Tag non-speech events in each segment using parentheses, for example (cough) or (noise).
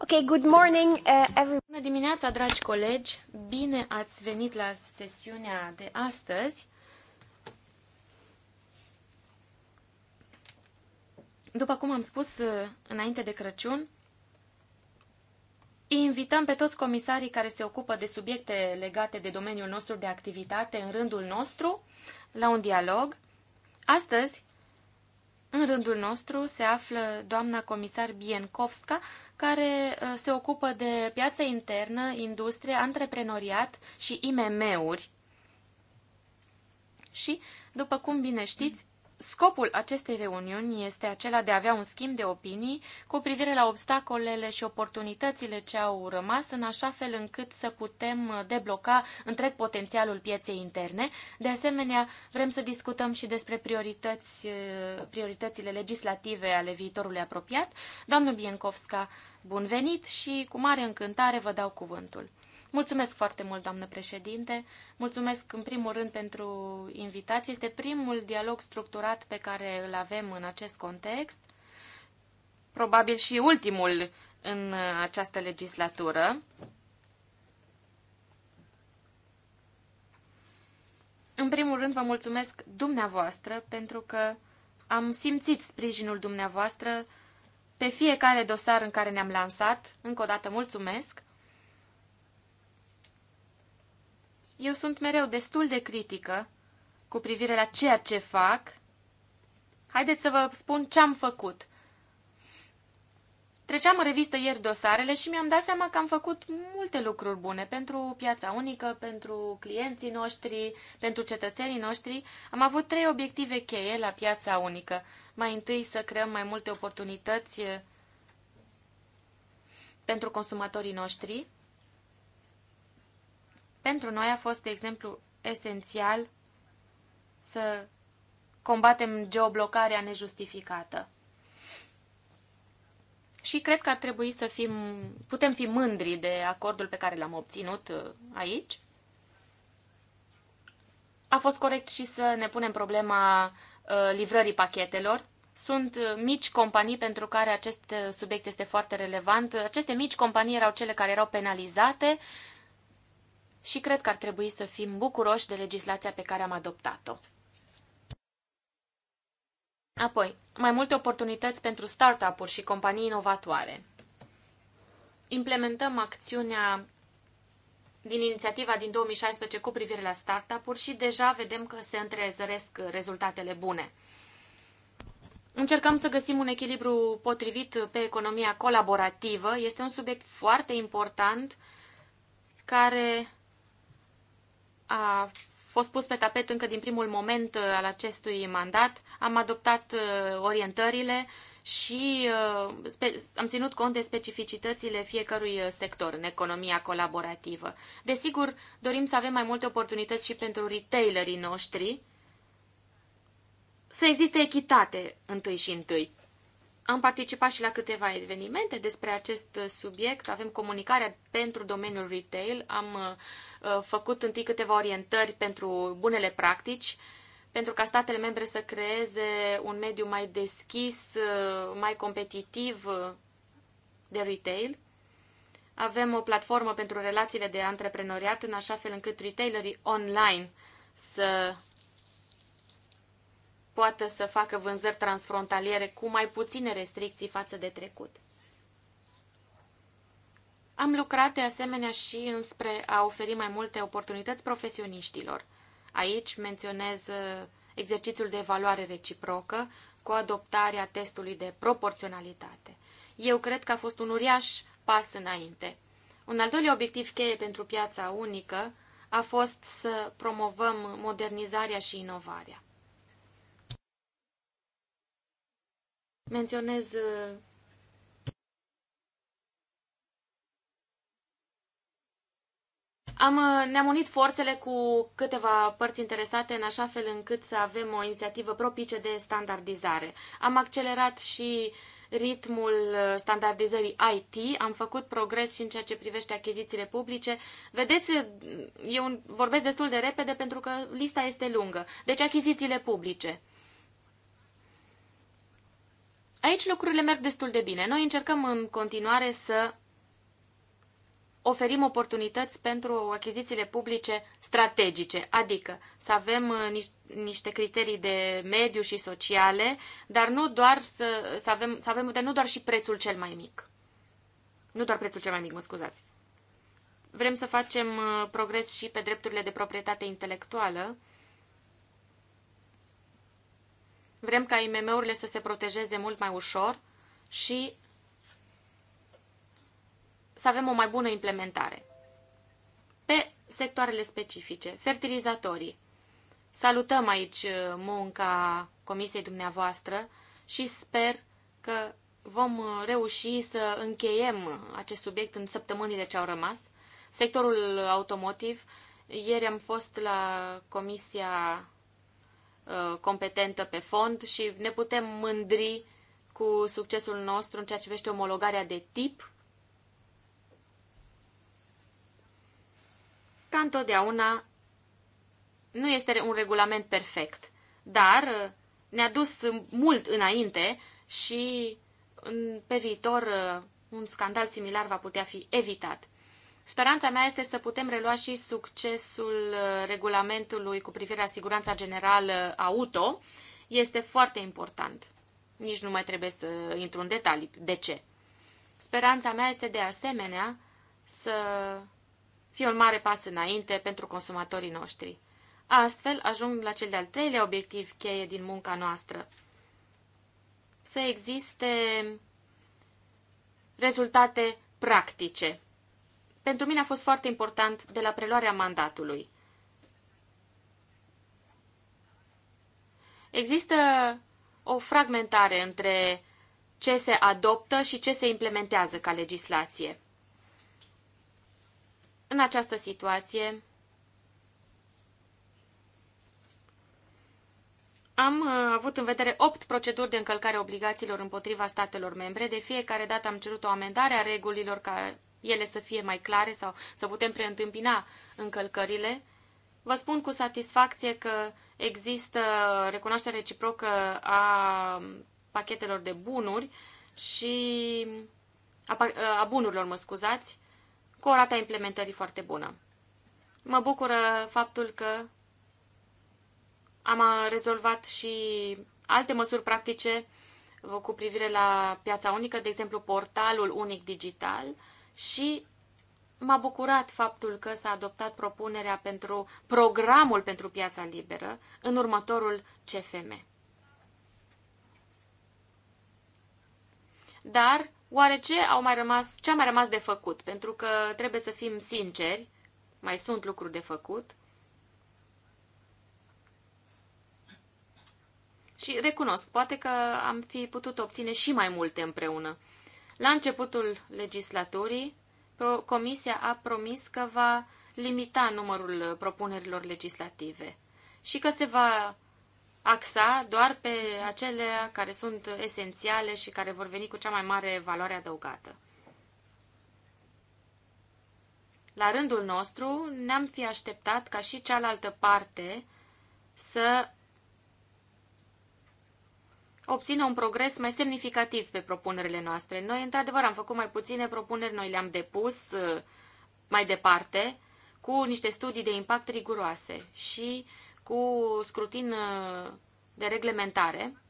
Ok, good morning, uh, everyone. Bună dimineața, dragi colegi! Bine ați venit la sesiunea de astăzi. După cum am spus uh, înainte de Crăciun, invităm pe toți comisarii care se ocupă de subiecte legate de domeniul nostru de activitate în rândul nostru la un dialog. Astăzi în rândul nostru se află doamna comisar Biencovska, care uh, se ocupă de piața internă, industrie, antreprenoriat și IMM-uri. Și, după cum bine știți, Scopul acestei reuniuni este acela de a avea un schimb de opinii cu privire la obstacolele și oportunitățile ce au rămas, în așa fel încât să putem debloca întreg potențialul pieței interne. De asemenea, vrem să discutăm și despre priorități, prioritățile legislative ale viitorului apropiat. Doamnă Biencovska, bun venit și cu mare încântare vă dau cuvântul. Mulțumesc foarte mult, doamnă președinte. Mulțumesc în primul rând pentru invitație. Este primul dialog structurat pe care îl avem în acest context. Probabil și ultimul în această legislatură. În primul rând vă mulțumesc dumneavoastră pentru că am simțit sprijinul dumneavoastră pe fiecare dosar în care ne-am lansat. Încă o dată mulțumesc. eu sunt mereu destul de critică cu privire la ceea ce fac. Haideți să vă spun ce am făcut. Treceam în revistă ieri dosarele și mi-am dat seama că am făcut multe lucruri bune pentru piața unică, pentru clienții noștri, pentru cetățenii noștri. Am avut trei obiective cheie la piața unică. Mai întâi să creăm mai multe oportunități eh, pentru consumatorii noștri, pentru noi a fost, de exemplu, esențial să combatem geoblocarea nejustificată. Și cred că ar trebui să fim, putem fi mândri de acordul pe care l-am obținut uh, aici. A fost corect și să ne punem problema uh, livrării pachetelor. Sunt uh, mici companii pentru care acest subiect este foarte relevant. Aceste mici companii erau cele care erau penalizate și cred că ar trebui să fim bucuroși de legislația pe care am adoptat-o. Apoi, mai multe oportunități pentru startup-uri și companii inovatoare. Implementăm acțiunea din inițiativa din 2016 cu privire la startup-uri și deja vedem că se întrezăresc rezultatele bune. Încercăm să găsim un echilibru potrivit pe economia colaborativă. Este un subiect foarte important care a fost pus pe tapet încă din primul moment uh, al acestui mandat. Am adoptat uh, orientările și uh, am ținut cont de specificitățile fiecărui sector în economia colaborativă. Desigur, dorim să avem mai multe oportunități și pentru retailerii noștri, să existe echitate întâi și întâi. Am participat și la câteva evenimente despre acest subiect. Avem comunicarea pentru domeniul retail. Am uh, făcut întâi câteva orientări pentru bunele practici, pentru ca statele membre să creeze un mediu mai deschis, uh, mai competitiv uh, de retail. Avem o platformă pentru relațiile de antreprenoriat, în așa fel încât retailerii online să poată să facă vânzări transfrontaliere cu mai puține restricții față de trecut. Am lucrat de asemenea și înspre a oferi mai multe oportunități profesioniștilor. Aici menționez uh, exercițiul de evaluare reciprocă cu adoptarea testului de proporționalitate. Eu cred că a fost un uriaș pas înainte. Un al doilea obiectiv cheie pentru piața unică a fost să promovăm modernizarea și inovarea. menționez uh, Am, uh, ne-am unit forțele cu câteva părți interesate în așa fel încât să avem o inițiativă propice de standardizare. Am accelerat și ritmul uh, standardizării IT, am făcut progres și în ceea ce privește achizițiile publice. Vedeți, eu vorbesc destul de repede pentru că lista este lungă. Deci achizițiile publice. Aici lucrurile merg destul de bine. Noi încercăm în continuare să oferim oportunități pentru achizițiile publice strategice, adică să avem uh, niște criterii de mediu și sociale, dar nu doar să, să avem, să avem de nu doar și prețul cel mai mic. Nu doar prețul cel mai mic, mă scuzați. Vrem să facem uh, progres și pe drepturile de proprietate intelectuală, Vrem ca IMM-urile să se protejeze mult mai ușor și să avem o mai bună implementare. Pe sectoarele specifice, fertilizatorii. Salutăm aici uh, munca comisiei dumneavoastră și sper că vom uh, reuși să încheiem uh, acest subiect în săptămânile ce au rămas. Sectorul automotiv, ieri am fost la comisia Uh, competentă pe fond și ne putem mândri cu succesul nostru în ceea ce privește omologarea de tip. Ca întotdeauna, nu este un regulament perfect, dar uh, ne-a dus mult înainte și pe viitor uh, un scandal similar va putea fi evitat. Speranța mea este să putem relua și succesul uh, regulamentului cu privire la siguranța generală auto. Este foarte important. Nici nu mai trebuie să intru în detalii. De ce? Speranța mea este de asemenea să fie un mare pas înainte pentru consumatorii noștri. Astfel ajung la cel de-al treilea obiectiv cheie din munca noastră. Să existe rezultate practice pentru mine a fost foarte important de la preluarea mandatului. Există o fragmentare între ce se adoptă și ce se implementează ca legislație. În această situație am uh, avut în vedere 8 proceduri de încălcare obligațiilor împotriva statelor membre. De fiecare dată am cerut o amendare a regulilor ca ele să fie mai clare sau să putem preîntâmpina încălcările. Vă spun cu satisfacție că există recunoaștere reciprocă a pachetelor de bunuri și a, a bunurilor, mă scuzați, cu o rată a implementării foarte bună. Mă bucură faptul că am rezolvat și alte măsuri practice cu privire la piața unică, de exemplu portalul unic digital, și m-a bucurat faptul că s-a adoptat propunerea pentru programul pentru piața liberă în următorul CFM. Dar oare ce, au mai rămas, ce a mai rămas de făcut? Pentru că trebuie să fim sinceri, mai sunt lucruri de făcut. Și recunosc, poate că am fi putut obține și mai multe împreună. La începutul legislaturii, Comisia a promis că va limita numărul uh, propunerilor legislative și că se va axa doar pe acele care sunt esențiale și care vor veni cu cea mai mare valoare adăugată. La rândul nostru, ne-am fi așteptat ca și cealaltă parte să obțină un progres mai semnificativ pe propunerile noastre. Noi, într-adevăr, am făcut mai puține propuneri, noi le-am depus uh, mai departe cu niște studii de impact riguroase și cu scrutin uh, de reglementare.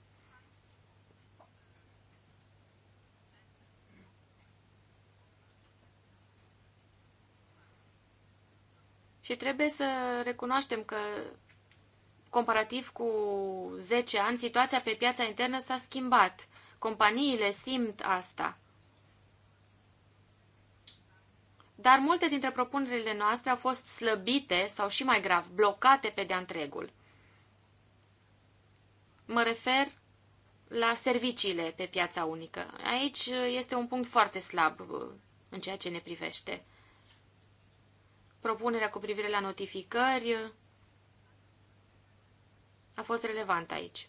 Și trebuie să recunoaștem că comparativ cu 10 ani, situația pe piața internă s-a schimbat. Companiile simt asta. Dar multe dintre propunerile noastre au fost slăbite sau și mai grav, blocate pe de-a întregul. Mă refer la serviciile pe piața unică. Aici este un punct foarte slab uh, în ceea ce ne privește. Propunerea cu privire la notificări, a fost relevant aici.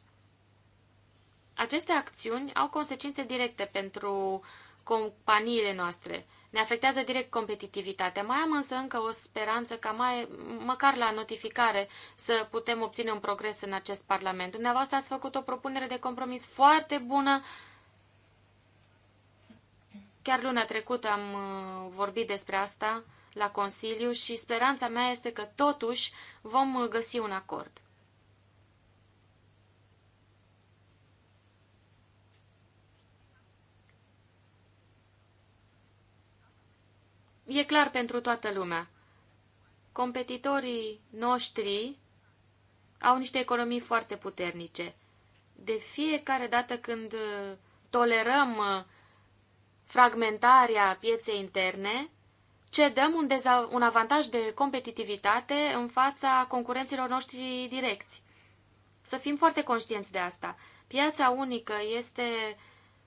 Aceste acțiuni au consecințe directe pentru companiile noastre. Ne afectează direct competitivitatea. Mai am însă încă o speranță ca mai, măcar la notificare să putem obține un progres în acest Parlament. Dumneavoastră ați făcut o propunere de compromis foarte bună. Chiar luna trecută am uh, vorbit despre asta la Consiliu și speranța mea este că totuși vom uh, găsi un acord. e clar pentru toată lumea. Competitorii noștri au niște economii foarte puternice. De fiecare dată când uh, tolerăm uh, fragmentarea pieței interne, cedăm un, un avantaj de competitivitate în fața concurenților noștri direcți. Să fim foarte conștienți de asta. Piața unică este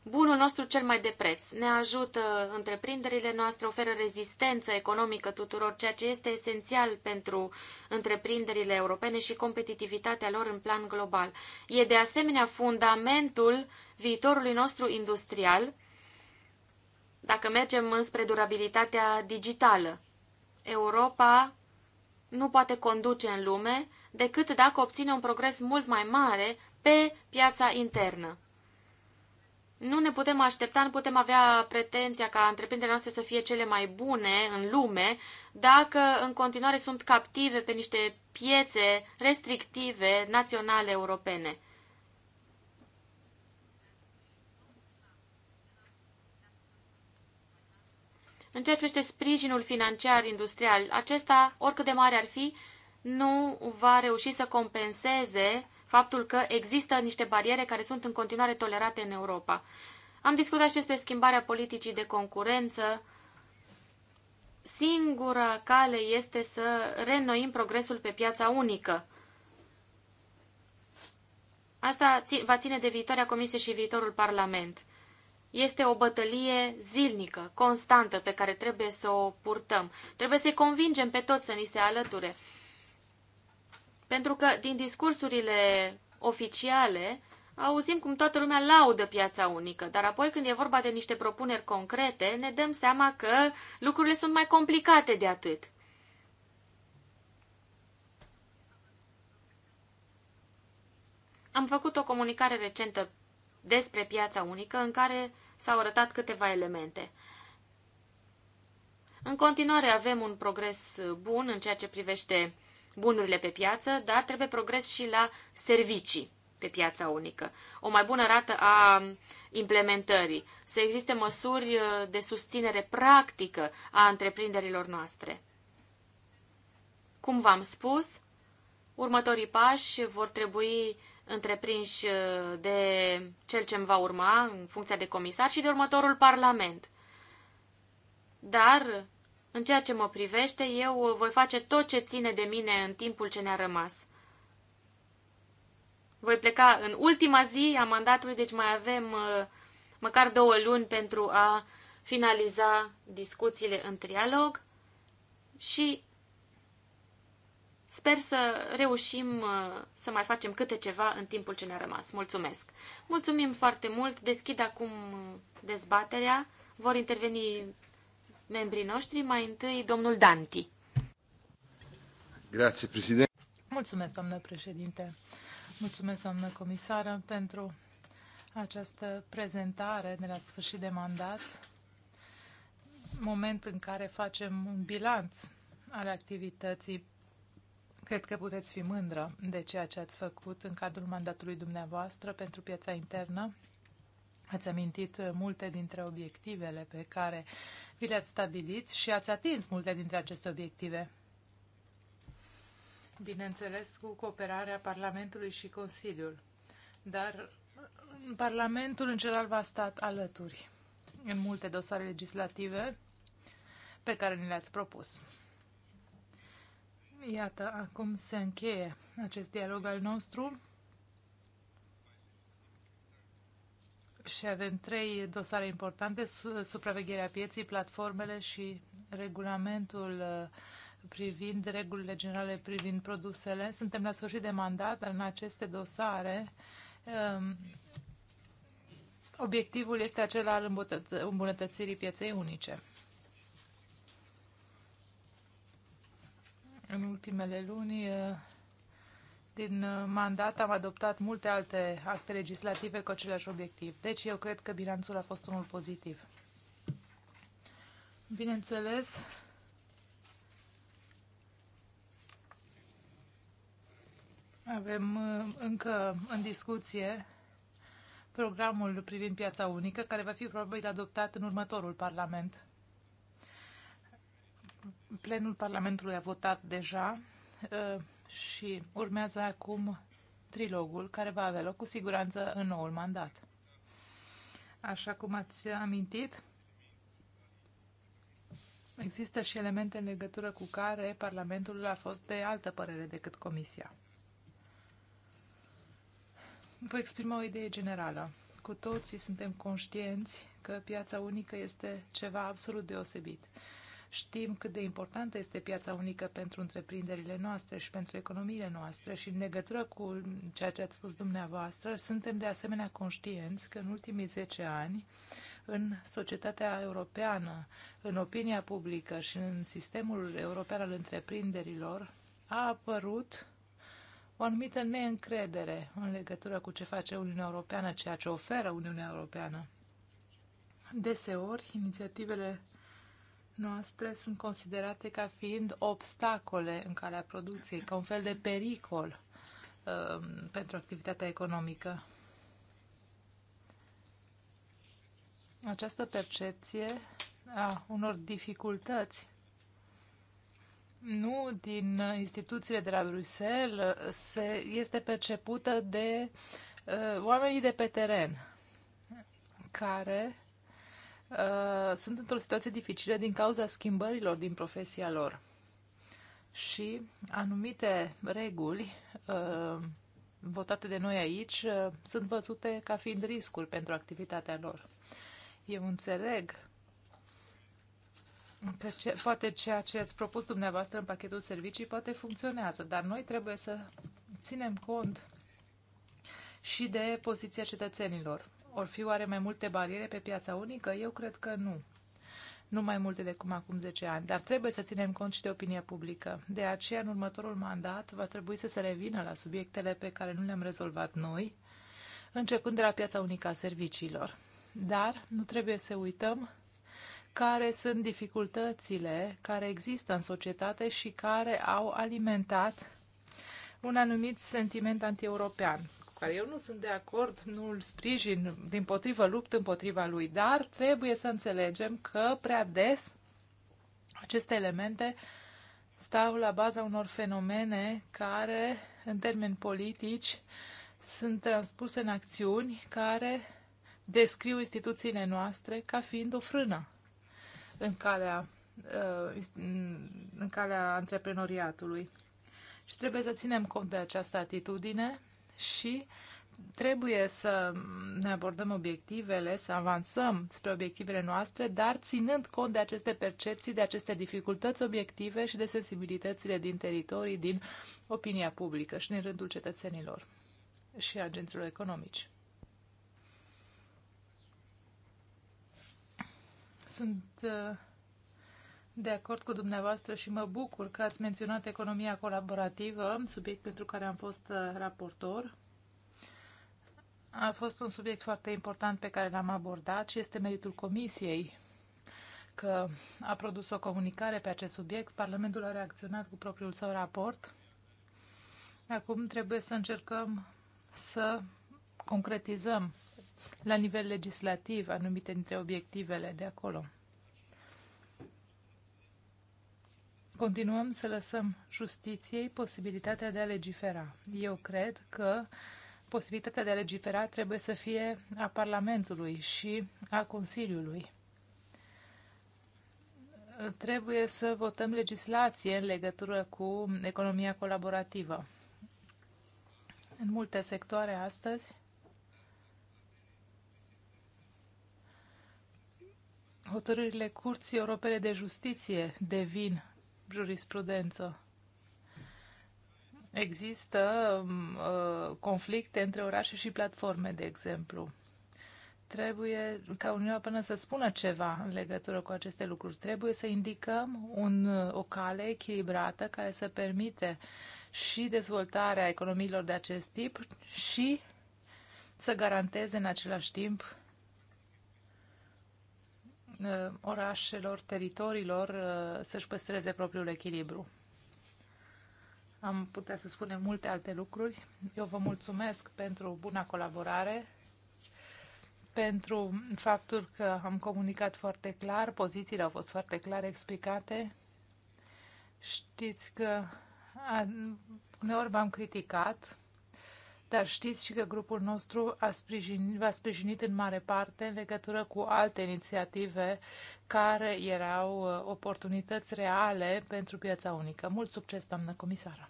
bunul nostru cel mai de preț. Ne ajută întreprinderile noastre, oferă rezistență economică tuturor, ceea ce este esențial pentru întreprinderile europene și competitivitatea lor în plan global. E de asemenea fundamentul viitorului nostru industrial dacă mergem înspre durabilitatea digitală. Europa nu poate conduce în lume decât dacă obține un progres mult mai mare pe piața internă nu ne putem aștepta, nu putem avea pretenția ca întreprinderile noastre să fie cele mai bune în lume dacă în continuare sunt captive pe niște piețe restrictive naționale europene. În ceea ce privește sprijinul financiar industrial, acesta, oricât de mare ar fi, nu va reuși să compenseze faptul că există niște bariere care sunt în continuare tolerate în Europa. Am discutat și despre schimbarea politicii de concurență. Singura cale este să reînnoim progresul pe piața unică. Asta va ține de viitoarea comisie și viitorul Parlament. Este o bătălie zilnică, constantă, pe care trebuie să o purtăm. Trebuie să-i convingem pe toți să ni se alăture. Pentru că din discursurile oficiale auzim cum toată lumea laudă piața unică, dar apoi când e vorba de niște propuneri concrete, ne dăm seama că lucrurile sunt mai complicate de atât. Am făcut o comunicare recentă despre piața unică în care s-au arătat câteva elemente. În continuare avem un progres bun în ceea ce privește bunurile pe piață, dar trebuie progres și la servicii pe piața unică. O mai bună rată a implementării, să existe măsuri uh, de susținere practică a întreprinderilor noastre. Cum v-am spus, următorii pași vor trebui întreprinși uh, de cel ce îmi va urma în funcția de comisar și de următorul parlament. Dar în ceea ce mă privește, eu voi face tot ce ține de mine în timpul ce ne-a rămas. Voi pleca în ultima zi a mandatului, deci mai avem uh, măcar două luni pentru a finaliza discuțiile în trialog și Sper să reușim uh, să mai facem câte ceva în timpul ce ne-a rămas. Mulțumesc! Mulțumim foarte mult! Deschid acum dezbaterea. Vor interveni membrii noștri. Mai întâi, domnul Danti. Grazie, președinte. Mulțumesc, doamnă președinte. Mulțumesc, doamnă comisară, pentru această prezentare de la sfârșit de mandat, moment în care facem un bilanț al activității. Cred că puteți fi mândră de ceea ce ați făcut în cadrul mandatului dumneavoastră pentru piața internă Ați amintit uh, multe dintre obiectivele pe care vi le-ați stabilit și ați atins multe dintre aceste obiective. Bineînțeles, cu cooperarea Parlamentului și Consiliul. Dar uh, Parlamentul în general v-a stat alături în multe dosare legislative pe care ni le-ați propus. Iată, acum se încheie acest dialog al nostru. și avem trei dosare importante, supravegherea pieții, platformele și regulamentul uh, privind regulile generale privind produsele. Suntem la sfârșit de mandat, în aceste dosare um, obiectivul este acela al îmbunătățirii pieței unice. În ultimele luni uh, din uh, mandat am adoptat multe alte acte legislative cu același obiectiv. Deci eu cred că bilanțul a fost unul pozitiv. Bineînțeles, avem uh, încă în discuție programul privind piața unică, care va fi probabil adoptat în următorul Parlament. Plenul Parlamentului a votat deja uh, și urmează acum trilogul care va avea loc cu siguranță în noul mandat. Așa cum ați amintit, există și elemente în legătură cu care Parlamentul a fost de altă părere decât Comisia. Vă exprim o idee generală. Cu toții suntem conștienți că piața unică este ceva absolut deosebit Știm cât de importantă este piața unică pentru întreprinderile noastre și pentru economiile noastre și în legătură cu ceea ce ați spus dumneavoastră, suntem de asemenea conștienți că în ultimii 10 ani în societatea europeană, în opinia publică și în sistemul european al întreprinderilor, a apărut o anumită neîncredere în legătură cu ce face Uniunea Europeană, ceea ce oferă Uniunea Europeană. Deseori, inițiativele noastre sunt considerate ca fiind obstacole în calea producției, ca un fel de pericol um, pentru activitatea economică. Această percepție a unor dificultăți nu din instituțiile de la Bruxelles se, este percepută de uh, oamenii de pe teren care Uh, sunt într-o situație dificilă din cauza schimbărilor din profesia lor. Și anumite reguli uh, votate de noi aici uh, sunt văzute ca fiind riscuri pentru activitatea lor. Eu înțeleg că ce, poate ceea ce ați propus dumneavoastră în pachetul servicii poate funcționează, dar noi trebuie să ținem cont și de poziția cetățenilor. Or fi oare mai multe bariere pe piața unică? Eu cred că nu. Nu mai multe decât acum 10 ani, dar trebuie să ținem cont și de opinia publică. De aceea, în următorul mandat, va trebui să se revină la subiectele pe care nu le-am rezolvat noi, începând de la piața unică a serviciilor. Dar nu trebuie să uităm care sunt dificultățile care există în societate și care au alimentat un anumit sentiment antieuropean care eu nu sunt de acord, nu îl sprijin, din potrivă lupt împotriva lui, dar trebuie să înțelegem că prea des aceste elemente stau la baza unor fenomene care, în termeni politici, sunt transpuse în acțiuni care descriu instituțiile noastre ca fiind o frână în calea, uh, în calea antreprenoriatului. Și trebuie să ținem cont de această atitudine și trebuie să ne abordăm obiectivele, să avansăm spre obiectivele noastre, dar ținând cont de aceste percepții, de aceste dificultăți obiective și de sensibilitățile din teritorii, din opinia publică și din rândul cetățenilor și agenților economici. Sunt uh, de acord cu dumneavoastră și mă bucur că ați menționat economia colaborativă, subiect pentru care am fost uh, raportor. A fost un subiect foarte important pe care l-am abordat și este meritul Comisiei că a produs o comunicare pe acest subiect. Parlamentul a reacționat cu propriul său raport. Acum trebuie să încercăm să concretizăm la nivel legislativ anumite dintre obiectivele de acolo. continuăm să lăsăm justiției posibilitatea de a legifera. Eu cred că posibilitatea de a legifera trebuie să fie a Parlamentului și a Consiliului. Trebuie să votăm legislație în legătură cu economia colaborativă. În multe sectoare astăzi, hotărârile Curții Europene de Justiție devin jurisprudență. Există uh, conflicte între orașe și platforme, de exemplu. Trebuie ca Uniunea până să spună ceva în legătură cu aceste lucruri. Trebuie să indicăm un, uh, o cale echilibrată care să permite și dezvoltarea economiilor de acest tip și să garanteze în același timp Uh, orașelor, teritoriilor uh, să-și păstreze propriul echilibru. Am putea să spunem multe alte lucruri. Eu vă mulțumesc pentru buna colaborare, pentru faptul că am comunicat foarte clar, pozițiile au fost foarte clar explicate. Știți că uneori v-am criticat, dar știți și că grupul nostru a sprijinit, v-a sprijinit în mare parte în legătură cu alte inițiative care erau uh, oportunități reale pentru piața unică. Mult succes, doamnă comisară!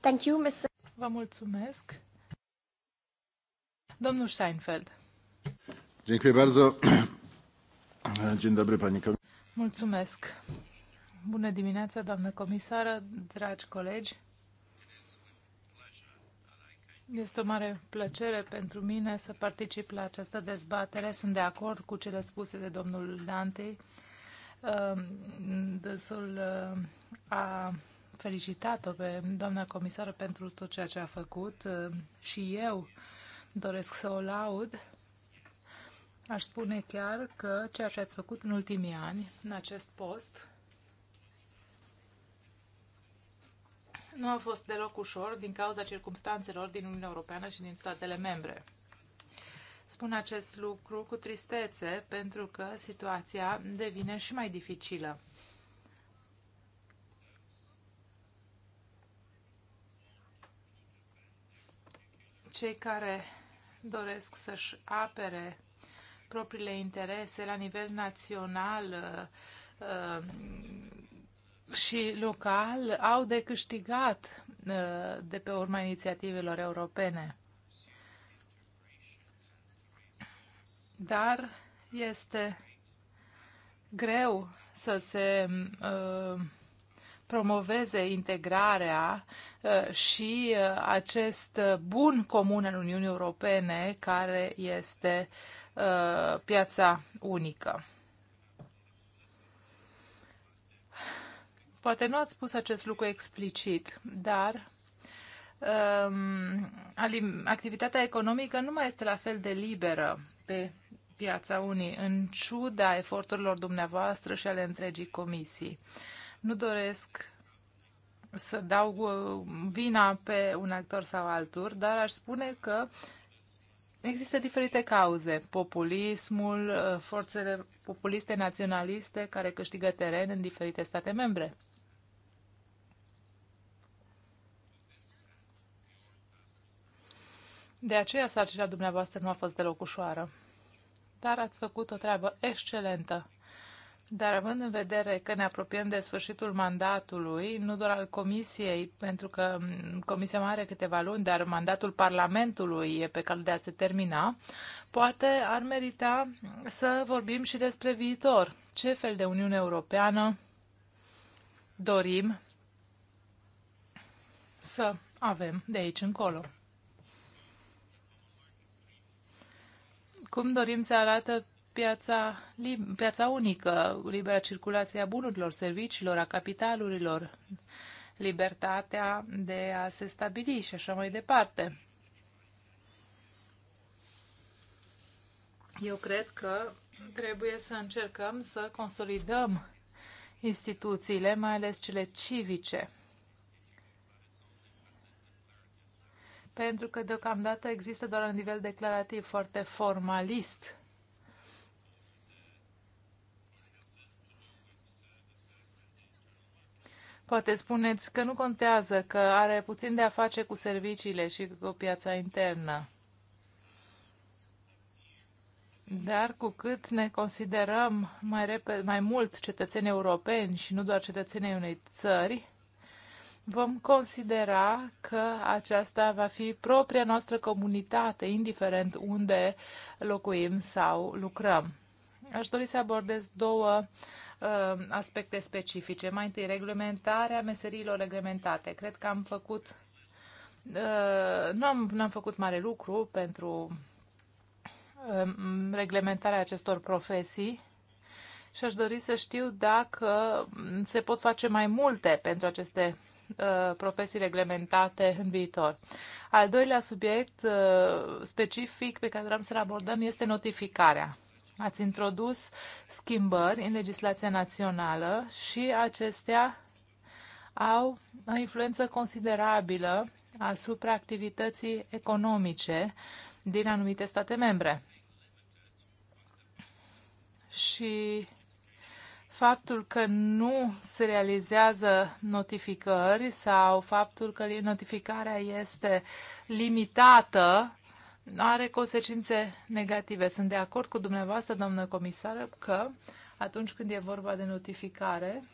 Thank you, Mr. Vă mulțumesc! Domnul Seinfeld. Dziękuję bardzo. (clears throat) Dzień dobry, pani Mulțumesc. Bună dimineața, doamnă comisară, dragi colegi. Este o mare plăcere pentru mine să particip la această dezbatere. Sunt de acord cu cele spuse de domnul Dante. Ehm, dânsul ehm, a felicitat-o pe doamna comisară pentru tot ceea ce a făcut ehm, și eu doresc să o laud. Aș spune chiar că ceea ce ați făcut în ultimii ani, în acest post, nu a fost deloc ușor din cauza circumstanțelor din Uniunea Europeană și din statele membre. Spun acest lucru cu tristețe pentru că situația devine și mai dificilă. Cei care doresc să-și apere propriile interese la nivel național uh, uh, și local au de câștigat uh, de pe urma inițiativelor europene. Dar este greu să se uh, promoveze integrarea uh, și acest bun comun al Uniunii Europene care este piața unică. Poate nu ați spus acest lucru explicit, dar um, activitatea economică nu mai este la fel de liberă pe piața unii, în ciuda eforturilor dumneavoastră și ale întregii comisii. Nu doresc să dau uh, vina pe un actor sau altul, dar aș spune că există diferite cauze. Populismul, uh, forțele populiste naționaliste care câștigă teren în diferite state membre. De aceea sarcina dumneavoastră nu a fost deloc ușoară. Dar ați făcut o treabă excelentă. Dar având în vedere că ne apropiem de sfârșitul mandatului, nu doar al Comisiei, pentru că Comisia mai are câteva luni, dar mandatul Parlamentului e pe cale de a se termina, poate ar merita să vorbim și despre viitor. Ce fel de Uniune Europeană dorim să avem de aici încolo? Cum dorim să arată piața, piața unică, libera circulație a bunurilor, serviciilor, a capitalurilor, libertatea de a se stabili și așa mai departe. Eu cred că trebuie să încercăm să consolidăm instituțiile, mai ales cele civice, pentru că deocamdată există doar un nivel declarativ foarte formalist. Poate spuneți că nu contează, că are puțin de a face cu serviciile și cu piața internă. Dar cu cât ne considerăm mai, repede, mai mult cetățeni europeni și nu doar cetățenii unei țări, vom considera că aceasta va fi propria noastră comunitate, indiferent unde locuim sau lucrăm. Aș dori să abordez două uh, aspecte specifice. Mai întâi, reglementarea meserilor reglementate. Cred că am făcut. Uh, nu am, am făcut mare lucru pentru uh, reglementarea acestor profesii și aș dori să știu dacă se pot face mai multe pentru aceste Uh, profesii reglementate în viitor. Al doilea subiect uh, specific pe care vreau să-l abordăm este notificarea. Ați introdus schimbări în legislația națională și acestea au o influență considerabilă asupra activității economice din anumite state membre. Și faptul că nu se realizează notificări sau faptul că notificarea este limitată are consecințe negative. Sunt de acord cu dumneavoastră, doamnă comisară, că atunci când e vorba de notificare,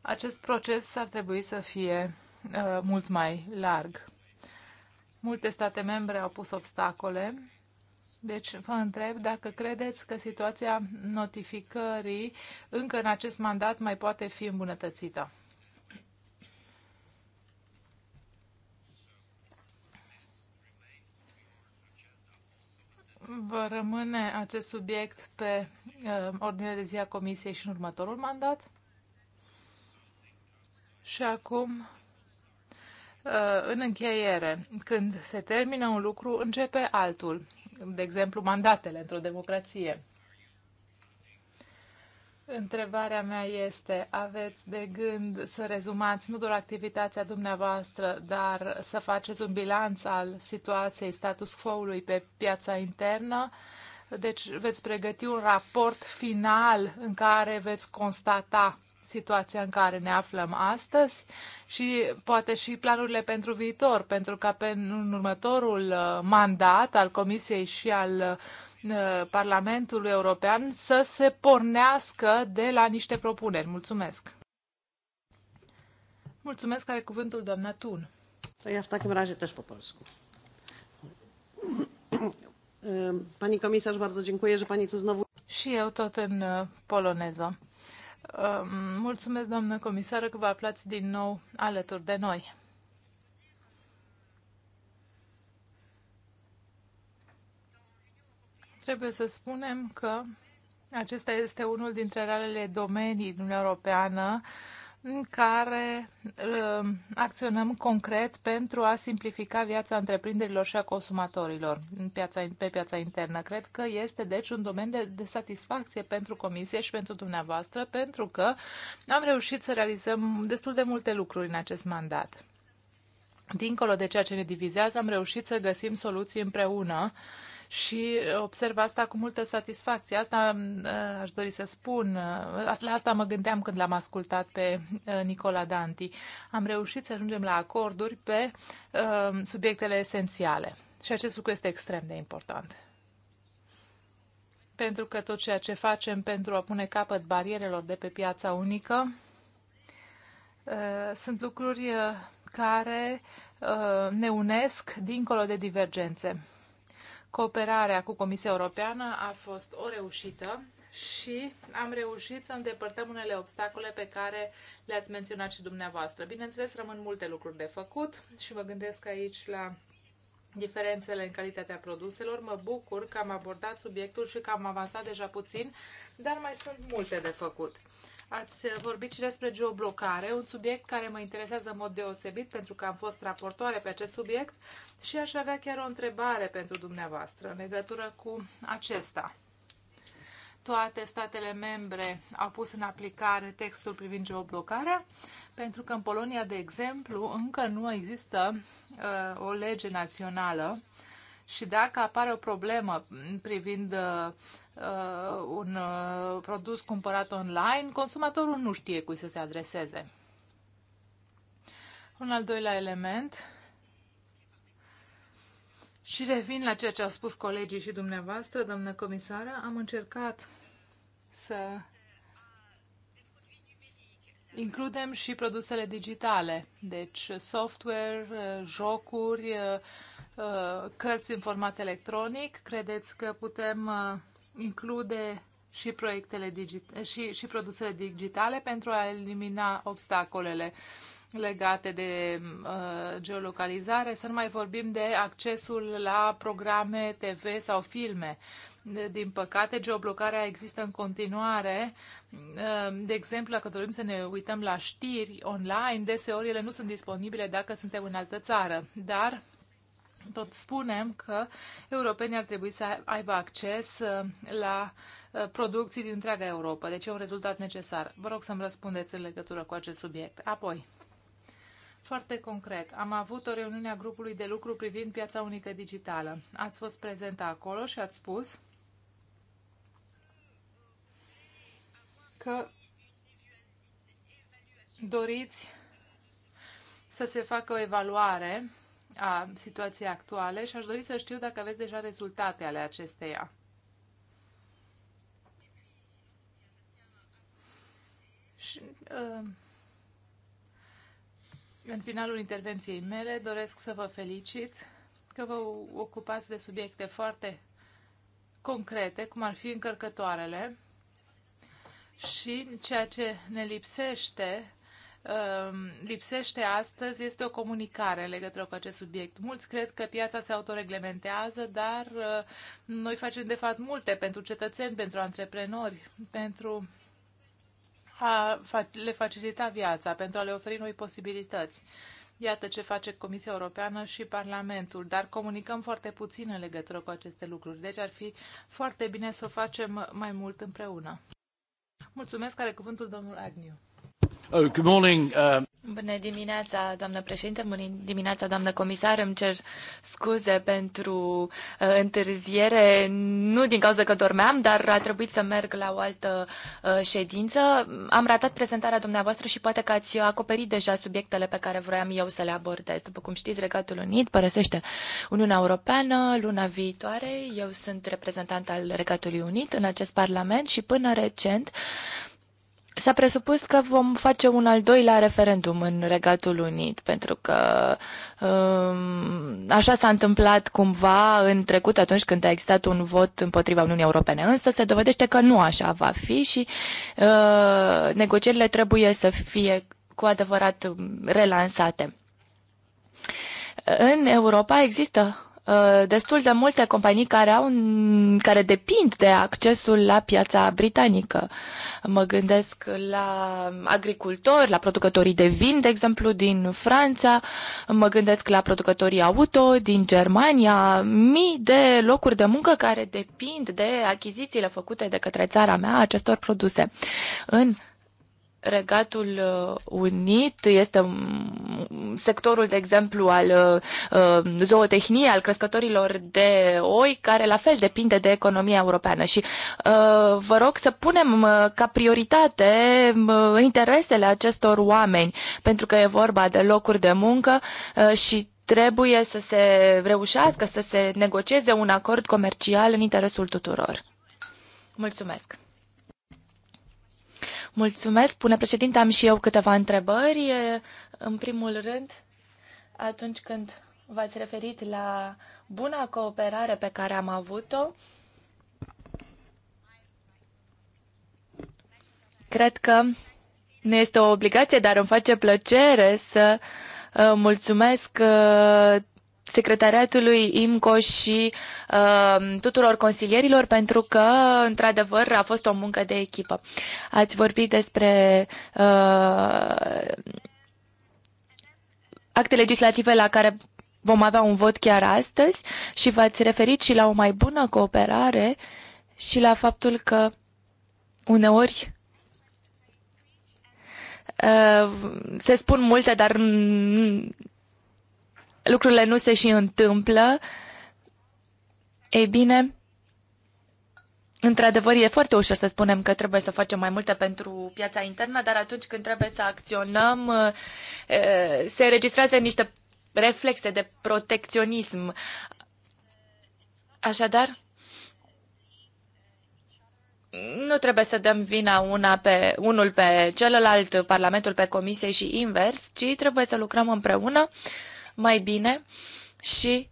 acest proces ar trebui să fie uh, mult mai larg. Multe state membre au pus obstacole deci vă întreb dacă credeți că situația notificării încă în acest mandat mai poate fi îmbunătățită. Vă rămâne acest subiect pe uh, ordinea de zi a Comisiei și în următorul mandat? Și acum, uh, în încheiere, când se termină un lucru, începe altul de exemplu, mandatele într-o democrație. Întrebarea mea este, aveți de gând să rezumați nu doar activitatea dumneavoastră, dar să faceți un bilanț al situației status quo-ului pe piața internă? Deci veți pregăti un raport final în care veți constata situația în care ne aflăm astăzi și poate și planurile pentru viitor, pentru ca pe în următorul uh, mandat al Comisiei și al uh, Parlamentului European să se pornească de la niște propuneri. Mulțumesc! Mulțumesc, are cuvântul doamna Tun. To ja w takim Pani komisarz, bardzo dziękuję, że pani tu znowu... Și eu tot în uh, poloneză. Mulțumesc, doamnă comisară, că vă aflați din nou alături de noi. Trebuie să spunem că acesta este unul dintre realele domenii din Uniunea Europeană uh, în care um, acționăm concret pentru a simplifica viața întreprinderilor și a consumatorilor pe piața internă. Cred că este, deci, un domeniu de, de satisfacție pentru Comisie și pentru dumneavoastră, pentru că am reușit să realizăm destul de multe lucruri în acest mandat. Dincolo de ceea ce ne divizează, am reușit să găsim soluții împreună și observ asta cu multă satisfacție. Asta uh, aș dori să spun, uh, la asta mă gândeam când l-am ascultat pe uh, Nicola Danti. Am reușit să ajungem la acorduri pe subiectele esențiale și acest lucru este extrem de important pentru că tot ceea ce facem pentru a pune capăt barierelor de pe piața unică sunt lucruri care ne unesc dincolo de divergențe. Cooperarea cu Comisia Europeană a fost o reușită și am reușit să îndepărtăm unele obstacole pe care le-ați menționat și dumneavoastră. Bineînțeles, rămân multe lucruri de făcut și mă gândesc aici la diferențele în calitatea produselor. Mă bucur că am abordat subiectul și că am avansat deja puțin, dar mai sunt multe de făcut. Ați vorbit și despre geoblocare, un subiect care mă interesează în mod deosebit pentru că am fost raportoare pe acest subiect și aș avea chiar o întrebare pentru dumneavoastră în legătură cu acesta. Toate statele membre au pus în aplicare textul privind geoblocarea, pentru că în Polonia, de exemplu, încă nu există uh, o lege națională și dacă apare o problemă privind uh, uh, un uh, produs cumpărat online, consumatorul nu știe cui să se adreseze. Un al doilea element, și revin la ceea ce au spus colegii și dumneavoastră, doamnă comisară, am încercat să includem și produsele digitale, deci software, uh, jocuri, uh, uh, cărți în format electronic. Credeți că putem include și proiectele digitale și, și produsele digitale pentru a elimina obstacolele legate de uh, geolocalizare, să nu mai vorbim de accesul la programe TV sau filme. Din păcate, geoblocarea există în continuare. Uh, de exemplu, dacă dorim să ne uităm la știri online, deseori ele nu sunt disponibile dacă suntem în altă țară. Dar tot spunem că europenii ar trebui să aibă acces uh, la uh, producții din întreaga Europa. Deci e un rezultat necesar. Vă rog să-mi răspundeți în legătură cu acest subiect. Apoi, foarte concret, am avut o reuniune a grupului de lucru privind piața unică digitală. Ați fost prezentă acolo și ați spus că doriți să se facă o evaluare a situației actuale și aș dori să știu dacă aveți deja rezultate ale acesteia. Și, uh, în finalul intervenției mele doresc să vă felicit că vă ocupați de subiecte foarte concrete, cum ar fi încărcătoarele și ceea ce ne lipsește Um, lipsește astăzi este o comunicare în legătură cu acest subiect. Mulți cred că piața se autoreglementează, dar uh, noi facem de fapt multe pentru cetățeni, pentru antreprenori, pentru a le facilita viața, pentru a le oferi noi posibilități. Iată ce face Comisia Europeană și Parlamentul, dar comunicăm foarte puțin în legătură cu aceste lucruri, deci ar fi foarte bine să o facem mai mult împreună. Mulțumesc, are cuvântul domnul Agniu. Oh, uh, bună dimineața, doamnă președinte, bună dimineața, doamnă comisar. Îmi cer scuze pentru uh, întârziere, nu din cauza că dormeam, dar a trebuit să merg la o altă uh, ședință. Am ratat prezentarea dumneavoastră și poate că ați acoperit deja subiectele pe care vroiam eu să le abordez. După cum știți, Regatul Unit părăsește Uniunea Europeană luna viitoare. Eu sunt reprezentant al Regatului Unit în acest parlament și până recent uh, S-a presupus că vom face un al doilea referendum în Regatul Unit, pentru că um, așa s-a întâmplat cumva în trecut atunci când a existat un vot împotriva Uniunii Europene. Însă se dovedește că nu așa va fi și uh, negocierile trebuie să fie cu adevărat relansate. În Europa există Uh, destul de multe companii care, au, care depind de accesul la piața britanică. Mă gândesc la agricultori, la producătorii de vin, de exemplu, din Franța, mă gândesc la producătorii auto din Germania, mii de locuri de muncă care depind de achizițiile făcute de către țara mea acestor produse. În Regatul uh, Unit este sectorul, de exemplu, al uh, zootehniei, al crescătorilor de oi, care la fel depinde de economia europeană. Și uh, vă rog să punem ca prioritate interesele acestor oameni, pentru că e vorba de locuri de muncă și trebuie să se reușească să se negocieze un acord comercial în interesul tuturor. Mulțumesc! Mulțumesc, spune președinte, am și eu câteva întrebări. În primul rând, atunci când v-ați referit la buna cooperare pe care am avut-o, cred că nu este o obligație, dar îmi face plăcere să uh, mulțumesc uh, secretariatului IMCO și uh, tuturor consilierilor pentru că, într-adevăr, a fost o muncă de echipă. Ați vorbit despre uh, acte legislative la care vom avea un vot chiar astăzi și v-ați referit și la o mai bună cooperare și la faptul că uneori uh, se spun multe, dar lucrurile nu se și întâmplă, ei bine, Într-adevăr, e foarte ușor să spunem că trebuie să facem mai multe pentru piața internă, dar atunci când trebuie să acționăm, uh, se registrează niște reflexe de protecționism. Așadar, nu trebuie să dăm vina una pe, unul pe celălalt, Parlamentul pe Comisie și invers, ci trebuie să lucrăm împreună uh, mai bine și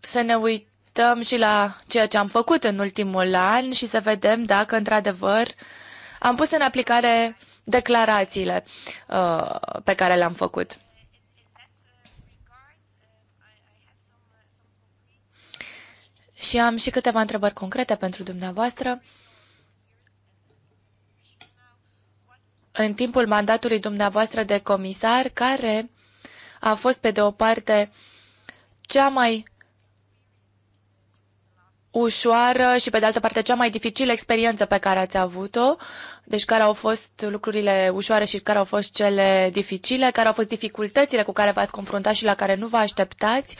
să ne uităm și la ceea ce am făcut în ultimul an și să vedem dacă, într-adevăr, am pus în aplicare declarațiile uh, pe care le-am făcut. Și am și câteva întrebări concrete pentru dumneavoastră. În timpul mandatului dumneavoastră de comisar, care a fost, pe de o parte, cea mai ușoară și, pe de altă parte, cea mai dificilă experiență pe care ați avut-o? Deci, care au fost lucrurile ușoare și care au fost cele dificile? Care au fost dificultățile cu care v-ați confruntat și la care nu vă așteptați?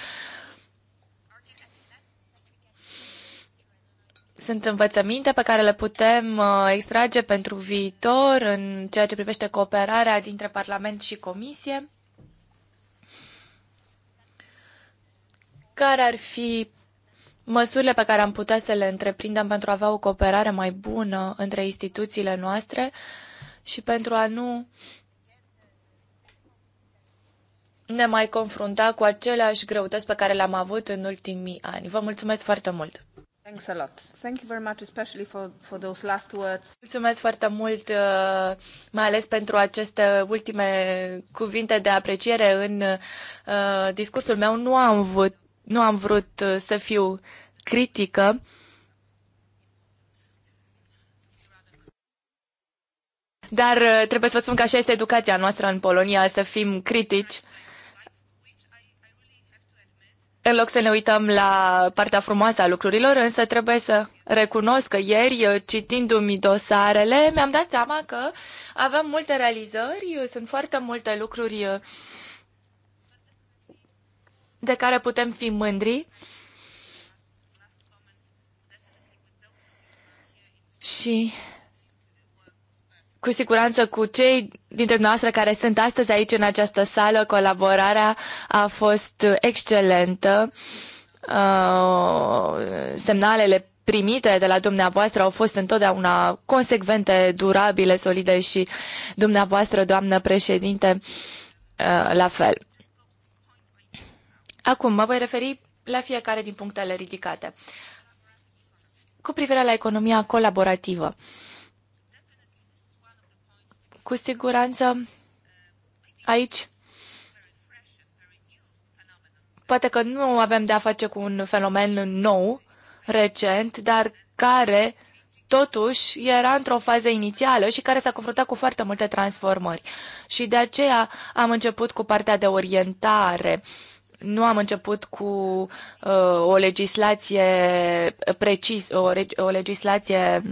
Sunt învățăminte pe care le putem uh, extrage pentru viitor în ceea ce privește cooperarea dintre Parlament și Comisie? care ar fi măsurile pe care am putea să le întreprindem pentru a avea o cooperare mai bună între instituțiile noastre și pentru a nu ne mai confrunta cu aceleași greutăți pe care le-am avut în ultimii ani. Vă mulțumesc foarte mult! Thanks a lot. Thank you very much, especially for, for those last words. Mulțumesc foarte mult, uh, mai ales pentru aceste ultime cuvinte de apreciere în uh, discursul meu. Nu am avut nu am vrut uh, să fiu critică. Dar uh, trebuie să vă spun că așa este educația noastră în Polonia, să fim critici în loc să ne uităm la partea frumoasă a lucrurilor, însă trebuie să recunosc că ieri, uh, citindu-mi dosarele, mi-am dat seama că avem multe realizări, sunt foarte multe lucruri de care putem fi mândri. Și cu siguranță cu cei dintre noastre care sunt astăzi aici în această sală, colaborarea a fost excelentă. Uh, semnalele primite de la dumneavoastră au fost întotdeauna consecvente, durabile, solide și dumneavoastră, doamnă președinte, uh, la fel. Acum, mă voi referi la fiecare din punctele ridicate. Cu privire la economia colaborativă, cu siguranță aici poate că nu avem de a face cu un fenomen nou, recent, dar care totuși era într-o fază inițială și care s-a confruntat cu foarte multe transformări. Și de aceea am început cu partea de orientare. Uh, nu am început cu uh, o legislație precis, o, reg- o legislație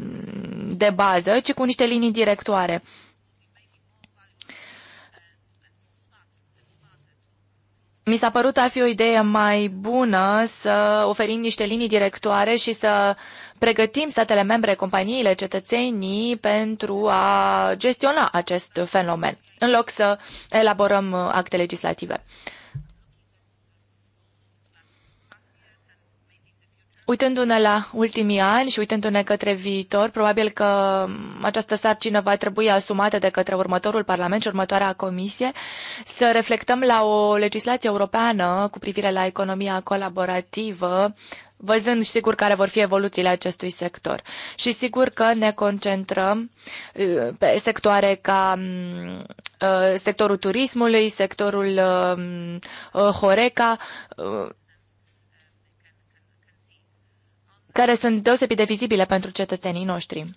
de bază, ci cu niște linii directoare. Mi s-a părut a fi o idee mai bună să oferim niște linii directoare și să pregătim statele membre, companiile, cetățenii pentru a gestiona acest fenomen, în loc să elaborăm acte legislative. Uh, Uitându-ne la ultimii ani și uitându-ne către viitor, probabil că această sarcină va trebui asumată de către următorul Parlament și următoarea Comisie, să reflectăm la o legislație europeană cu privire la economia colaborativă, văzând și sigur care vor fi evoluțiile acestui sector. Și sigur că ne concentrăm uh, pe sectoare ca uh, sectorul turismului, sectorul uh, Horeca, care sunt deosebit de vizibile pentru cetățenii noștri.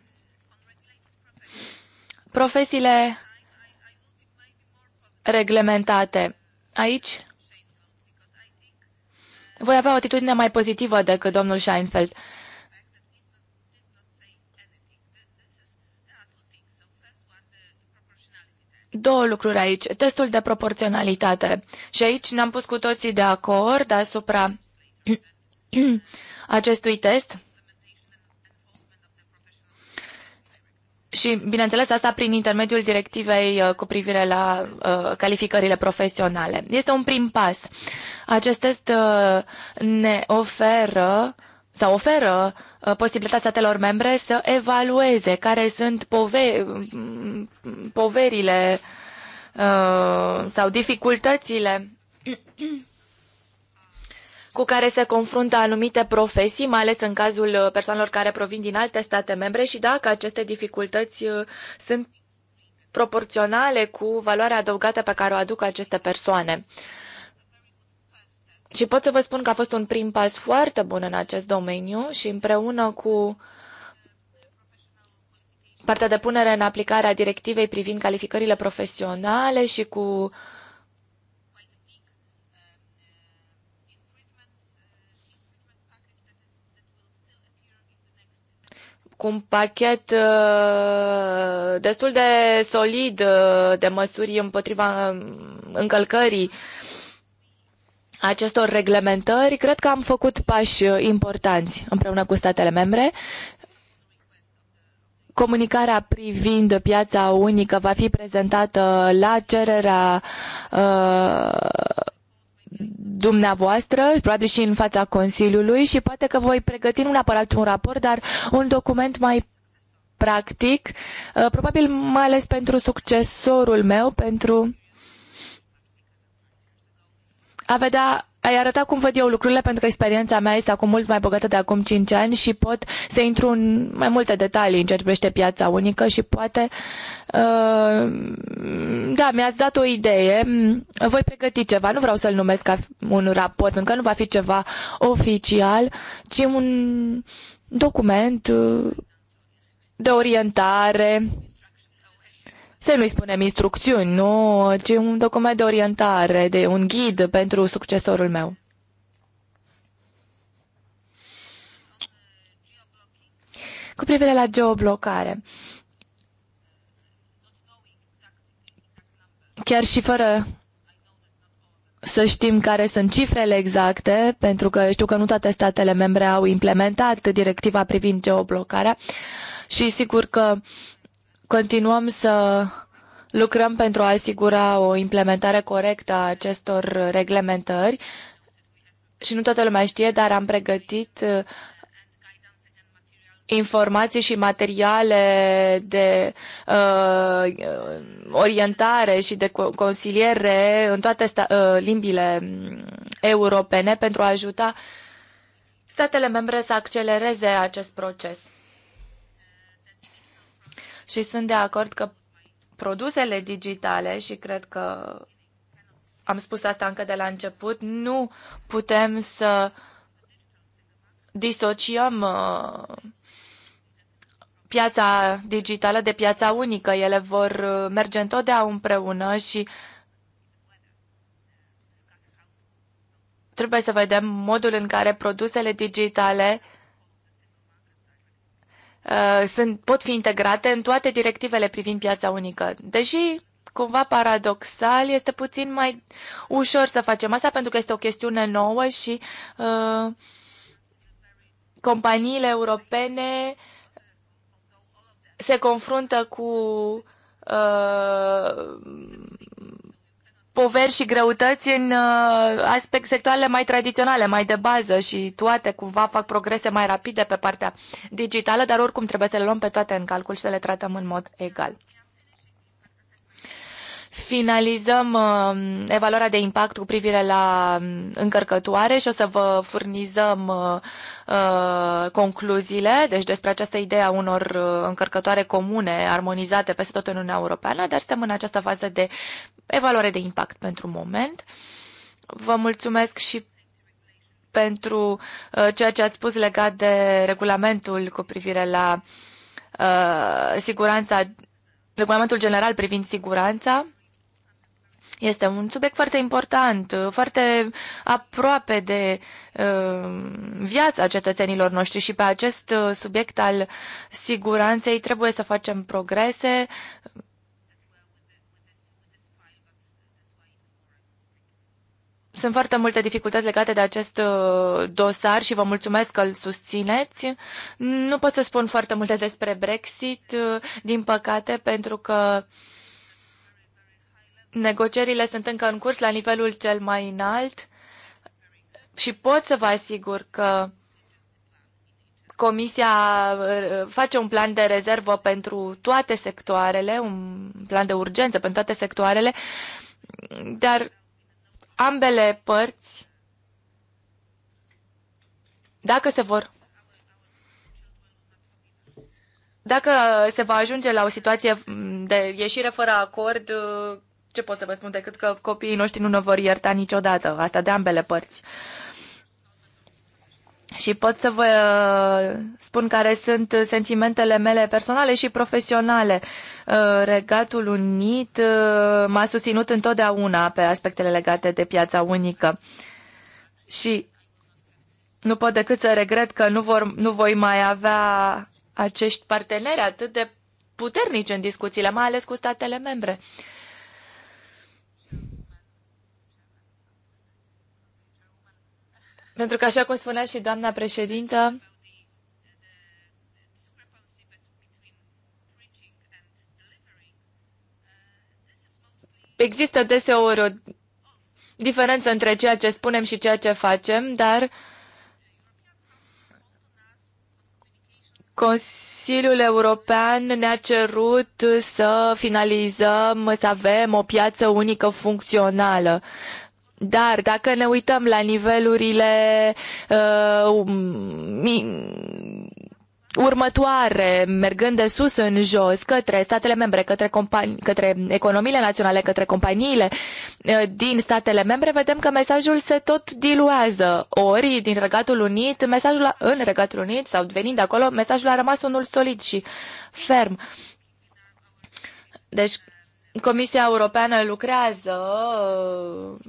Profesiile reglementate. Aici voi avea o atitudine mai pozitivă decât domnul Scheinfeld. Două lucruri aici. Testul de proporționalitate. Și aici ne-am pus cu toții de acord asupra (clears throat) acestui test. Și, bineînțeles, asta prin intermediul directivei uh, cu privire la uh, calificările profesionale. Este un prim pas. Acest test uh, ne oferă sau oferă posibilitatea statelor membre să evalueze care sunt pove- poverile sau dificultățile (clears throat) cu care se confruntă anumite profesii, mai ales în cazul uh, persoanelor care provin din alte state membre și dacă aceste dificultăți uh, sunt proporționale cu valoarea adăugată pe care o aduc aceste persoane. Și pot să vă spun că a fost un prim pas foarte bun în acest domeniu și împreună cu partea de punere în aplicare a directivei privind calificările profesionale și cu uh, cu un pachet uh, destul de solid uh, de măsuri împotriva um, încălcării acestor reglementări, cred că am făcut pași uh, importanți împreună cu statele membre. Comunicarea privind piața unică va fi prezentată la cererea uh, dumneavoastră, probabil și în fața Consiliului și poate că voi pregăti nu neapărat un raport, dar un document mai practic, uh, probabil mai ales pentru succesorul meu, pentru a vedea ai arăta cum văd eu lucrurile, pentru că experiența mea este acum mult mai bogată de acum 5 ani și pot să intru în mai multe detalii în ceea ce privește piața unică și poate, uh, da, mi-ați dat o idee, voi pregăti ceva, nu vreau să-l numesc ca un raport, pentru că nu va fi ceva oficial, ci un document uh, de orientare să nu-i spunem instrucțiuni, nu, ci un document de orientare, de un ghid pentru succesorul meu. Cu privire la geoblocare, chiar și fără să știm care sunt cifrele exacte, pentru că știu că nu toate statele membre au implementat directiva privind geoblocarea și sigur că Continuăm să lucrăm pentru a asigura o implementare corectă a acestor reglementări și nu toată lumea știe, dar am pregătit uh, informații și materiale de uh, orientare și de consiliere în toate sta- uh, limbile mm, europene pentru a ajuta statele membre să accelereze acest proces și sunt de acord că produsele digitale și cred că am spus asta încă de la început, nu putem să disociăm uh, piața digitală de piața unică. Ele vor uh, merge întotdeauna împreună și trebuie să vedem modul în care produsele digitale uh, Uh, sunt, pot fi integrate în toate directivele privind piața unică. Deși cumva paradoxal, este puțin mai ușor să facem asta pentru că este o chestiune nouă și uh, companiile europene se confruntă cu uh, poveri și greutăți în uh, aspect sectoare mai tradiționale, mai de bază și toate cumva fac progrese mai rapide pe partea digitală, dar oricum trebuie să le luăm pe toate în calcul și să le tratăm în mod egal finalizăm uh, evaluarea de impact cu privire la um, încărcătoare și o să vă furnizăm uh, uh, concluziile, deci despre această idee a unor uh, încărcătoare comune, armonizate peste tot în Uniunea Europeană, dar suntem în această fază de evaluare de impact pentru moment. Vă mulțumesc și pentru uh, ceea ce ați spus legat de regulamentul cu privire la uh, siguranța regulamentul general privind siguranța. Este un subiect foarte important, foarte aproape de uh, viața cetățenilor noștri și pe acest uh, subiect al siguranței trebuie să facem progrese. Sunt foarte multe dificultăți legate de acest uh, dosar și vă mulțumesc că îl susțineți. Nu pot să spun foarte multe despre Brexit, din păcate, pentru că uh, Negocierile sunt încă în curs la nivelul cel mai înalt și pot să vă asigur că Comisia uh, face un plan de rezervă pentru toate sectoarele, un plan de urgență pentru toate sectoarele, dar ambele părți, dacă se vor dacă se va ajunge la o situație de ieșire fără acord, uh, ce pot să vă spun decât că copiii noștri nu ne vor ierta niciodată, asta de ambele părți. Și pot să vă uh, spun care sunt sentimentele mele personale și profesionale. Uh, Regatul Unit uh, m-a susținut întotdeauna pe aspectele legate de piața unică. Și nu pot decât să regret că nu, vor, nu voi mai avea acești parteneri atât de puternici în discuțiile, mai ales cu statele membre. Uh, Pentru că, așa cum spunea și doamna președintă, există deseori o diferență între ceea ce spunem și ceea ce facem, dar Consiliul European ne-a cerut să finalizăm, să avem o piață unică funcțională. Dar dacă ne uităm la nivelurile uh, um, următoare, mergând de sus în jos, către statele membre, către, companii, către economiile naționale, către companiile uh, din statele membre, vedem că mesajul se tot diluează. Ori, din Regatul Unit, mesajul în Regatul Unit sau venind de acolo, mesajul a rămas unul solid și ferm. Deci, Comisia Europeană lucrează uh,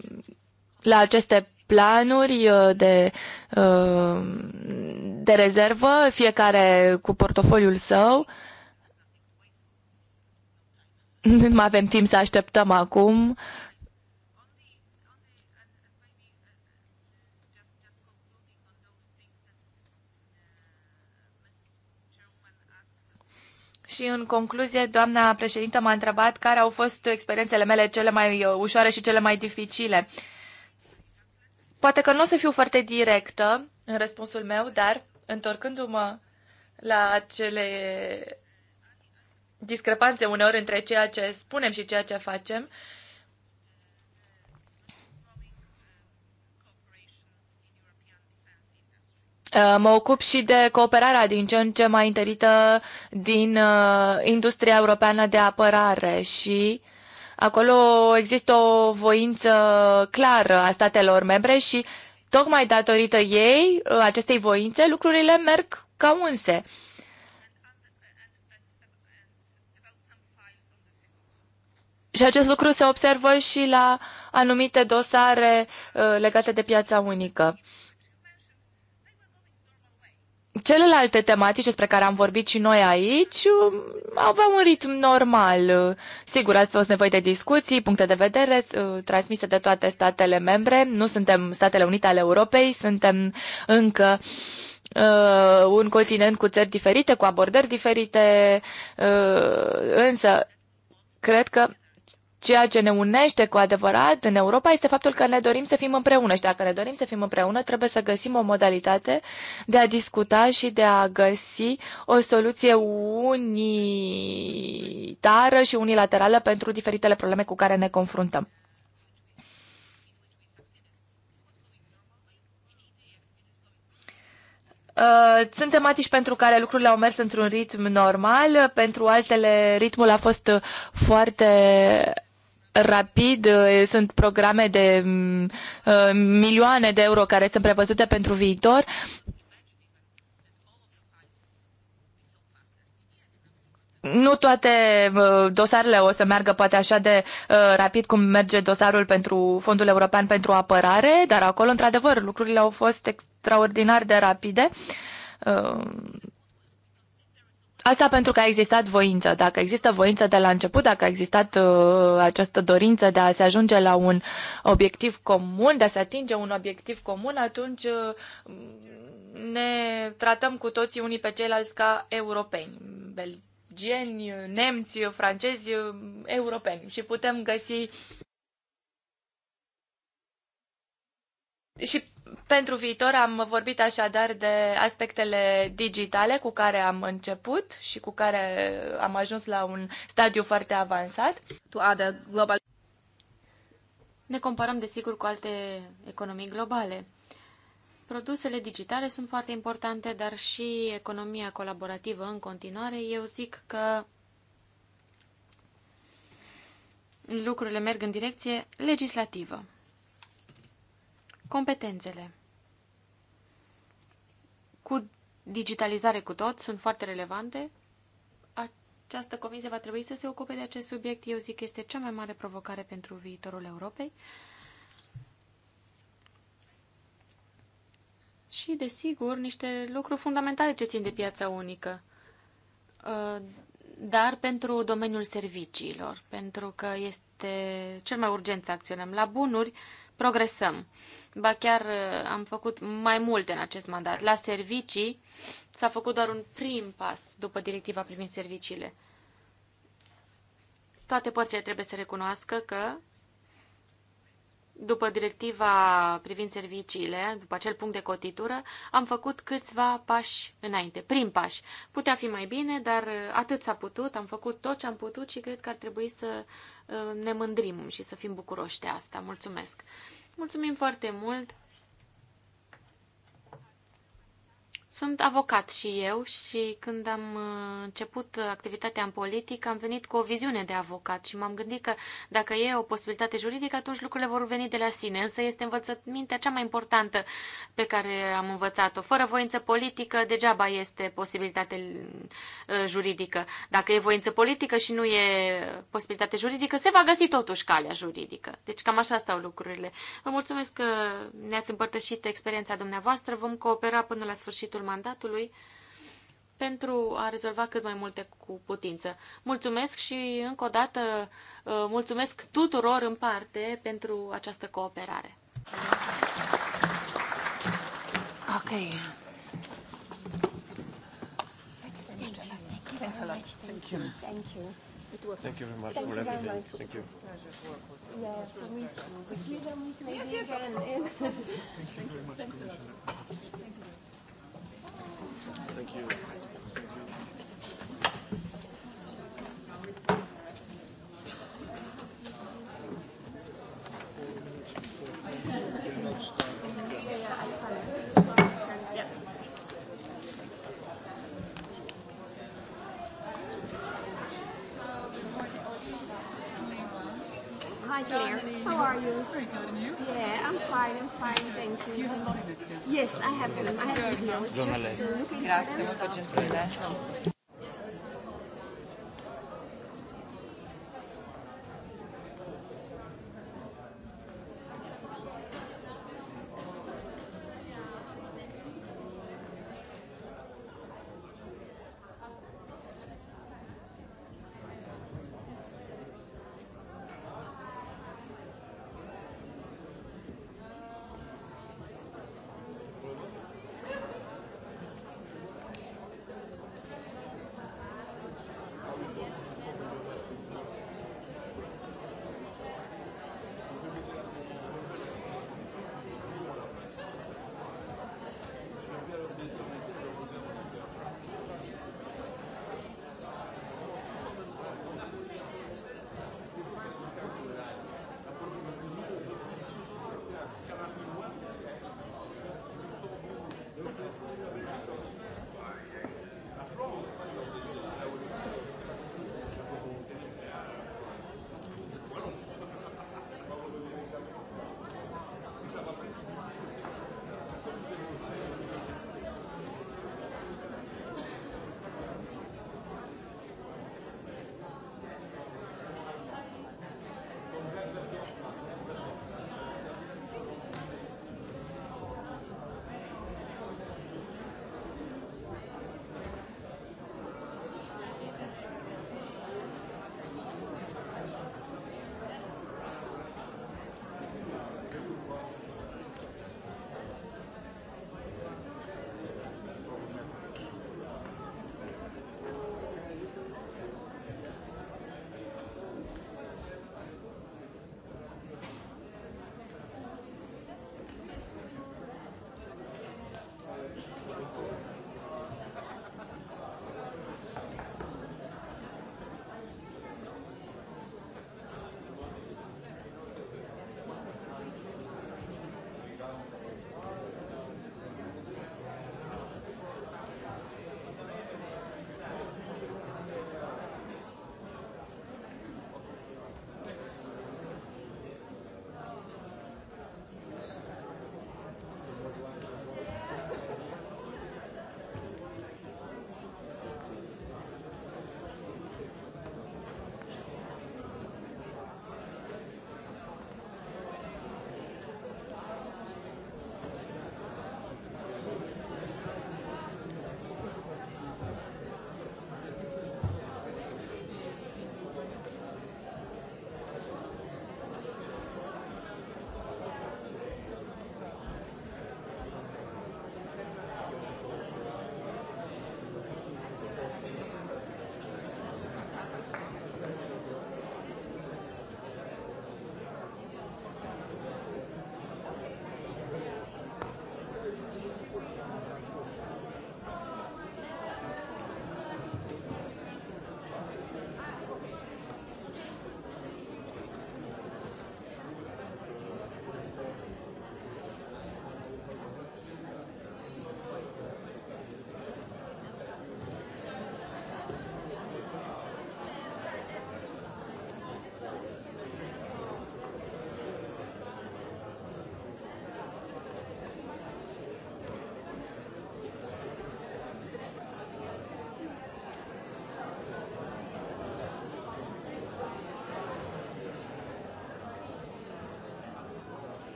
la aceste planuri uh, de, uh, de rezervă, fiecare cu portofoliul său. Nu mai avem timp să așteptăm acum. Și în concluzie, doamna președintă m-a întrebat care au fost experiențele mele cele mai uh, ușoare și cele mai dificile. Uh, Poate că nu o să fiu foarte directă în răspunsul meu, dar întorcându-mă la acele discrepanțe uneori între ceea ce spunem și ceea ce facem, uh, Mă ocup și de cooperarea din ce în ce mai întărită din uh, industria europeană de apărare și uh, Acolo există o voință clară a statelor membre și tocmai datorită ei, acestei voințe, lucrurile merg ca unse. Și acest lucru se observă și la anumite dosare uh, legate de piața unică. Celelalte tematici despre care am vorbit și noi aici um, aveau un ritm normal. Sigur, ați fost nevoie de discuții, puncte de vedere uh, transmise de toate statele membre. Nu suntem Statele Unite ale Europei, suntem încă uh, un continent cu țări diferite, cu abordări diferite, uh, însă cred că Ceea ce ne unește cu adevărat în Europa este faptul că ne dorim să fim împreună și dacă ne dorim să fim împreună, trebuie să găsim o modalitate de a discuta și de a găsi o soluție unitară și unilaterală pentru diferitele probleme cu care ne confruntăm. Uh, sunt tematici pentru care lucrurile au mers într-un ritm normal, pentru altele ritmul a fost foarte rapid. Sunt programe de mm, milioane de euro care sunt prevăzute pentru viitor. nu toate dosarele o să meargă poate așa de rapid cum merge dosarul pentru Fondul European pentru Apărare, dar acolo, într-adevăr, lucrurile au fost extraordinar de rapide. Asta pentru că a existat voință. Dacă există voință de la început, dacă a existat uh, această dorință de a se ajunge la un obiectiv comun, de a se atinge un obiectiv comun, atunci uh, ne tratăm cu toții unii pe ceilalți ca europeni. Belgieni, nemți, francezi, uh, europeni. Și putem găsi și pentru viitor am vorbit așadar de aspectele digitale cu care am început și cu care am ajuns la un stadiu foarte avansat. To other global... Ne comparăm desigur cu alte economii globale. Produsele digitale sunt foarte importante, dar și economia colaborativă în continuare. Eu zic că lucrurile merg în direcție legislativă. Competențele. Cu digitalizare cu tot, sunt foarte relevante. Această comisie va trebui să se ocupe de acest subiect. Eu zic că este cea mai mare provocare pentru viitorul Europei. Și, desigur, niște lucruri fundamentale ce țin de piața unică. Uh, dar pentru domeniul serviciilor, pentru că este cel mai urgent să acționăm la bunuri, progresăm. Ba chiar uh, am făcut mai multe în acest mandat. La servicii s-a făcut doar un prim pas după directiva privind serviciile. Toate părțile trebuie să recunoască că după directiva privind serviciile, după acel punct de cotitură, am făcut câțiva pași înainte, prim pași. Putea fi mai bine, dar atât s-a putut, am făcut tot ce am putut și cred că ar trebui să uh, ne mândrim și să fim bucuroși de asta. Mulțumesc! Mulțumim foarte mult! Sunt avocat și eu și când am uh, început activitatea în politică am venit cu o viziune de avocat și m-am gândit că dacă e o posibilitate juridică, atunci lucrurile vor veni de la sine. Însă este învățămintea cea mai importantă pe care am învățat-o. Fără voință politică, degeaba este posibilitate uh, juridică. Dacă e voință politică și nu e posibilitate juridică, se va găsi totuși calea juridică. Deci cam așa stau lucrurile. Vă mulțumesc că ne-ați împărtășit experiența dumneavoastră. Vom coopera până la sfârșitul mandatului pentru a rezolva cât mai multe cu putință. Mulțumesc și încă o dată uh, mulțumesc tuturor în parte pentru această cooperare. Ok. Thank you. very much for everything. Thank you. Yeah, for me too. But you don't need to yes, yes, again. Thank you very much, (laughs) Thank you. Hi, Judy. How are you? Very good, and you? Yeah, I'm fine, I'm fine, thank you. Do you have a lot of it? Yes, I have them. I have them here. I was just looking at for them. Grazie, molto gentile.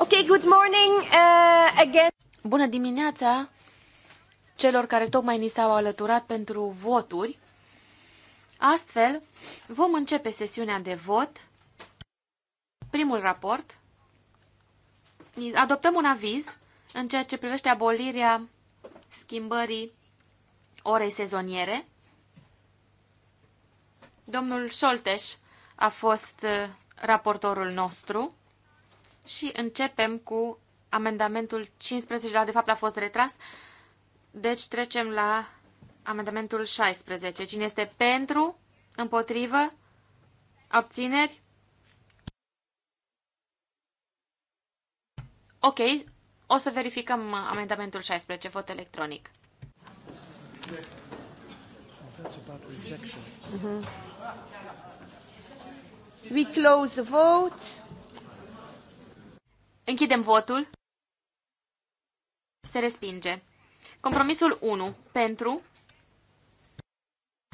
Okay, good morning uh, again. Bună dimineața celor care tocmai ni s-au alăturat pentru voturi. Astfel, vom începe sesiunea de vot. Primul raport. Adoptăm un aviz în ceea ce privește abolirea schimbării orei sezoniere. Domnul Șolteș a fost uh, raportorul nostru. Și începem cu amendamentul 15, dar de fapt a fost retras. Deci trecem la amendamentul 16. Cine este pentru, împotrivă, abțineri? Ok, o să verificăm amendamentul 16, vot electronic. We close the vote. Închidem votul. Se respinge. Compromisul 1. Pentru.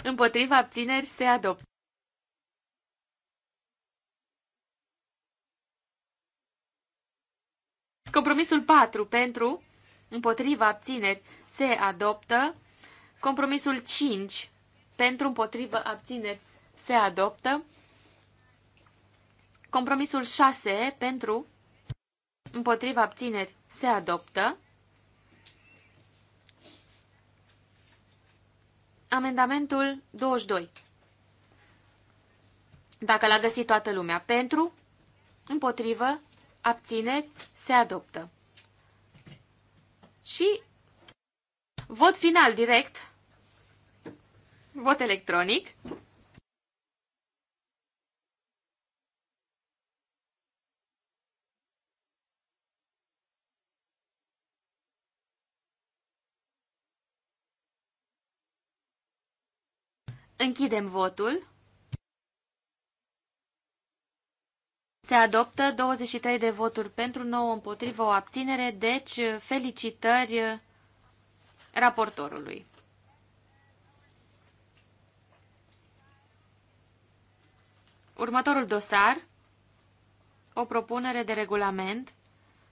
Împotriva abțineri se adoptă. Compromisul 4. Pentru. Împotriva abțineri se adoptă. Compromisul 5. Pentru împotriva abțineri se adoptă. Compromisul 6. Pentru împotriva abțineri se adoptă. Amendamentul 22. Dacă l-a găsit toată lumea pentru, împotrivă, abțineri, se adoptă. Și vot final direct, vot electronic. Închidem votul. Se adoptă 23 de voturi pentru, 9 împotrivă, o abținere, deci felicitări raportorului. Următorul dosar, o propunere de regulament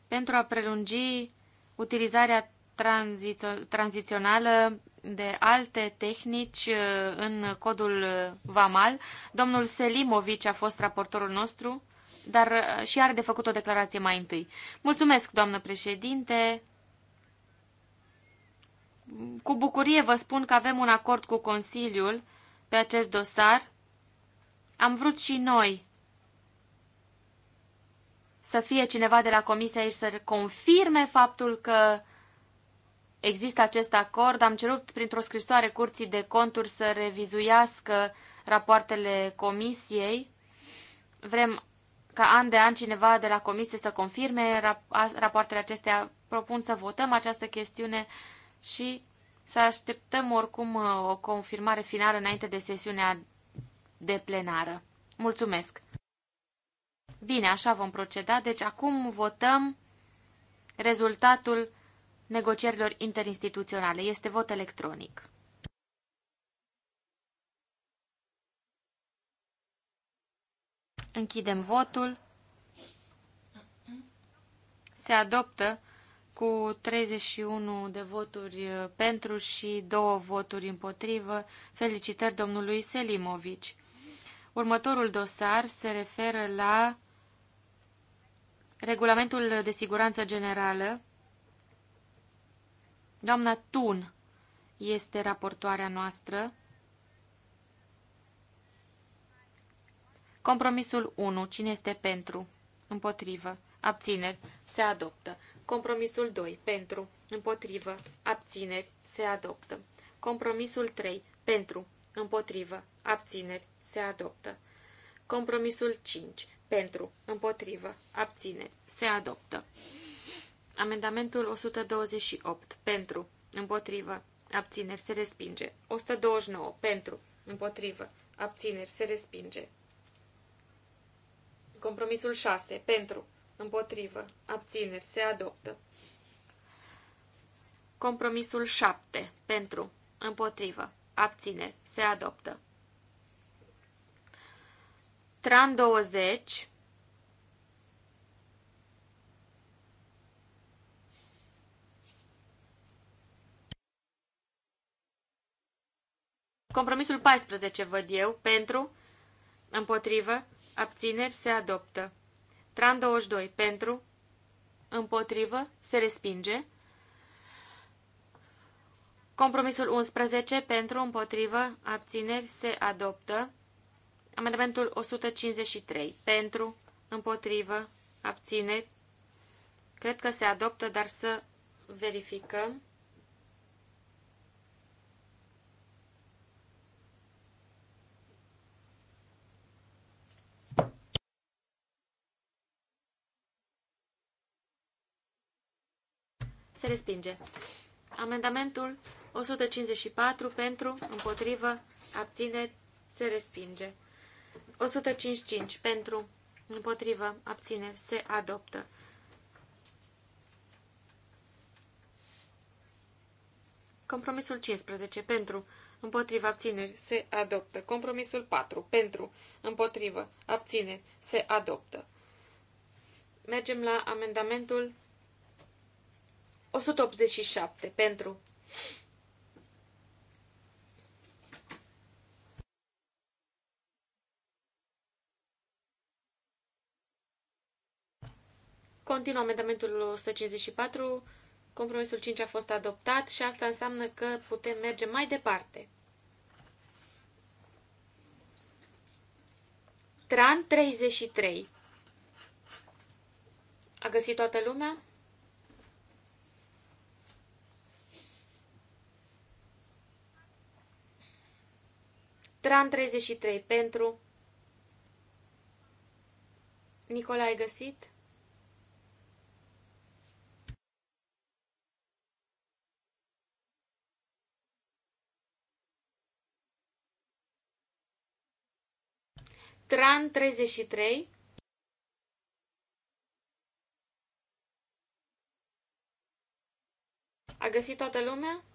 pentru a prelungi utilizarea tranzițională de alte tehnici uh, în codul uh, VAMAL. Domnul Selimovic a fost raportorul nostru, dar uh, și are de făcut o declarație mai întâi. Mulțumesc, doamnă președinte. Cu bucurie vă spun că avem un acord cu Consiliul pe acest dosar. Am vrut și noi să fie cineva de la Comisia aici să confirme faptul că există acest acord. Am cerut printr-o scrisoare curții de conturi să revizuiască rapoartele comisiei. Vrem ca an de an cineva de la comisie să confirme rapoartele acestea. Propun să votăm această chestiune și să așteptăm oricum uh, o confirmare finală înainte de sesiunea de plenară. Mulțumesc! Bine, așa vom proceda. Deci acum votăm rezultatul negocierilor interinstituționale. Este vot electronic. Închidem votul. Se adoptă cu 31 de voturi uh, pentru și două voturi împotrivă. Felicitări domnului Selimovici. Următorul dosar se referă la regulamentul de siguranță generală Doamna Tun este raportoarea noastră. Compromisul 1. Cine este pentru? Împotrivă. Abțineri. Se adoptă. Compromisul 2. Pentru. Împotrivă. Abțineri. Se adoptă. Compromisul 3. Pentru. Împotrivă. Abțineri. Se adoptă. Compromisul 5. Pentru. Împotrivă. Abțineri. Se adoptă. Amendamentul 128. Pentru. Împotrivă. Abțineri. Se respinge. 129. Pentru. Împotrivă. Abțineri. Se respinge. Compromisul 6. Pentru. Împotrivă. Abțineri. Se adoptă. Compromisul 7. Pentru. Împotrivă. Abțineri. Se adoptă. Tran 20 Compromisul 14 văd eu, pentru, împotrivă, abțineri se adoptă. Tran 22, pentru, împotrivă, se respinge. Compromisul 11, pentru, împotrivă, abțineri se adoptă. Amendamentul 153, pentru, împotrivă, abțineri. Cred că se adoptă, dar să verificăm. se respinge. Amendamentul 154 pentru, împotrivă, abține, se respinge. 155 pentru, împotrivă, abține, se adoptă. Compromisul 15 pentru, împotrivă, abține, se adoptă. Compromisul 4 pentru, împotrivă, abține, se adoptă. Mergem la amendamentul 187 pentru Continuă amendamentul 154, compromisul 5 a fost adoptat și asta înseamnă că putem merge mai departe. Tran 33. A găsit toată lumea? Tran 33 pentru. Nicolae găsit? Tran 33 A găsit toată lumea?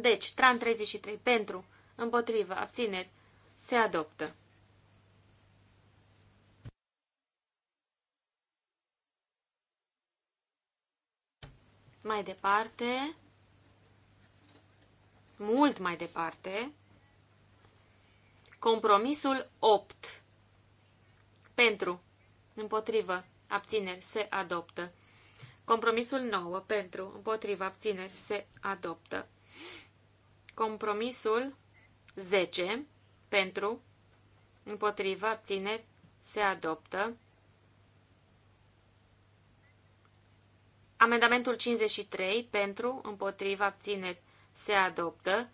Deci, tran 33 pentru, împotrivă, abțineri, se adoptă. Mai departe, mult mai departe, compromisul 8 pentru, împotrivă, abțineri, se adoptă. Compromisul 9 pentru, împotrivă, abțineri, se adoptă. Compromisul 10 pentru, împotriva, abțineri, se adoptă. Amendamentul 53 pentru, împotriva, abțineri, se adoptă.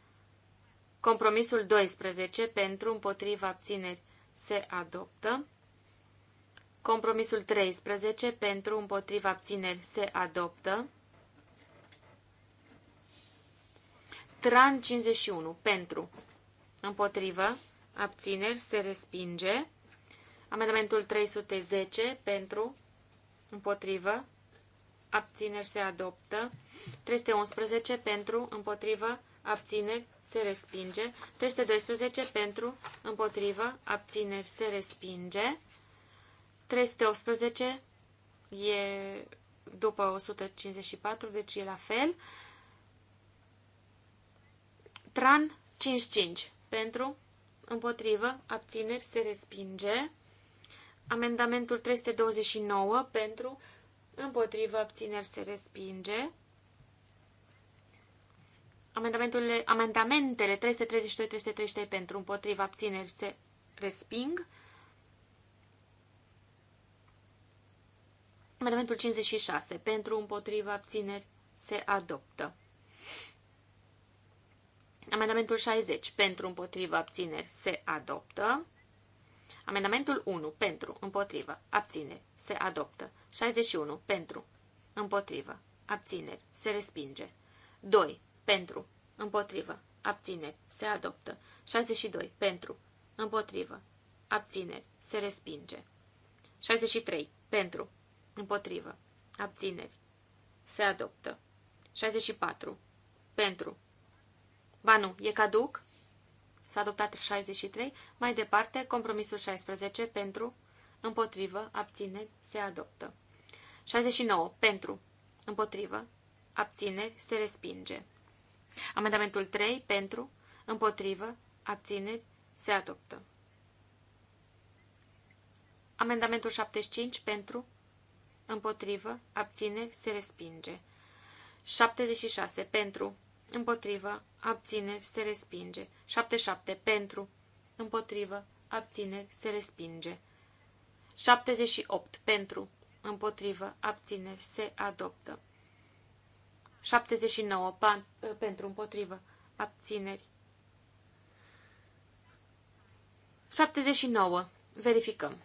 Compromisul 12 pentru, împotriva, abțineri, se adoptă. Compromisul 13 pentru, împotriva, abțineri, se adoptă. Tran 51. Pentru. Împotrivă. Abțineri. Se respinge. Amendamentul 310. Pentru. Împotrivă. Abțineri. Se adoptă. 311. Pentru. Împotrivă. Abțineri. Se respinge. 312. Pentru. Împotrivă. Abțineri. Se respinge. 318 e după 154, deci e la fel. Tran 55. Pentru, împotrivă, abțineri, se respinge. Amendamentul 329. Pentru, împotrivă, abțineri, se respinge. Amendamentele, amendamentele 332-333 pentru, împotrivă, abțineri, se resping. Amendamentul 56. Pentru, împotrivă, abțineri, se adoptă. Amendamentul 60 pentru împotriva abțineri se adoptă. Amendamentul 1 pentru împotriva abțineri se adoptă. 61 pentru împotriva abțineri se respinge. 2 pentru împotriva abțineri se adoptă. 62 pentru împotriva abțineri se respinge. 63 pentru împotriva abțineri se adoptă. 64 pentru Ba nu, e caduc. S-a adoptat 63. Mai departe, compromisul 16 pentru, împotrivă, abțineri, se adoptă. 69. Pentru, împotrivă, abțineri, se respinge. Amendamentul 3 pentru, împotrivă, abțineri, se adoptă. Amendamentul 75 pentru, împotrivă, abțineri, se respinge. 76 pentru, împotrivă, abțineri, se respinge. 77. Pentru, împotrivă, abțineri, se respinge. 78. Pentru, împotrivă, abțineri, se adoptă. 79. Pan, ă, pentru, împotrivă, abțineri. 79. Verificăm.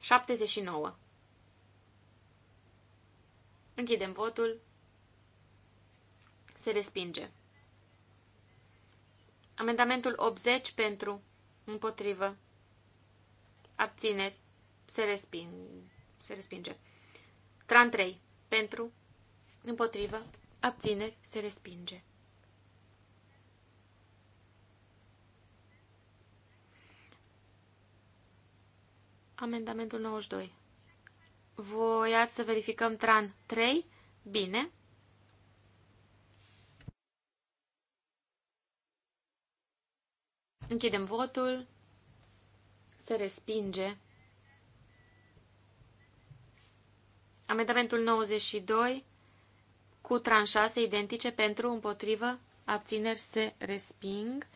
79. Închidem votul. Se respinge. Amendamentul 80 pentru, împotrivă, abțineri, se, resping, se respinge. Tran 3 pentru, împotrivă, abțineri, se respinge. Amendamentul 92. Voiați să verificăm tran 3? Bine. Închidem votul. Se respinge. Amendamentul 92 cu tranșase identice pentru, împotrivă, abțineri se resping.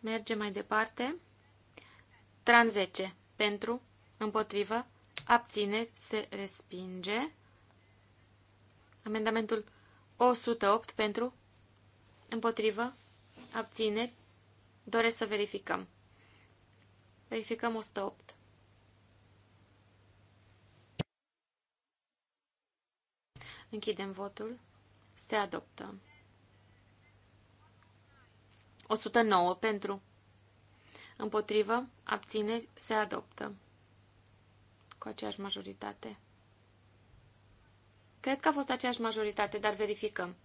merge mai departe. Tran 10 pentru, împotrivă, abțineri se respinge. Amendamentul 108 pentru, împotrivă, abțineri Doresc să verificăm. Verificăm 108. Închidem votul. Se adoptă. 109 pentru. Împotrivă. Abțineri. Se adoptă. Cu aceeași majoritate. Cred că a fost aceeași majoritate, dar verificăm.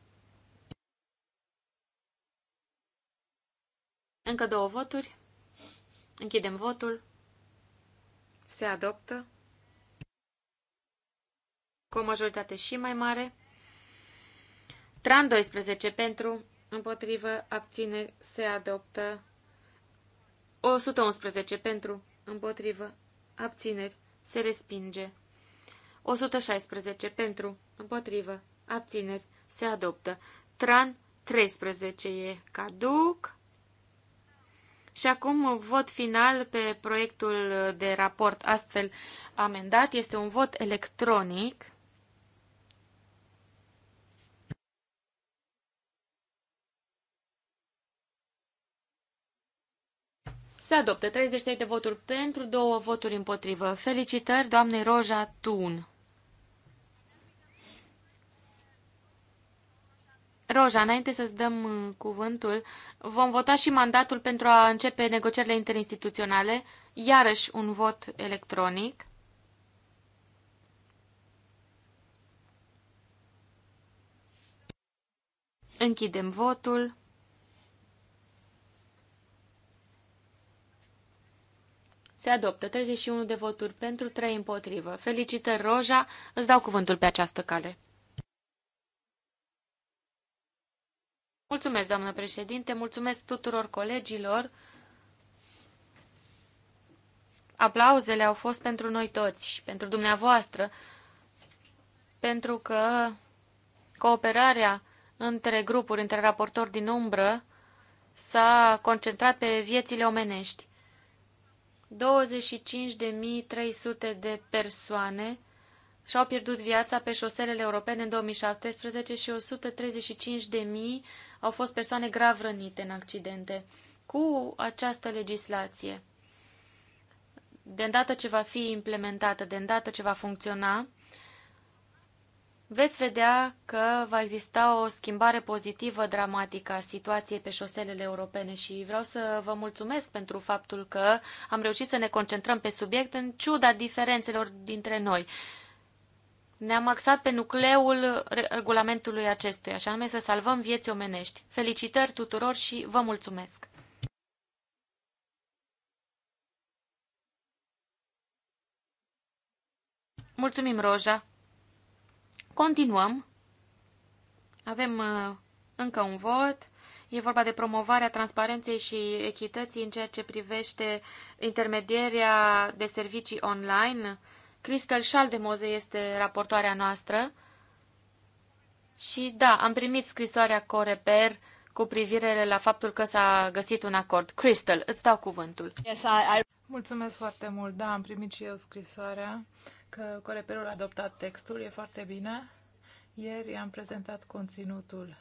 Încă două voturi. Închidem votul. Se adoptă cu o majoritate și mai mare. Tran 12 pentru, împotrivă, abține, se adoptă. 111 pentru, împotrivă, abțineri, se respinge. 116 pentru, împotrivă, abțineri, se adoptă. Tran 13 e caduc. Și acum vot final pe proiectul de raport astfel amendat. Este un vot electronic. Se adoptă 33 de voturi pentru, două voturi împotrivă. Felicitări doamnei Roja Tun. Roja, înainte să-ți dăm uh, cuvântul, vom vota și mandatul pentru a începe negocierile interinstituționale, iarăși un vot electronic. Închidem votul. Se adoptă 31 de voturi pentru, 3 împotrivă. Felicitări, Roja, îți dau cuvântul pe această cale. Mulțumesc, doamnă președinte, mulțumesc tuturor colegilor. Aplauzele au fost pentru noi toți și pentru dumneavoastră, pentru că cooperarea între grupuri, între raportori din umbră, s-a concentrat pe viețile omenești. 25.300 de persoane și-au pierdut viața pe șoselele europene în 2017 și 135.000 au fost persoane grav rănite în accidente cu această legislație. De îndată ce va fi implementată, de îndată ce va funcționa, veți vedea că va exista o schimbare pozitivă dramatică a situației pe șoselele europene și vreau să vă mulțumesc pentru faptul că am reușit să ne concentrăm pe subiect în ciuda diferențelor dintre noi ne-am axat pe nucleul regulamentului acestuia, așa anume să salvăm vieți omenești. Felicitări tuturor și vă mulțumesc! Mulțumim, Roja! Continuăm. Avem uh, încă un vot. E vorba de promovarea transparenței și echității în ceea ce privește intermedierea de servicii online, Cristel Șaldemoze este raportoarea noastră și da, am primit scrisoarea Coreper cu privire la faptul că s-a găsit un acord. Crystal, îți dau cuvântul. Yes, I, I... Mulțumesc foarte mult. Da, am primit și eu scrisoarea că Coreperul a adoptat textul. E foarte bine. Ieri am prezentat conținutul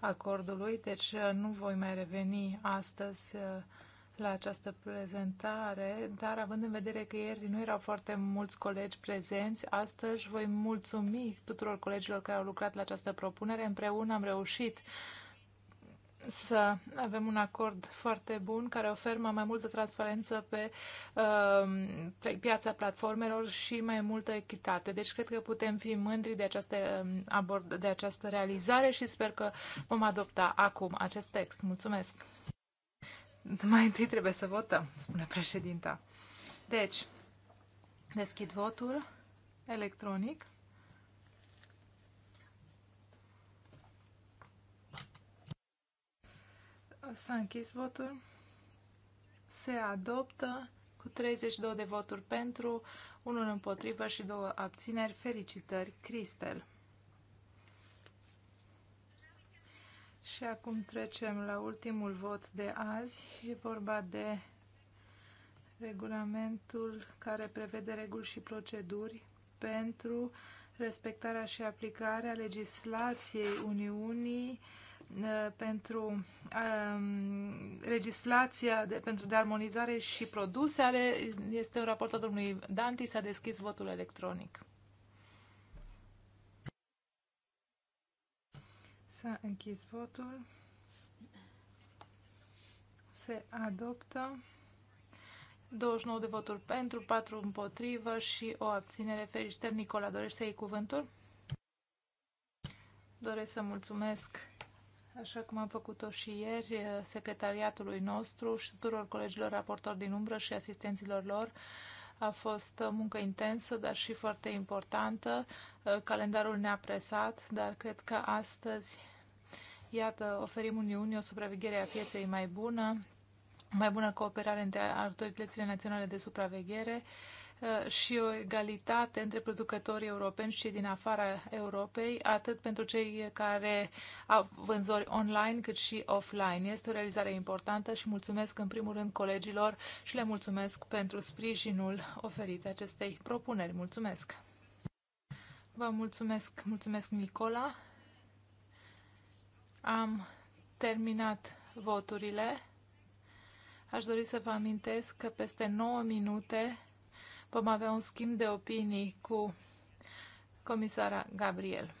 acordului, deci uh, nu voi mai reveni astăzi uh, la această prezentare, dar având în vedere că ieri nu erau foarte mulți colegi prezenți, astăzi voi mulțumi tuturor colegilor care au lucrat la această propunere. Împreună am reușit să avem un acord foarte bun care oferă mai multă transparență pe um, pe piața platformelor și mai multă echitate. Deci cred că putem fi mândri de această, um, abord, de această realizare și sper că vom adopta acum acest text. Mulțumesc! Mai întâi trebuie să votăm, spune președinta. Deci, deschid votul electronic. S-a închis votul. Se adoptă cu 32 de voturi pentru, unul împotrivă și două abțineri. Felicitări, Cristel! Și acum trecem la ultimul vot de azi. E vorba de regulamentul care prevede reguli și proceduri pentru respectarea și aplicarea legislației Uniunii uh, pentru um, legislația de, pentru de armonizare și produse are, este un raport al domnului Danti, s-a deschis votul electronic. S-a închis votul. Se adoptă. 29 de voturi pentru, 4 împotrivă și o abținere. Felicitări, Nicola. Dorești să iei cuvântul? Doresc să mulțumesc, așa cum am făcut-o și ieri, secretariatului nostru și tuturor colegilor raportori din umbră și asistenților lor. A fost muncă intensă, dar și foarte importantă. Uh, calendarul ne-a presat, dar cred că astăzi, iată, oferim Uniunii o supraveghere a pieței mai bună, mai bună cooperare între autoritățile naționale de supraveghere uh, și o egalitate între producătorii europeni și din afara Europei, atât pentru cei care au vânzori online cât și offline. Este o realizare importantă și mulțumesc în primul rând colegilor și le mulțumesc pentru sprijinul oferit acestei propuneri. Mulțumesc! Vă mulțumesc, mulțumesc Nicola. Am terminat voturile. Aș dori să vă amintesc că peste 9 minute vom avea un schimb de opinii cu comisara Gabriel.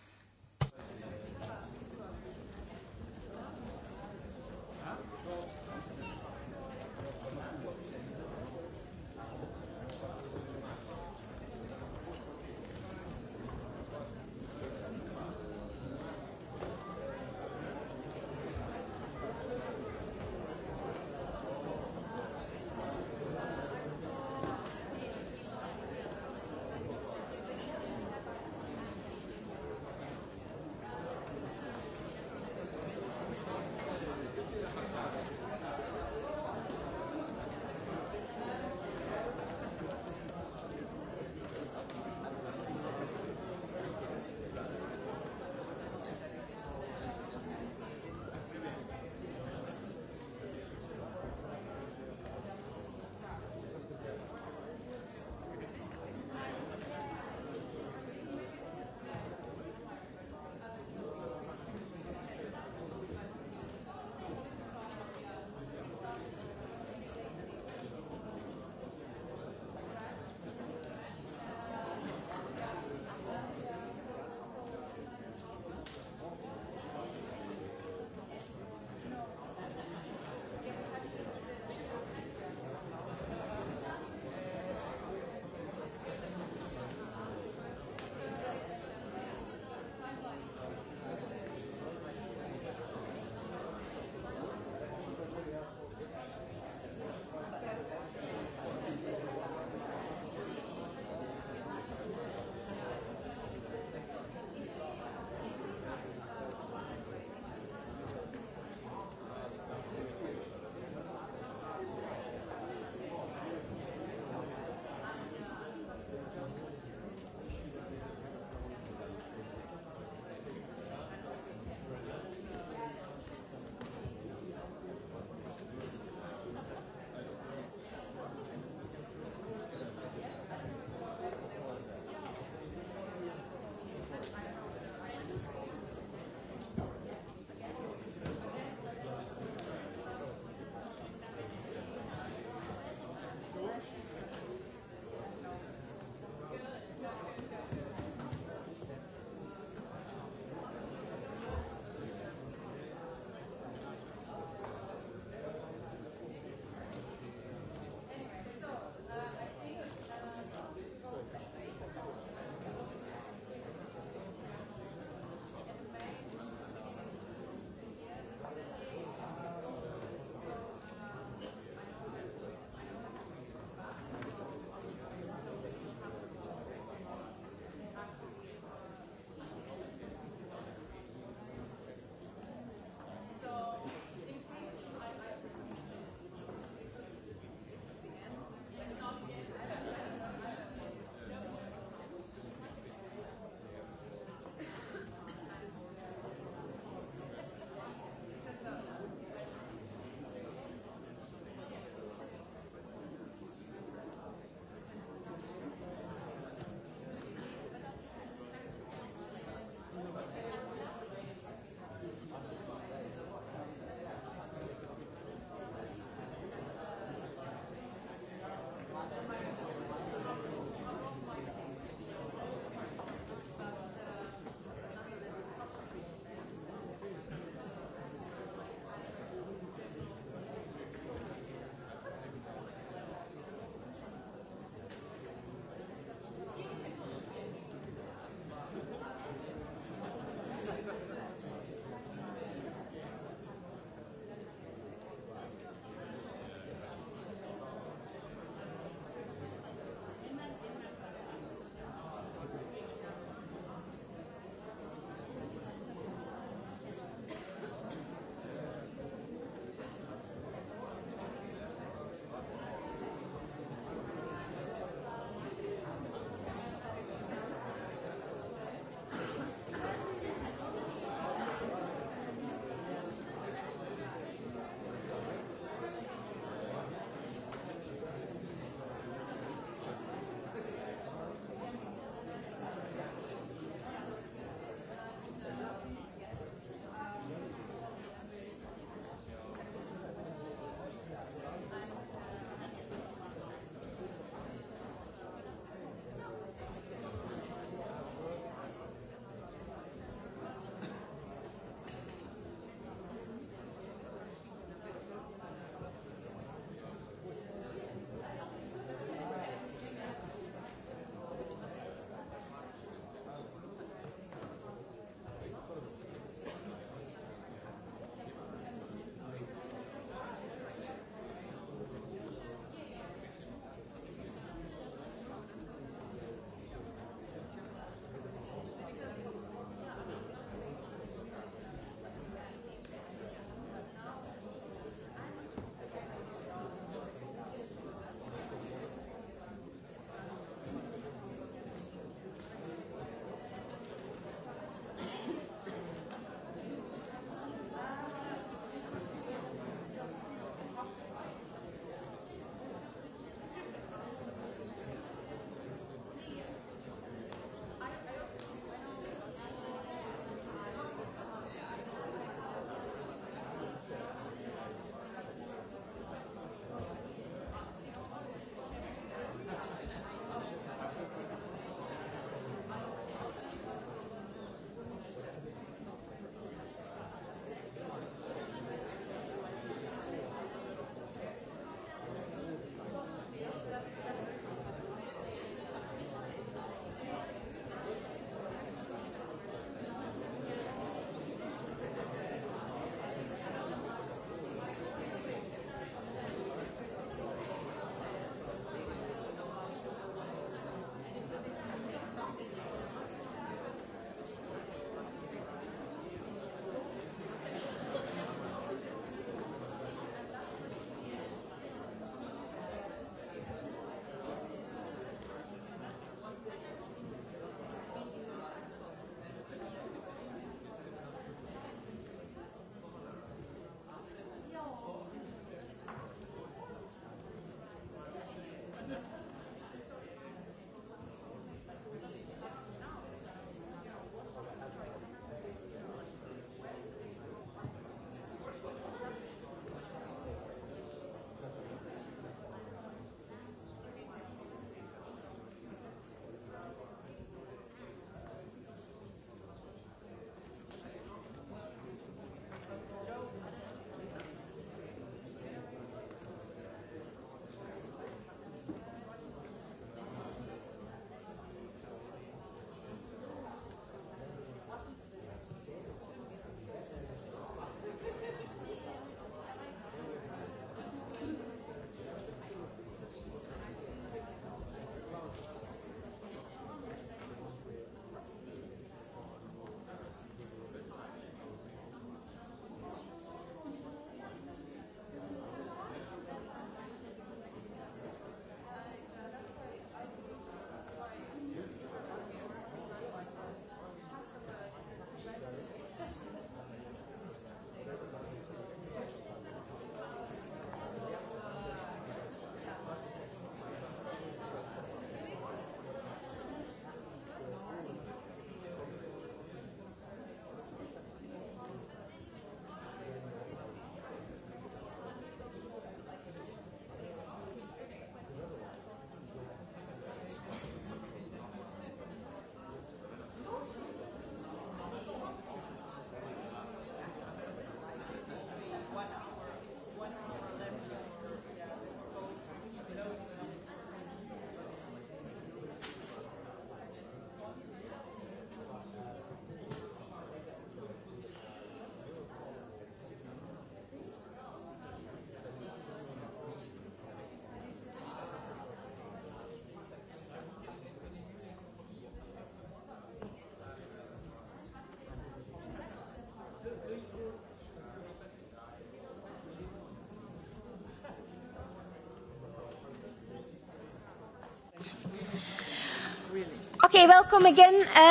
Ok, welcome again. Uh...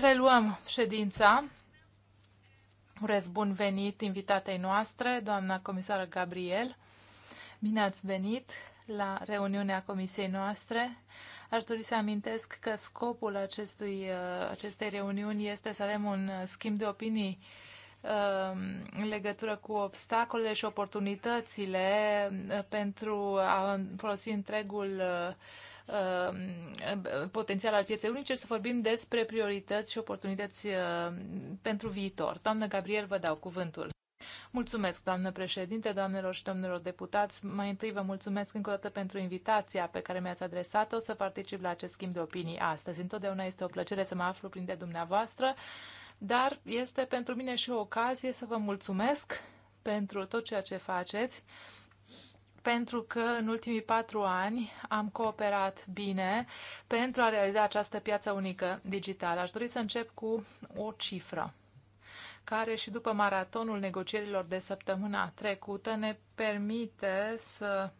Reluăm ședința. Urez bun venit invitatei noastre, doamna comisară Gabriel. Bine ați venit la reuniunea comisiei noastre. Aș dori să amintesc că scopul acestui, uh, acestei reuniuni este să avem un uh, schimb de opinii uh, Um, în legătură cu obstacolele și oportunitățile uh, pentru a folosi întregul uh, um, potențial al pieței unice să vorbim despre priorități și oportunități uh, pentru viitor. Doamnă Gabriel, vă dau cuvântul. Mulțumesc, doamnă președinte, doamnelor și domnilor deputați. Mai întâi vă mulțumesc încă o dată pentru invitația pe care mi-ați adresat-o să particip la acest schimb de opinii astăzi. Întotdeauna este o plăcere să mă aflu printre dumneavoastră dar este pentru mine și o ocazie să vă mulțumesc pentru tot ceea ce faceți, pentru că în ultimii patru ani am cooperat bine pentru a realiza această piață unică digitală. Aș dori să încep cu o cifră care și după maratonul negocierilor de săptămâna trecută ne permite să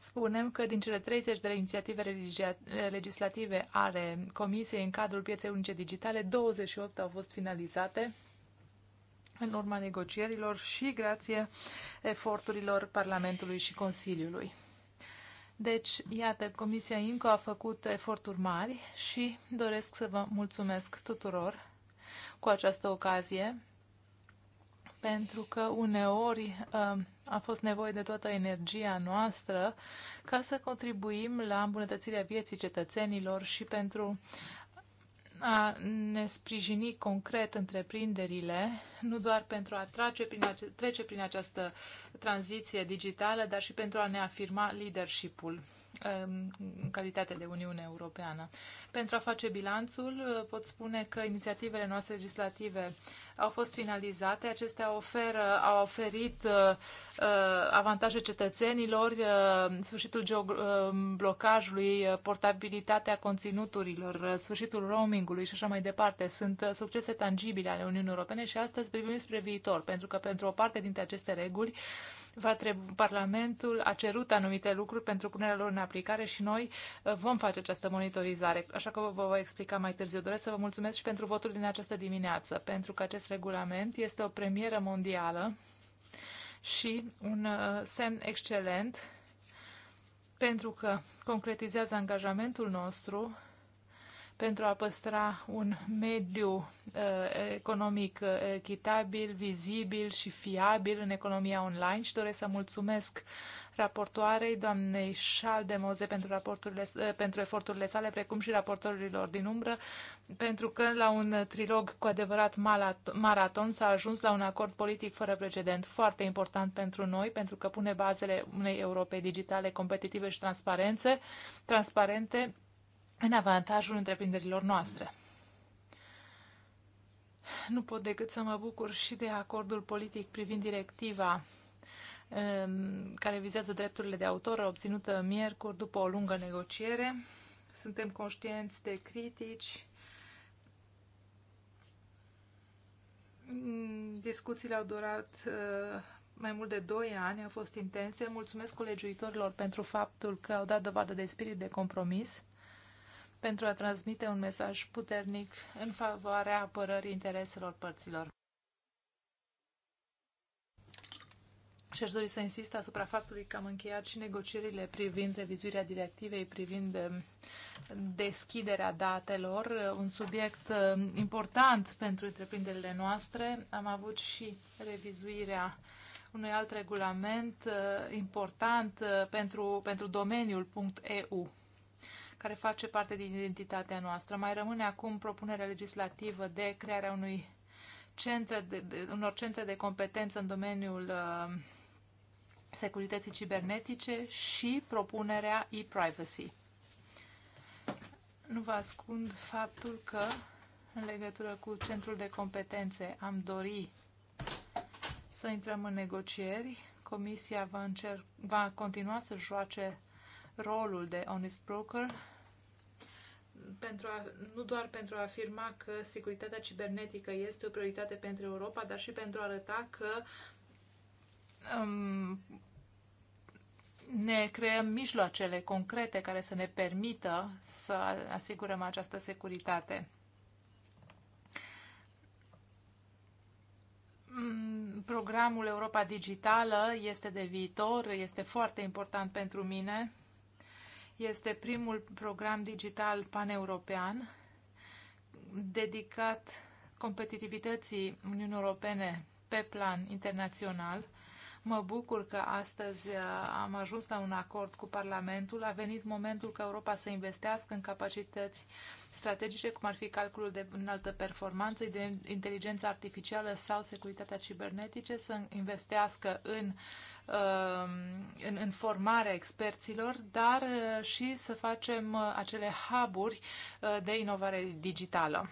spunem că din cele 30 de inițiative legislative ale Comisiei în cadrul pieței unice digitale, 28 au fost finalizate în urma negocierilor și grație eforturilor Parlamentului și Consiliului. Deci, iată, Comisia INCO a făcut eforturi mari și doresc să vă mulțumesc tuturor cu această ocazie, pentru că uneori ă, a fost nevoie de toată energia noastră ca să contribuim la îmbunătățirea vieții cetățenilor și pentru a ne sprijini concret întreprinderile, nu doar pentru a trece prin, ace- trece prin această tranziție digitală, dar și pentru a ne afirma leadership-ul. Um, în calitate de Uniune Europeană. Pentru a face bilanțul, uh, pot spune că inițiativele noastre legislative au fost finalizate. Acestea oferă, au oferit uh, uh, avantaje cetățenilor, sfârșitul blocajului, portabilitatea conținuturilor, sfârșitul roamingului și așa mai departe. Sunt succese tangibile ale Uniunii Europene și astăzi privim spre viitor, pentru că pentru o parte dintre aceste reguli, va trebui, Parlamentul a cerut anumite lucruri pentru punerea lor în aplicare și noi uh, vom face această monitorizare, așa că vă voi explica mai târziu. Doresc să vă mulțumesc și pentru votul din această dimineață, pentru că acest regulament este o premieră mondială și un uh, semn excelent pentru că concretizează angajamentul nostru pentru a păstra un mediu uh, economic uh, echitabil, vizibil și fiabil în economia online și doresc să mulțumesc raportoarei, doamnei de Moze, pentru, raporturile, uh, pentru eforturile sale, precum și raportorilor din umbră, pentru că la un trilog cu adevărat maraton s-a ajuns la un acord politic fără precedent, foarte important pentru noi, pentru că pune bazele unei Europe digitale competitive și transparențe, transparente, în avantajul întreprinderilor noastre. Nu pot decât să mă bucur și de acordul politic privind directiva um, care vizează drepturile de autor obținută miercuri după o lungă negociere. Suntem conștienți de critici. Discuțiile au durat uh, mai mult de 2 ani, au fost intense. Mulțumesc colegiuitorilor pentru faptul că au dat dovadă de spirit de compromis pentru a transmite un mesaj puternic în favoarea apărării intereselor părților. Și aș dori să insist asupra faptului că am încheiat și negocierile privind revizuirea directivei, privind um, deschiderea datelor, uh, un subiect um, important pentru întreprinderile noastre. Am avut și revizuirea unui alt regulament uh, important uh, pentru, pentru domeniul .eu care face parte din identitatea noastră. Mai rămâne acum propunerea legislativă de crearea unui centre de, de, unor centre de competență în domeniul uh, securității cibernetice și propunerea e-privacy. Nu vă ascund faptul că în legătură cu centrul de competențe am dori să intrăm în negocieri. Comisia va, încerc, va continua să joace rolul de honest broker pentru a, nu doar pentru a afirma că securitatea cibernetică este o prioritate pentru Europa, dar și pentru a arăta că um, ne creăm mijloacele concrete care să ne permită să asigurăm această securitate. Mm, programul Europa Digitală este de viitor, este foarte important pentru mine este primul program digital paneuropean dedicat competitivității Uniunii Europene pe plan internațional. Mă bucur că astăzi uh, am ajuns la un acord cu Parlamentul. A venit momentul ca Europa să investească în capacități strategice, cum ar fi calculul de înaltă performanță, de inteligență artificială sau securitatea cibernetice, să investească în uh, Um, în, în formarea experților, dar uh, și să facem uh, acele hub-uri uh, de inovare digitală.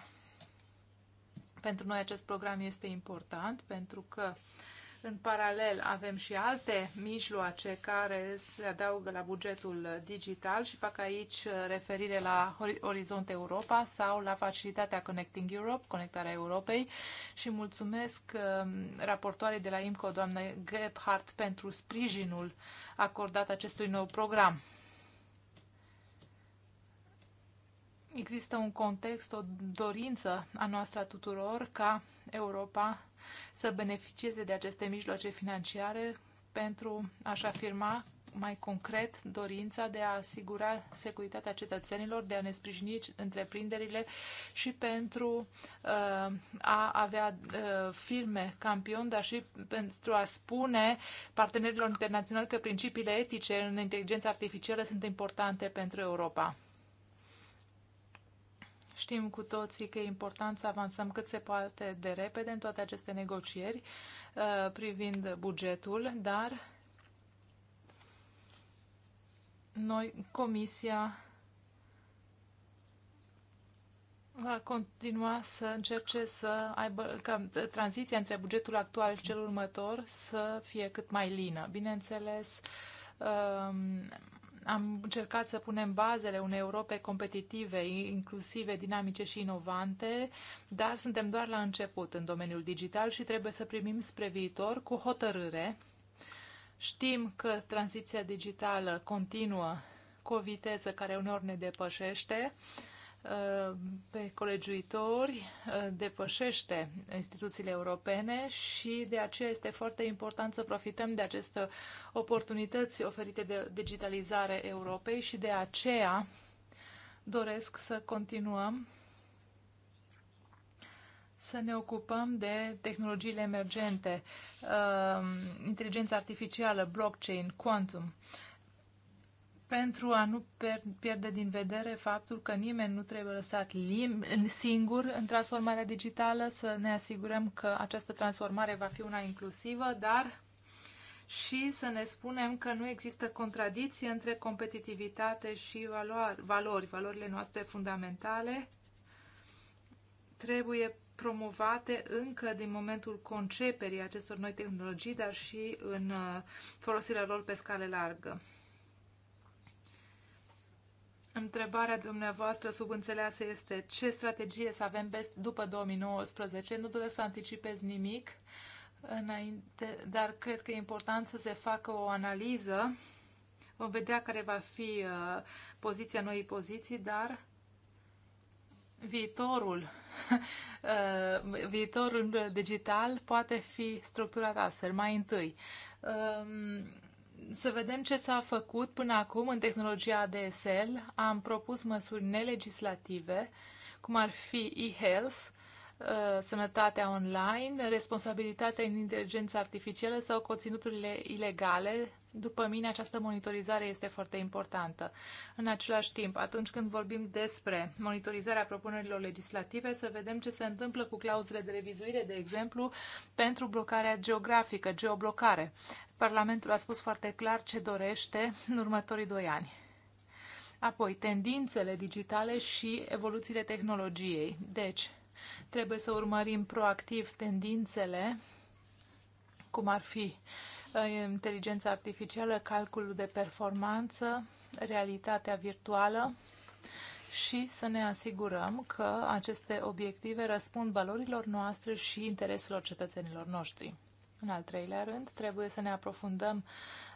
Pentru noi acest program este important pentru că uh, în paralel avem și alte mijloace care se adaugă la bugetul digital și fac aici referire la Orizont Europa sau la facilitatea Connecting Europe, Conectarea Europei și mulțumesc um, raportoarei de la IMCO, doamna Gebhardt, pentru sprijinul acordat acestui nou program. Există un context, o dorință a noastră a tuturor ca Europa să beneficieze de aceste mijloace financiare pentru a-și afirma mai concret dorința de a asigura securitatea cetățenilor, de a ne sprijini întreprinderile și pentru uh, a avea uh, firme campion, dar și pentru a spune partenerilor internaționali că principiile etice în inteligența artificială sunt importante pentru Europa. Știm cu toții că e important să avansăm cât se poate de repede în toate aceste negocieri uh, privind bugetul, dar noi, Comisia, va continua să încerce să aibă ca uh, tranziția între bugetul actual și cel următor să fie cât mai lină. Bineînțeles, um, am încercat să punem bazele unei Europe competitive, inclusive, dinamice și inovante, dar suntem doar la început în domeniul digital și trebuie să primim spre viitor cu hotărâre. Știm că tranziția digitală continuă cu o viteză care uneori ne depășește pe colegiuitori uh, depășește instituțiile europene și de aceea este foarte important să profităm de aceste oportunități oferite de digitalizare Europei și de aceea doresc să continuăm să ne ocupăm de tehnologiile emergente, uh, inteligența artificială, blockchain, quantum pentru a nu pierde din vedere faptul că nimeni nu trebuie lăsat singur în transformarea digitală, să ne asigurăm că această transformare va fi una inclusivă, dar și să ne spunem că nu există contradiție între competitivitate și valori, valorile noastre fundamentale trebuie promovate încă din momentul conceperii acestor noi tehnologii, dar și în uh, folosirea lor pe scară largă. Întrebarea dumneavoastră subînțeleasă este ce strategie să avem după 2019. Nu doresc să anticipez nimic, înainte, dar cred că e important să se facă o analiză. Vom vedea care va fi uh, poziția noii poziții, dar viitorul, (laughs) uh, viitorul digital poate fi structurat astfel. Mai întâi, um, să vedem ce s-a făcut până acum în tehnologia ADSL. Am propus măsuri nelegislative, cum ar fi e-health, uh, sănătatea online, responsabilitatea în inteligență artificială sau conținuturile ilegale după mine, această monitorizare este foarte importantă. În același timp, atunci când vorbim despre monitorizarea propunerilor legislative, să vedem ce se întâmplă cu clauzele de revizuire, de exemplu, pentru blocarea geografică, geoblocare. Parlamentul a spus foarte clar ce dorește în următorii doi ani. Apoi, tendințele digitale și evoluțiile tehnologiei. Deci, trebuie să urmărim proactiv tendințele, cum ar fi inteligența artificială, calculul de performanță, realitatea virtuală și să ne asigurăm că aceste obiective răspund valorilor noastre și intereselor cetățenilor noștri. În al treilea rând, trebuie să ne aprofundăm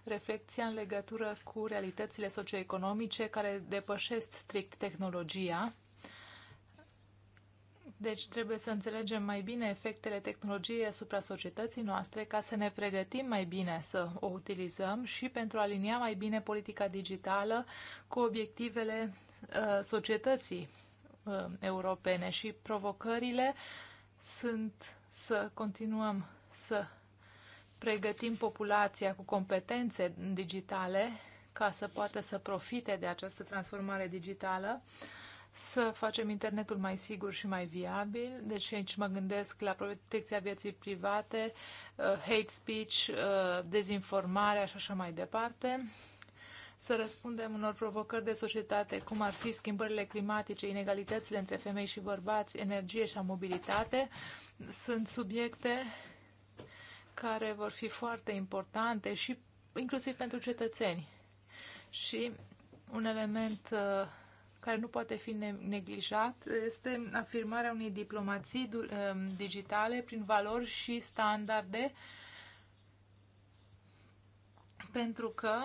reflexia în legătură cu realitățile socioeconomice care depășesc strict tehnologia deci trebuie să înțelegem mai bine efectele tehnologiei asupra societății noastre ca să ne pregătim mai bine să o utilizăm și pentru a alinia mai bine politica digitală cu obiectivele uh, societății uh, europene și provocările sunt să continuăm să pregătim populația cu competențe digitale ca să poată să profite de această transformare digitală. Uh, să facem internetul mai sigur și mai viabil. Deci aici mă gândesc la protecția vieții private, uh, hate speech, uh, dezinformarea și așa mai departe să răspundem unor provocări de societate, cum ar fi schimbările climatice, inegalitățile între femei și bărbați, energie și mobilitate, sunt subiecte care vor fi foarte importante și inclusiv pentru cetățeni. Și un element uh, care nu poate fi neglijat este afirmarea unei diplomații um, digitale prin valori și standarde, pentru că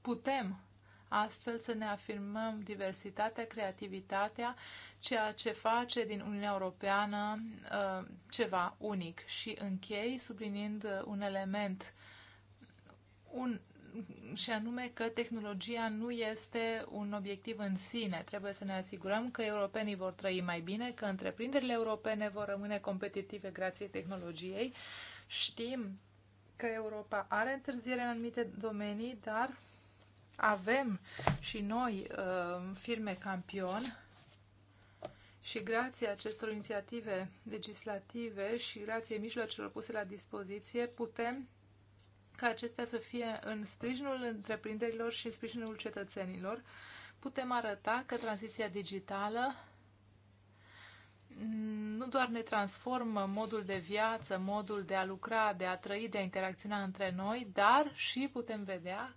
putem astfel să ne afirmăm diversitatea, creativitatea, ceea ce face din Uniunea Europeană uh, ceva unic. Și închei subliniind un element un și anume că tehnologia nu este un obiectiv în sine. Trebuie să ne asigurăm că europenii vor trăi mai bine, că întreprinderile europene vor rămâne competitive grație tehnologiei. Știm că Europa are întârziere în anumite domenii, dar avem și noi uh, firme campion și grație acestor inițiative legislative și grație mijloacelor puse la dispoziție putem ca acestea să fie în sprijinul întreprinderilor și în sprijinul cetățenilor, putem arăta că tranziția digitală nu doar ne transformă modul de viață, modul de a lucra, de a trăi, de a interacționa între noi, dar și putem vedea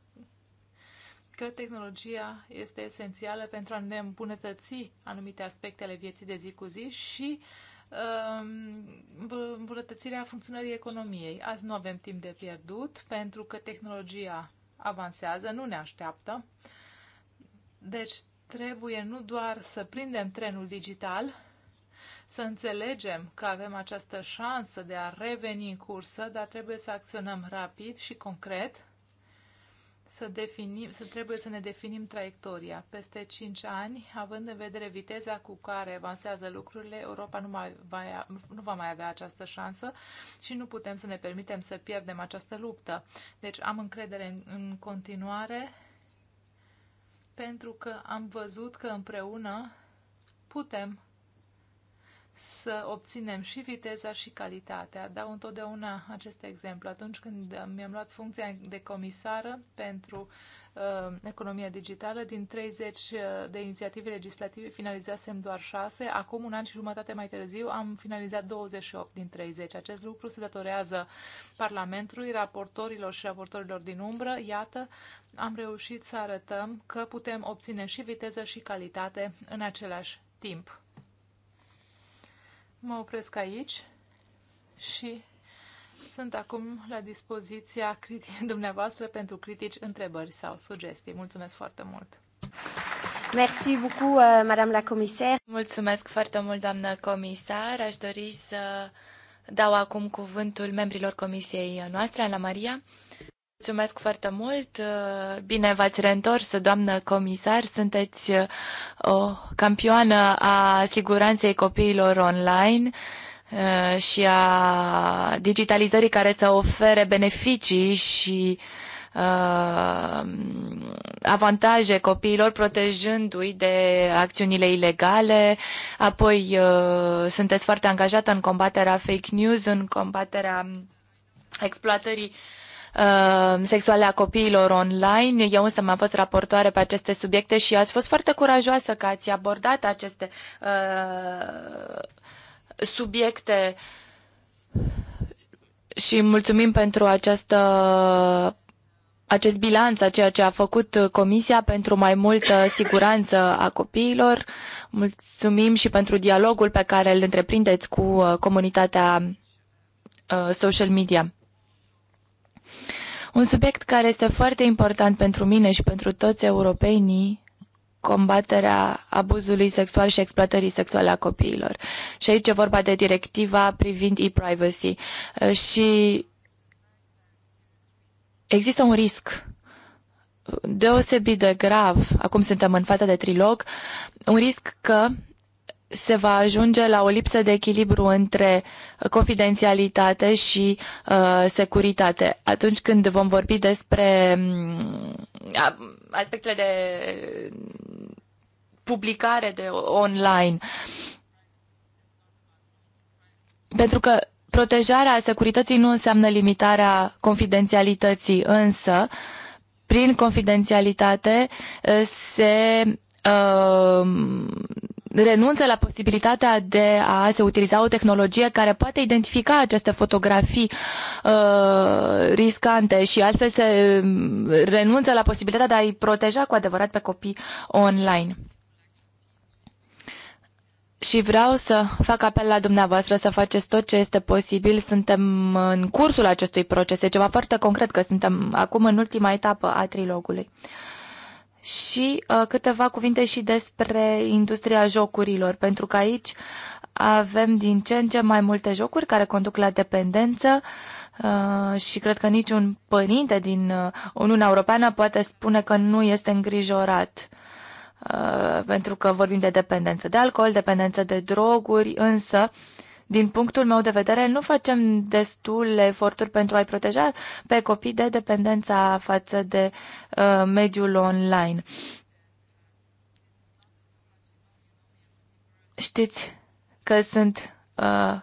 că tehnologia este esențială pentru a ne îmbunătăți anumite aspecte ale vieții de zi cu zi și uh, Um, îmbunătățirea funcționării economiei. Azi nu avem timp de pierdut pentru că tehnologia avansează, nu ne așteaptă. Deci trebuie nu doar să prindem trenul digital, să înțelegem că avem această șansă de a reveni în cursă, dar trebuie să acționăm rapid și concret să, definim, să trebuie să ne definim traiectoria. Peste 5 ani, având în vedere viteza cu care avansează lucrurile, Europa nu, mai va, nu va mai avea această șansă și nu putem să ne permitem să pierdem această luptă. Deci am încredere în, în continuare pentru că am văzut că împreună putem să obținem și viteza și calitatea. Dau întotdeauna acest exemplu. Atunci când mi-am luat funcția de comisară pentru uh, economia digitală, din 30 uh, de inițiative legislative finalizasem doar 6. Acum, un an și jumătate mai târziu, am finalizat 28 din 30. Acest lucru se datorează Parlamentului, raportorilor și raportorilor din umbră. Iată, am reușit să arătăm că putem obține și viteză și calitate în același timp. Mă opresc aici și sunt acum la dispoziția (laughs) dumneavoastră pentru critici, întrebări sau sugestii. Mulțumesc foarte mult! Merci beaucoup, euh, Madame la Comisar. Mulțumesc foarte mult, doamnă comisar. Aș dori să dau acum cuvântul membrilor comisiei noastre, Ana Maria. Mulțumesc foarte mult! Bine v-ați reîntors, doamnă comisar. Sunteți uh, o campioană a siguranței copiilor online uh, și a digitalizării care să ofere beneficii și uh, avantaje copiilor protejându-i de acțiunile ilegale. Apoi sunteți foarte angajată în combaterea fake news, în combaterea exploatării Uh, sexuale a copiilor online. Eu însă m-am fost raportoare pe aceste subiecte și ați fost foarte curajoasă că ați abordat aceste uh, subiecte și mulțumim pentru această acest bilanț a ceea ce a făcut Comisia pentru mai multă siguranță a copiilor. Mulțumim și pentru dialogul pe care îl întreprindeți cu uh, comunitatea uh, social media. Un subiect care este foarte important pentru mine și pentru toți europenii combaterea abuzului sexual și exploatării sexuale a copiilor. Și aici e vorba de directiva privind e-privacy. Uh, și există un risc deosebit de grav, acum suntem în faza de trilog, un risc că se va ajunge la o lipsă de echilibru între uh, confidențialitate și uh, securitate. Atunci când vom vorbi despre um, aspectele de mm, publicare de online. Pentru că protejarea securității nu înseamnă limitarea confidențialității, însă prin confidențialitate uh, se uh, renunță la posibilitatea de a se utiliza o tehnologie care poate identifica aceste fotografii uh, riscante și altfel se uh, renunță la posibilitatea de a-i proteja cu adevărat pe copii online. Și vreau să fac apel la dumneavoastră să faceți tot ce este posibil. Suntem în cursul acestui proces. E ceva foarte concret că suntem acum în ultima etapă a trilogului și uh, câteva cuvinte și despre industria jocurilor, pentru că aici avem din ce în ce mai multe jocuri care conduc la dependență uh, și cred că niciun părinte din uh, Uniunea Europeană poate spune că nu este îngrijorat uh, pentru că vorbim de dependență de alcool, dependență de droguri, însă uh, din punctul meu de vedere, nu facem destul eforturi pentru a-i proteja pe copii de dependența față de uh, mediul online. Știți că sunt uh,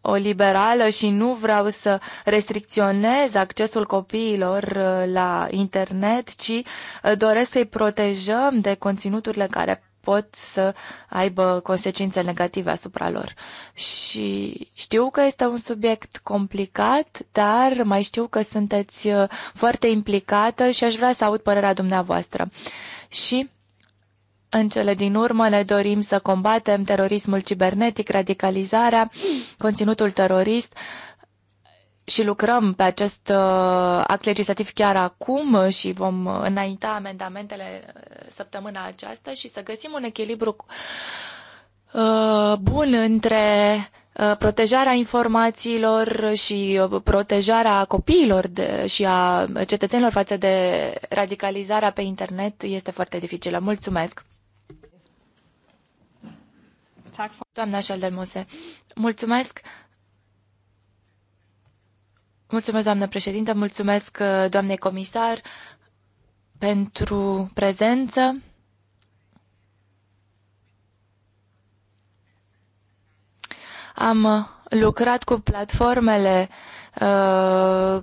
o liberală și nu vreau să restricționez accesul copiilor uh, la internet, ci uh, doresc să-i protejăm de conținuturile care pot să aibă consecințe negative asupra lor. Și știu că este un subiect complicat, dar mai știu că sunteți uh, foarte implicată și aș vrea să aud părerea dumneavoastră. Și în cele din urmă ne dorim să combatem terorismul cibernetic, radicalizarea, conținutul terorist, uh, și lucrăm pe acest uh, act legislativ chiar acum și vom înainta amendamentele uh, săptămâna aceasta și să găsim un echilibru uh, bun între protejarea informațiilor și protejarea copiilor de, și a cetățenilor față de radicalizarea pe internet este foarte dificilă. Mulțumesc! Doamna Șaldermose, mulțumesc! Mulțumesc, doamnă președintă, mulțumesc, uh, doamnei comisar, pentru prezență. Am uh, lucrat cu platformele uh,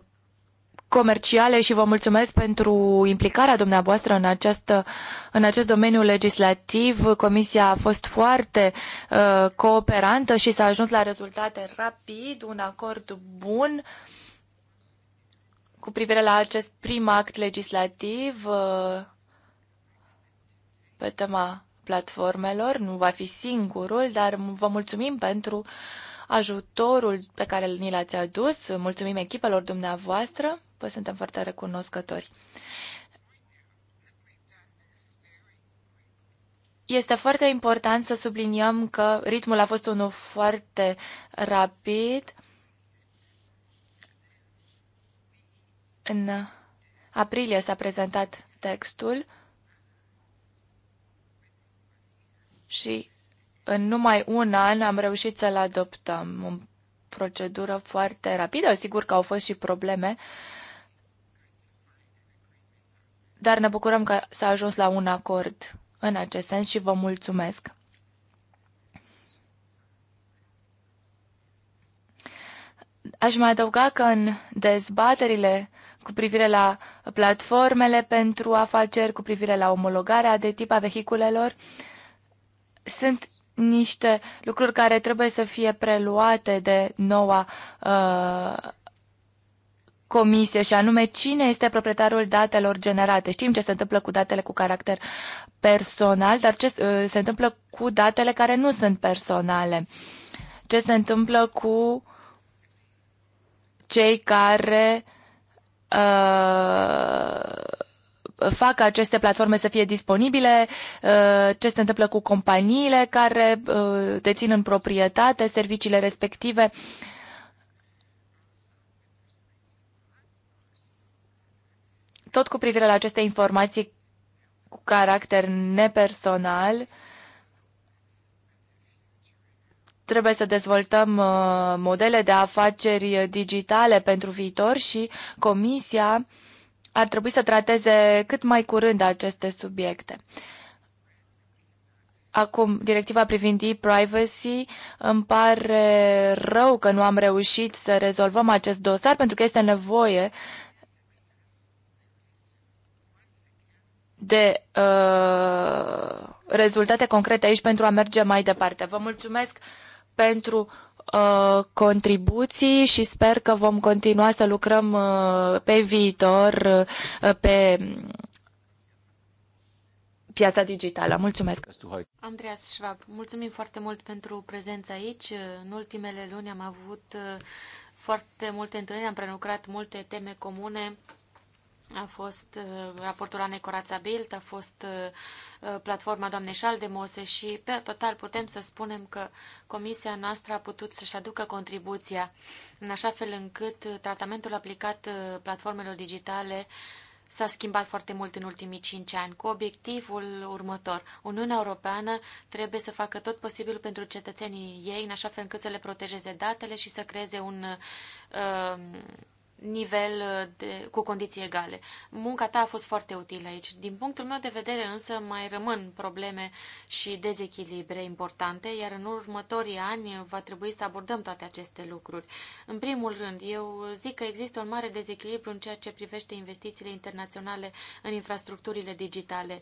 comerciale și vă mulțumesc pentru implicarea dumneavoastră în, această, în acest domeniu legislativ. Comisia a fost foarte uh, cooperantă și s-a ajuns la rezultate rapid, un acord bun. Uh, cu privire la acest prim act legislativ uh, pe tema platformelor. Nu va fi singurul, dar vă mulțumim pentru ajutorul pe care ni l-ați adus. Mulțumim echipelor dumneavoastră. Vă suntem foarte recunoscători. Este foarte important să subliniem că ritmul a fost unul foarte rapid În aprilie s-a prezentat textul și în numai un an am reușit să-l adoptăm. O procedură foarte rapidă, sigur că au fost și probleme, dar ne bucurăm că s-a ajuns la un acord în acest sens și vă mulțumesc. Aș mai adăuga că în dezbaterile cu privire la platformele pentru afaceri, cu privire la omologarea de tip a vehiculelor. Sunt niște lucruri care trebuie să fie preluate de noua uh, comisie și anume cine este proprietarul datelor generate. Știm ce se întâmplă cu datele cu caracter personal, dar ce uh, se întâmplă cu datele care nu sunt personale? Ce se întâmplă cu cei care uh, Uh, fac aceste platforme să fie disponibile, uh, ce se întâmplă cu companiile care uh, dețin în proprietate serviciile respective. Tot cu privire la aceste informații cu caracter nepersonal, Trebuie să dezvoltăm uh, modele de afaceri digitale pentru viitor și Comisia ar trebui să trateze cât mai curând aceste subiecte. Acum, directiva privind e-privacy, îmi pare rău că nu am reușit să rezolvăm acest dosar pentru că este nevoie de uh, rezultate concrete aici pentru a merge mai departe. Vă mulțumesc pentru uh, contribuții și sper că vom continua să lucrăm uh, pe viitor uh, pe piața digitală. Mulțumesc! Andreas Schwab, mulțumim foarte mult pentru prezența aici. În ultimele luni am avut uh, foarte multe întâlniri, am prelucrat multe teme comune a fost uh, raportul Anei Corața Bilt, a fost uh, uh, platforma doamnei Șaldemose și pe total putem să spunem că comisia noastră a putut să-și aducă contribuția în așa fel încât tratamentul aplicat platformelor digitale s-a schimbat foarte mult în ultimii cinci ani, cu obiectivul următor. Uniunea Europeană trebuie să facă tot posibilul pentru cetățenii ei, în așa fel încât să le protejeze datele și să creeze un uh, nivel uh, de, cu condiții egale. Munca ta a fost foarte utilă aici. Din punctul meu de vedere însă mai rămân probleme și dezechilibre importante, iar în următorii ani va trebui să abordăm toate aceste lucruri. În primul rând, eu zic că există un mare dezechilibru în ceea ce privește investițiile internaționale în infrastructurile digitale.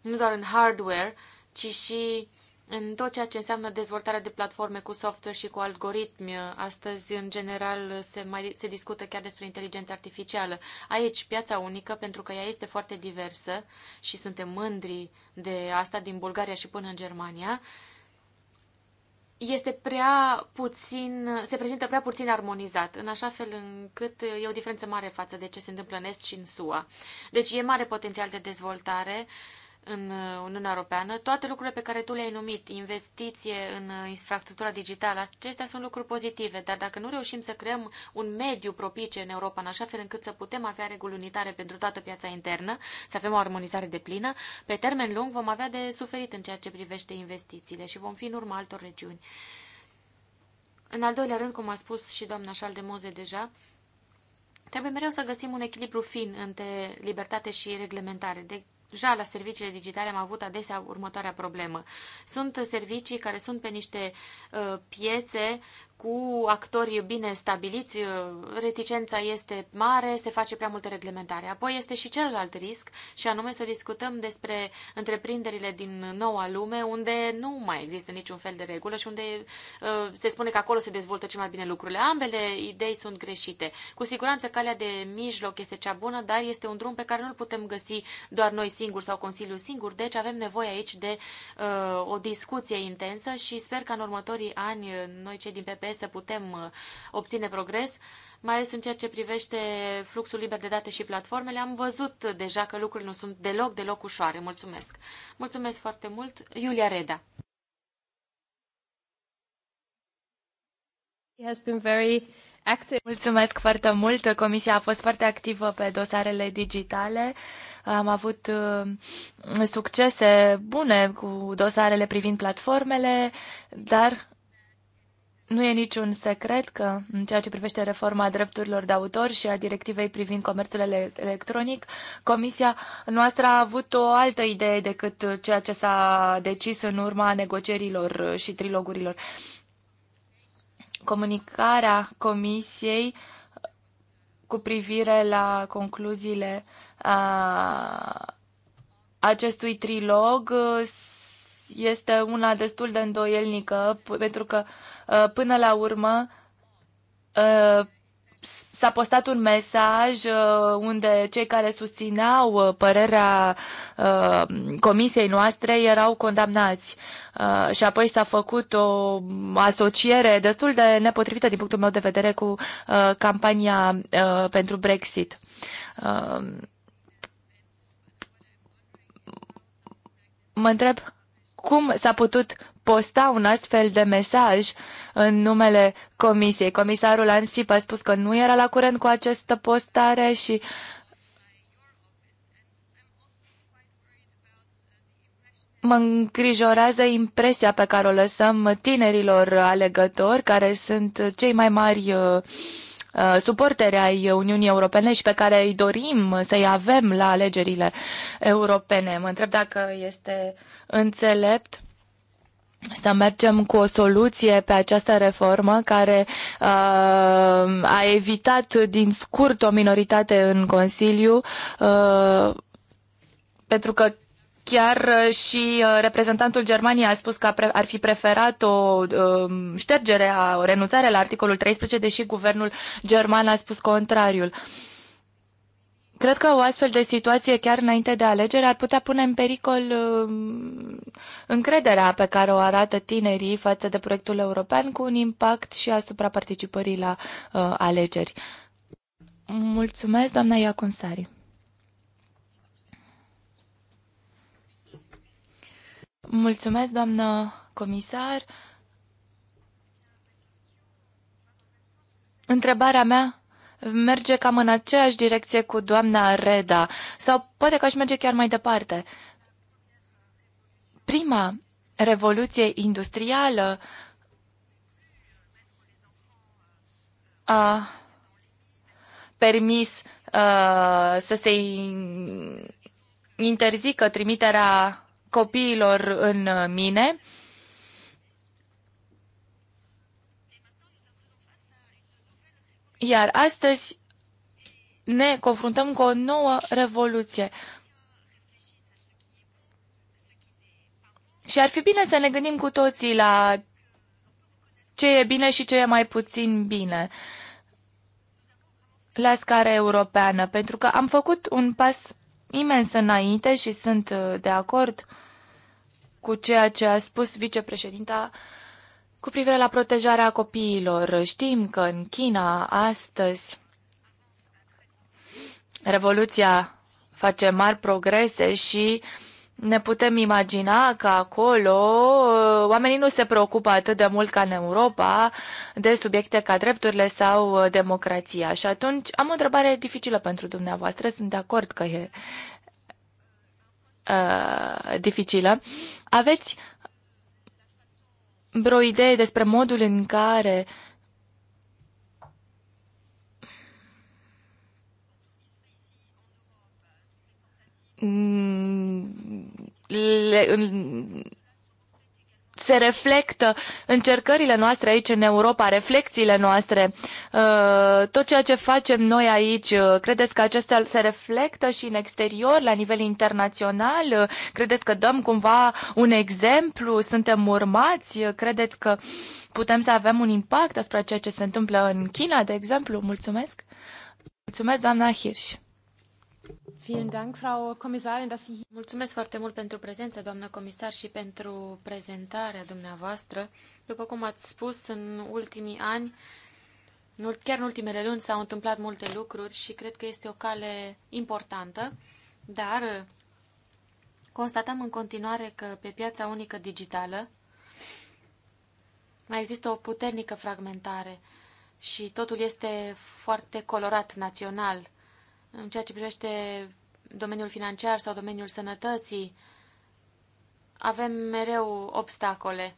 Nu doar în hardware, ci și în tot ceea ce înseamnă dezvoltarea de platforme cu software și cu algoritmi. Astăzi, în general, se, mai, se discută chiar despre inteligența artificială. Aici, piața unică, pentru că ea este foarte diversă și suntem mândri de asta din Bulgaria și până în Germania, este prea puțin, se prezintă prea puțin armonizat, în așa fel încât e o diferență mare față de ce se întâmplă în Est și în SUA. Deci e mare potențial de dezvoltare. Uh, în uh, Uniunea Europeană, toate lucrurile pe care tu le-ai numit, investiție în uh, infrastructura digitală, acestea sunt lucruri pozitive, dar dacă nu reușim să creăm un mediu propice în Europa, în așa fel încât să putem avea reguli unitare pentru toată piața internă, să avem o armonizare de plină, pe termen lung vom avea de suferit în ceea ce privește investițiile și vom fi în urma altor regiuni. În al doilea rând, cum a spus și doamna Moze deja, Trebuie mereu să găsim un echilibru fin între libertate și reglementare. De Deja la serviciile digitale am avut adesea următoarea problemă. Sunt servicii care sunt pe niște uh, piețe cu actori bine stabiliți, reticența este mare, se face prea multă reglementare. Apoi este și celălalt risc, și anume să discutăm despre întreprinderile din noua lume, unde nu mai există niciun fel de regulă și unde uh, se spune că acolo se dezvoltă cel mai bine lucrurile. Ambele idei sunt greșite. Cu siguranță calea de mijloc este cea bună, dar este un drum pe care nu-l putem găsi doar noi singuri sau Consiliul singur, deci avem nevoie aici de uh, o discuție intensă și sper că în următorii ani uh, noi cei din PP progres, să putem uh, obține progres, mai ales în ceea ce privește fluxul liber de date și platformele. Am văzut deja că lucrurile nu sunt deloc, deloc ușoare. Mulțumesc! Mulțumesc foarte mult, Iulia Reda! Has been very active. Mulțumesc foarte mult! Comisia a fost foarte activă pe dosarele digitale am avut uh, succese bune cu dosarele privind platformele, dar nu e niciun secret că, în ceea ce privește reforma drepturilor de autor și a directivei privind comerțul electronic, Comisia noastră a avut o altă idee decât ceea ce s-a decis în urma negocierilor și trilogurilor. Comunicarea Comisiei cu privire la concluziile a acestui trilog este una destul de îndoielnică, pentru că uh, până la urmă uh, s-a postat un mesaj uh, unde cei care susțineau părerea comisiei noastre erau condamnați. Și apoi s-a făcut o asociere destul de nepotrivită din punctul meu de vedere cu campania pentru Brexit. Mă întreb cum s-a putut posta un astfel de mesaj în numele comisiei. Comisarul Ansip a spus că nu era la curent cu această postare și mă îngrijorează impresia pe care o lăsăm tinerilor alegători, care sunt cei mai mari uh, Uh, suporteri ai Uniunii Europene și pe care îi dorim să-i avem la alegerile europene. Mă întreb dacă este înțelept să mergem cu o soluție pe această reformă care uh, a evitat din scurt o minoritate în Consiliu, uh, pentru că Chiar uh, și uh, reprezentantul Germaniei a spus că ar fi preferat o um, ștergere, a, o renunțare la articolul 13, deși guvernul german a spus contrariul. Cred că o astfel de situație, chiar înainte de alegeri, ar putea pune în pericol um, încrederea pe care o arată tinerii față de proiectul european, cu un impact și asupra participării la uh, alegeri. Mulțumesc, doamna Iacunsari. Mulțumesc, doamnă comisar. Întrebarea mea merge cam în aceeași direcție cu doamna Reda, sau poate că aș merge chiar mai departe. Prima revoluție industrială a permis uh, să se interzică trimiterea copiilor în uh, mine. Iar astăzi ne confruntăm cu o nouă revoluție. Și ar fi bine să ne gândim cu toții la ce e bine și ce e mai puțin bine la scară europeană, pentru că am făcut un pas imens înainte și sunt uh, de acord cu ceea ce a spus vicepreședinta cu privire la protejarea copiilor. Știm că în China astăzi revoluția face mari progrese și ne putem imagina că acolo uh, oamenii nu se preocupă atât de mult ca în Europa de subiecte ca drepturile sau uh, democrația. Și atunci am o întrebare dificilă pentru dumneavoastră. Sunt de acord că e uh, dificilă. Aveți vreo idee despre modul în care mm, le, se reflectă încercările noastre aici în Europa, reflexiile noastre, uh, tot ceea ce facem noi aici, uh, credeți că acestea se reflectă și în exterior, la nivel internațional? Uh, credeți că dăm cumva un exemplu? Suntem urmați? Credeți că putem să avem un impact asupra ceea ce se întâmplă în China, de exemplu? Mulțumesc! Mulțumesc, doamna Hirsch! Mulțumesc foarte mult pentru prezență, doamnă comisar, și pentru prezentarea dumneavoastră. După cum ați spus, în ultimii ani, chiar în ultimele luni, s-au întâmplat multe lucruri și cred că este o cale importantă, dar constatăm în continuare că pe piața unică digitală mai există o puternică fragmentare și totul este foarte colorat național în ceea ce privește domeniul financiar sau domeniul sănătății, avem mereu obstacole.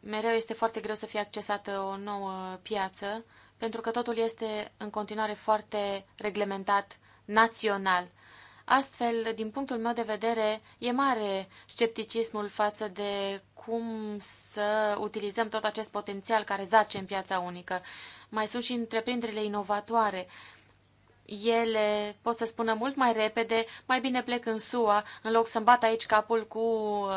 Mereu este foarte greu să fie accesată o nouă piață, pentru că totul este în continuare foarte reglementat național. Astfel, din punctul meu de vedere, e mare scepticismul față de cum să utilizăm tot acest potențial care zace în piața unică. Mai sunt și întreprinderile inovatoare. Uh, ele pot să spună mult mai repede, mai bine plec în SUA, în loc să-mi bat aici capul cu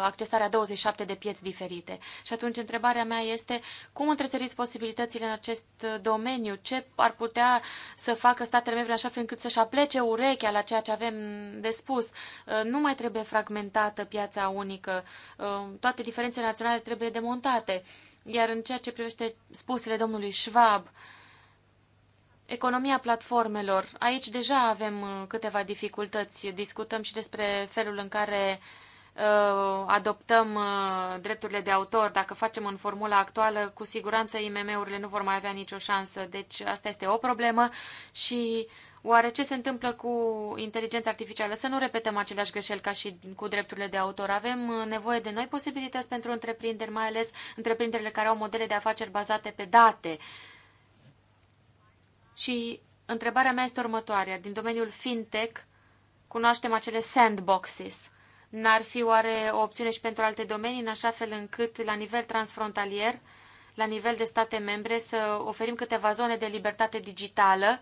accesarea 27 de pieți diferite. Și atunci întrebarea mea este, cum întrezăriți posibilitățile în acest domeniu? Ce ar putea să facă statele membre așa fel încât să-și aplece urechea la ceea ce avem de spus? Uh, nu mai trebuie fragmentată piața unică, uh, toate diferențele naționale trebuie demontate. Iar în ceea ce privește spusele domnului Schwab, uh, Economia platformelor. Aici deja avem uh, câteva dificultăți. Discutăm și despre felul în care uh, adoptăm uh, drepturile de autor. Dacă facem în formula actuală, cu siguranță IMM-urile nu vor mai avea nicio șansă. Deci asta este o problemă și Oare ce se întâmplă cu inteligența artificială? Să nu repetăm aceleași greșeli ca și cu drepturile de autor. Avem nevoie de noi posibilități pentru întreprinderi, mai ales întreprinderile care au modele de afaceri bazate pe date. Și întrebarea mea este următoarea. Din domeniul fintech cunoaștem acele sandboxes. N-ar fi oare o opțiune și pentru alte domenii, în așa fel încât, la nivel transfrontalier, la nivel de state membre, să oferim câteva zone de libertate digitală,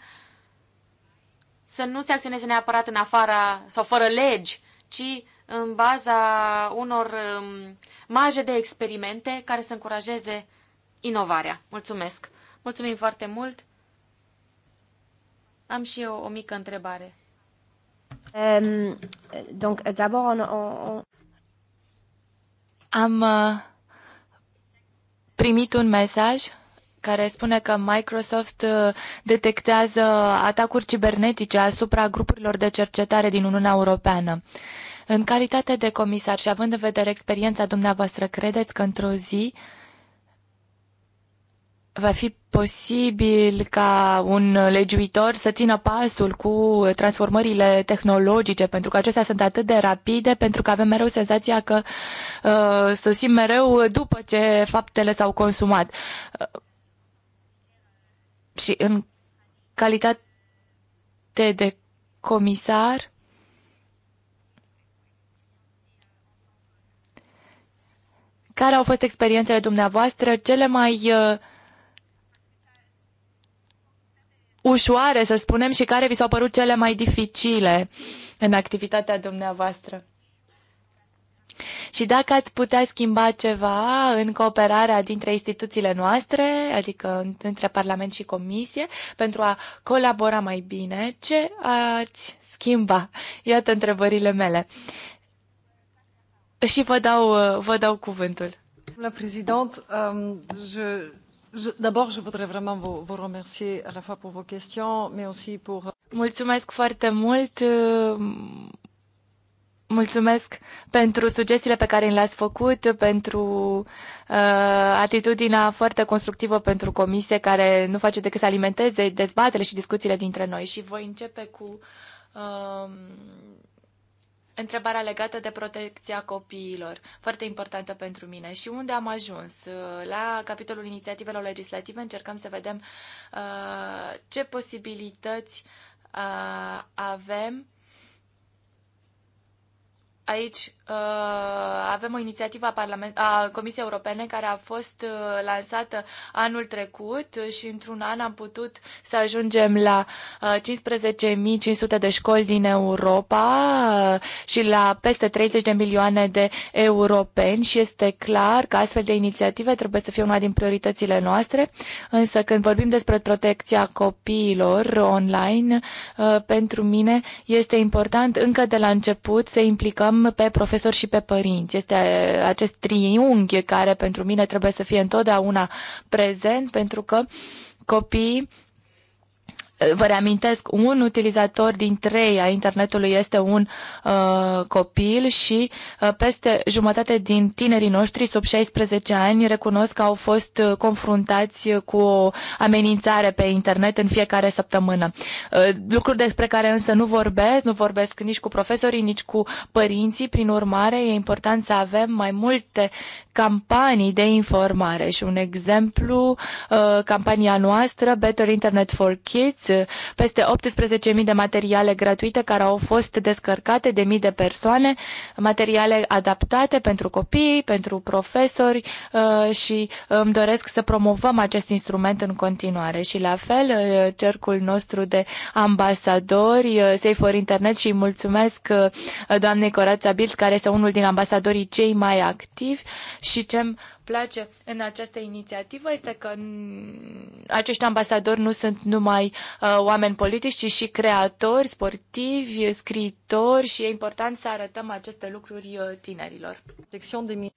să nu se acționeze neapărat în afara sau fără legi, ci în baza unor um, maje de experimente care să încurajeze inovarea. Mulțumesc! Mulțumim foarte mult! Am și eu o mică întrebare. Um, donc, d'abord, on, on... Am uh, primit un mesaj care spune că Microsoft uh, detectează atacuri cibernetice asupra grupurilor de cercetare din Uniunea Europeană. În calitate de comisar și având în vedere experiența dumneavoastră, credeți că într-o zi uh, va fi posibil ca un legiuitor să țină pasul cu transformările tehnologice, pentru că acestea sunt atât de rapide, pentru că avem mereu senzația că uh, simt mereu după ce faptele s-au consumat. Uh, și în calitate de comisar, care au fost experiențele dumneavoastră cele mai uh, ușoare, să spunem, și care vi s-au părut cele mai dificile în activitatea dumneavoastră? Și dacă ați putea schimba ceva în cooperarea dintre instituțiile noastre, adică între Parlament și Comisie, pentru a colabora mai bine, ce ați schimba? Iată întrebările mele. Și vă dau, vă dau cuvântul. La prezident, um, je... D'abord, je voudrais vraiment vous, vous remercier à la fois pour vos questions, mais aussi pour... Euh, mulțumesc foarte mult! Euh, mulțumesc pentru sugestiile pe care le-ați făcut, pentru uh, atitudinea foarte constructivă pentru comisie care nu face decât să alimenteze dezbatele și discuțiile dintre noi. Și voi începe cu uh, întrebarea legată de protecția copiilor, foarte importantă pentru mine. Și unde am ajuns? Uh, la capitolul inițiativelor legislative încercăm să vedem uh, ce posibilități uh, avem aici Uh, avem o inițiativă a, Parlament- a Comisiei Europene care a fost uh, lansată anul trecut și într-un an am putut să ajungem la 15.500 uh, de școli din Europa și la peste 30 de milioane de europeni și este clar că astfel de inițiative trebuie să fie una din prioritățile noastre, însă când vorbim despre protecția copiilor online, pentru mine este important încă de la început să implicăm pe profesori profesori și pe părinți. Este acest triunghi care pentru mine trebuie să fie întotdeauna prezent pentru că copiii Vă reamintesc, un utilizator din trei a internetului este un uh, copil și uh, peste jumătate din tinerii noștri sub 16 ani recunosc că au fost uh, confruntați cu o amenințare pe internet în fiecare săptămână. Uh, lucruri despre care însă nu vorbesc, nu vorbesc nici cu profesorii, nici cu părinții. Prin urmare, e important să avem mai multe campanii de informare și un exemplu, uh, campania noastră Better Internet for Kids, Aici uh, peste 18.000 de materiale gratuite care au fost descărcate de mii de persoane, materiale adaptate pentru copii, pentru profesori uh, și uh, îmi doresc să promovăm acest instrument în continuare. Și la fel, cercul nostru de ambasadori, Safe for Internet și mulțumesc doamnei Corața Bilt, care este unul din ambasadorii cei mai activi și ce place în această inițiativă este că acești ambasadori nu sunt numai uh, oameni politici, ci și creatori, sportivi, scriitori și e important să arătăm aceste lucruri uh, tinerilor. Um,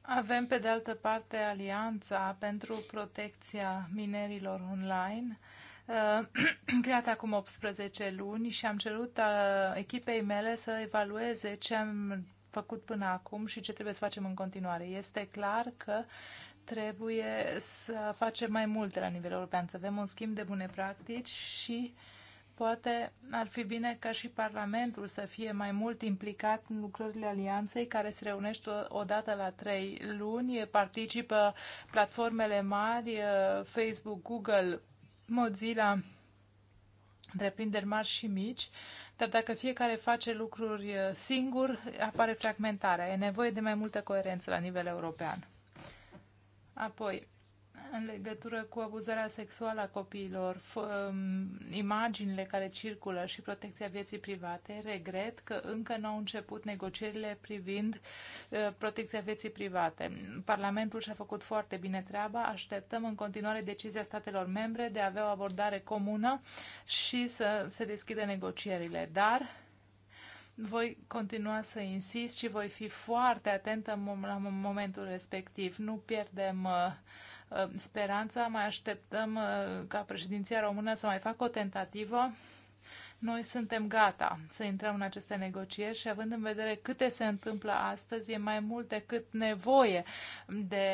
avem, pe de altă parte, Alianța pentru protecția minerilor online, uh, (clears throat) creată acum 18 luni și am cerut uh, echipei mele să evalueze ce am făcut până acum și ce trebuie să facem în continuare. Este clar că trebuie să facem mai multe la nivel european, să avem un schimb de bune practici și poate ar fi bine ca și Parlamentul să fie mai mult implicat în lucrările alianței care se reunește o dată la trei luni, participă platformele mari, uh, Facebook, Google, Mozilla, întreprinderi mari și mici dar dacă fiecare face lucruri uh, singur, apare fragmentarea. E nevoie de mai multă coerență la nivel european. Apoi, în legătură cu abuzarea sexuală a copiilor, um, imaginile care circulă și protecția vieții private, regret că încă nu au început negocierile privind uh, protecția vieții private. Parlamentul și-a făcut foarte bine treaba, așteptăm în continuare decizia statelor membre de a avea o abordare comună și să se deschidă negocierile, dar voi continua să insist și voi fi foarte atentă la momentul respectiv. Nu pierdem uh, speranța. Mai așteptăm uh, ca președinția română să mai facă o tentativă. Noi suntem gata să intrăm în aceste negocieri și având în vedere câte se întâmplă astăzi, e mai mult decât nevoie de...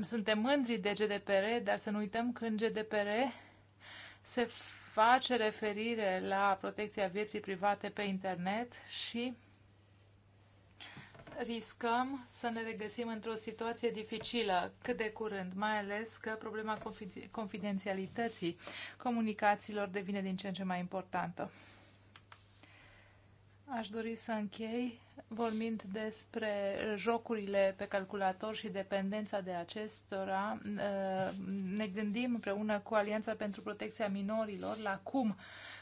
Suntem mândri de GDPR, dar să nu uităm că în GDPR se face referire la protecția vieții private pe internet și riscăm să ne regăsim într-o situație dificilă cât de curând, mai ales că problema confidențialității comunicațiilor devine din ce în ce mai importantă. Aș dori să închei vorbind despre jocurile pe calculator și dependența de acestora. Ne gândim împreună cu Alianța pentru Protecția Minorilor la cum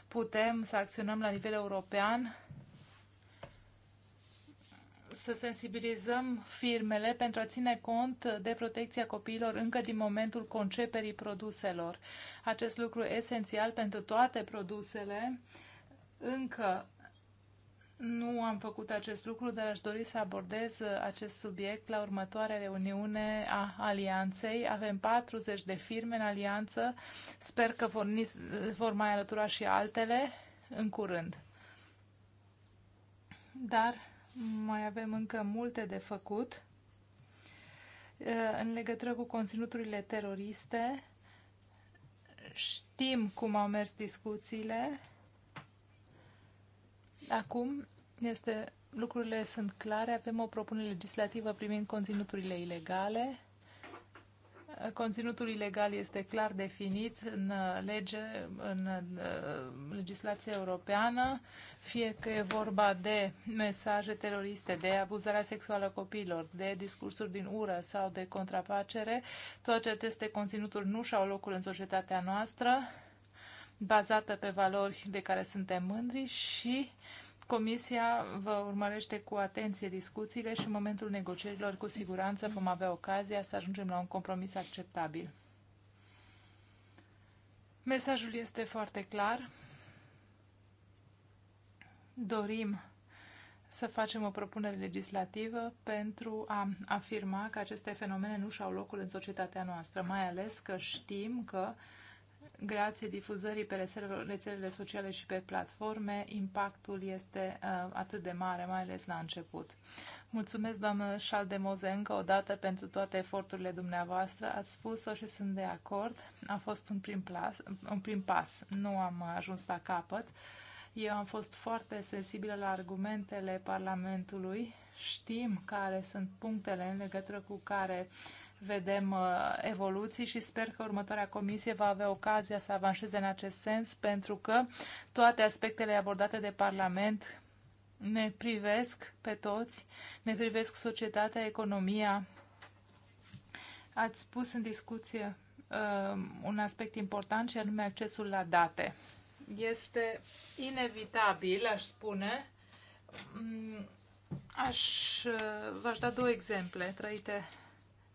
putem să acționăm la nivel european să sensibilizăm firmele pentru a ține cont de protecția copiilor încă din momentul conceperii produselor. Acest lucru esențial pentru toate produsele. Încă nu am făcut acest lucru, dar aș dori să abordez acest subiect la următoarea reuniune a Alianței. Avem 40 de firme în alianță. Sper că vor, vor mai alătura și altele în curând. Dar mai avem încă multe de făcut uh, în legătură cu conținuturile teroriste. Știm cum au mers discuțiile. Acum este, lucrurile sunt clare, avem o propunere legislativă privind conținuturile ilegale Conținutul ilegal este clar definit în lege, în uh, legislația europeană, fie că e vorba de mesaje teroriste, de abuzarea sexuală a copiilor, de discursuri din ură sau de contrapacere, toate aceste conținuturi nu și-au locul în societatea noastră, bazată pe valori de care suntem mândri și uh, Comisia vă urmărește cu atenție discuțiile și în momentul negocierilor cu siguranță vom avea ocazia să ajungem la un compromis acceptabil. Mesajul este foarte clar. Dorim să facem o propunere legislativă pentru a afirma că aceste fenomene nu și-au locul în societatea noastră, mai ales că știm că uh, grație difuzării pe rețelele sociale și pe platforme, impactul este uh, atât de mare, mai ales la început. Mulțumesc, doamnă Șaldemoze, încă o dată pentru toate eforturile dumneavoastră. Ați spus-o și sunt de acord. A fost un prim, plas, un prim pas. Nu am ajuns la capăt. Eu am fost foarte sensibilă la argumentele Parlamentului. Știm care sunt punctele în legătură cu care uh, vedem uh, evoluții și sper că următoarea comisie va avea ocazia să avanseze în acest sens pentru că toate aspectele abordate de Parlament ne privesc pe toți, ne privesc societatea, economia. Ați spus în discuție uh, un aspect important și anume accesul la date. Este inevitabil, aș spune. Mm, aș, uh, v-aș da două exemple trăite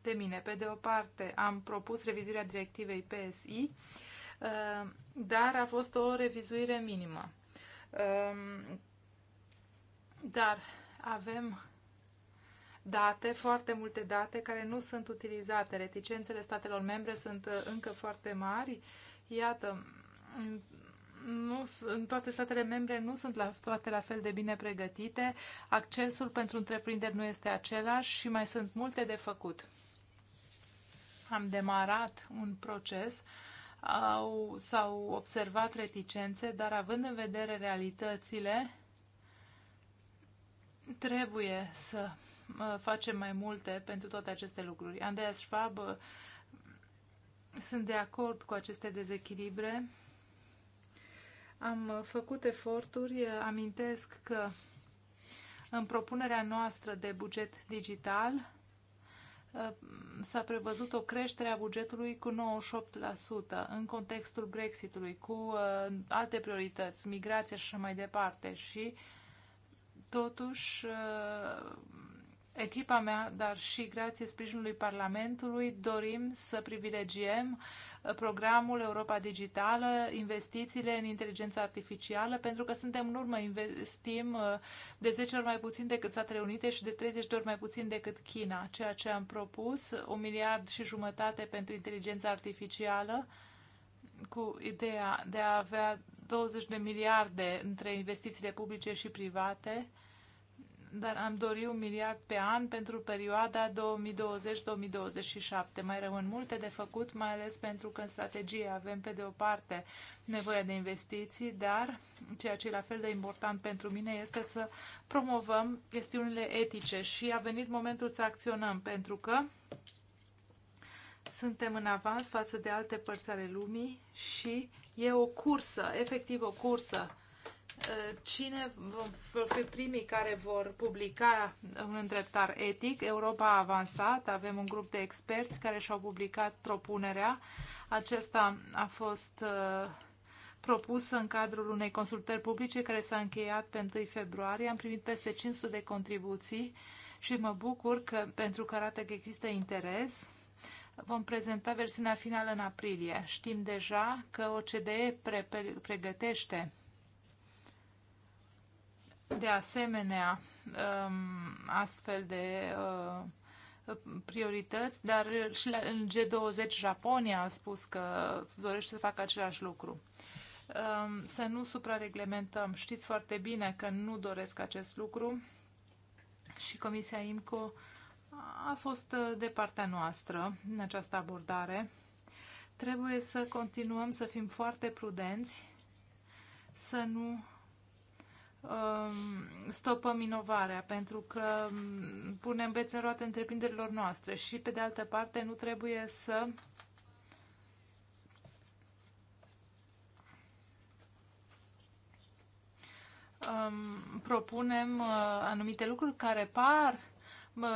de mine. Pe de o parte, am propus revizuirea directivei PSI, uh, dar a fost o revizuire minimă. Um, dar avem date, foarte multe date care nu sunt utilizate. Reticențele statelor membre sunt uh, încă foarte mari. Iată, nu, în toate statele membre nu sunt la, toate la fel de bine pregătite, accesul pentru întreprinderi nu este același și mai sunt multe de făcut am demarat un proces, au, s-au observat reticențe, dar având în vedere realitățile, trebuie să facem mai multe pentru toate aceste lucruri. Andreas Schwab, sunt de acord cu aceste dezechilibre. Am făcut eforturi, amintesc că în propunerea noastră de buget digital, Uh, s-a prevăzut o creștere a bugetului cu 98% în contextul Brexitului, cu uh, alte priorități, migrație și mai departe. Și totuși uh, echipa mea, dar și grație sprijinului Parlamentului, dorim să privilegiem programul Europa Digitală, investițiile în inteligența artificială, pentru că suntem în urmă, investim uh, de 10 ori mai puțin decât Statele Unite și de 30 de ori mai puțin decât China. Ceea ce am propus, un miliard și jumătate pentru inteligența artificială, cu ideea de a avea 20 de miliarde între investițiile publice și private, dar am dorit un miliard pe an pentru perioada 2020-2027. Mai rămân multe de făcut, mai ales pentru că în strategie avem pe de o parte nevoia de investiții, dar ceea ce e la fel de important pentru mine este să promovăm chestiunile etice și a venit momentul să acționăm, pentru că suntem în avans față de alte părți ale lumii și e o cursă, efectiv o cursă cine vor fi primii care vor publica un îndreptar etic. Europa a avansat, avem un grup de experți care și-au publicat propunerea. Acesta a fost uh, propus în cadrul unei consultări publice care s-a încheiat pe 1 februarie. Am primit peste 500 de contribuții și mă bucur că, pentru că arată că există interes. Vom prezenta versiunea finală în aprilie. Știm deja că OCDE pre pregătește de asemenea um, astfel de uh, priorități, dar și la, în G20 Japonia a spus că dorește să facă același lucru. Um, să nu suprareglementăm. Știți foarte bine că nu doresc acest lucru și Comisia IMCO a fost uh, de partea noastră în această abordare. Trebuie să continuăm să fim foarte prudenți, să nu Um, stopăm inovarea, pentru că um, punem bețe în roate întreprinderilor noastre și, pe de altă parte, nu trebuie să um, propunem uh, anumite lucruri care par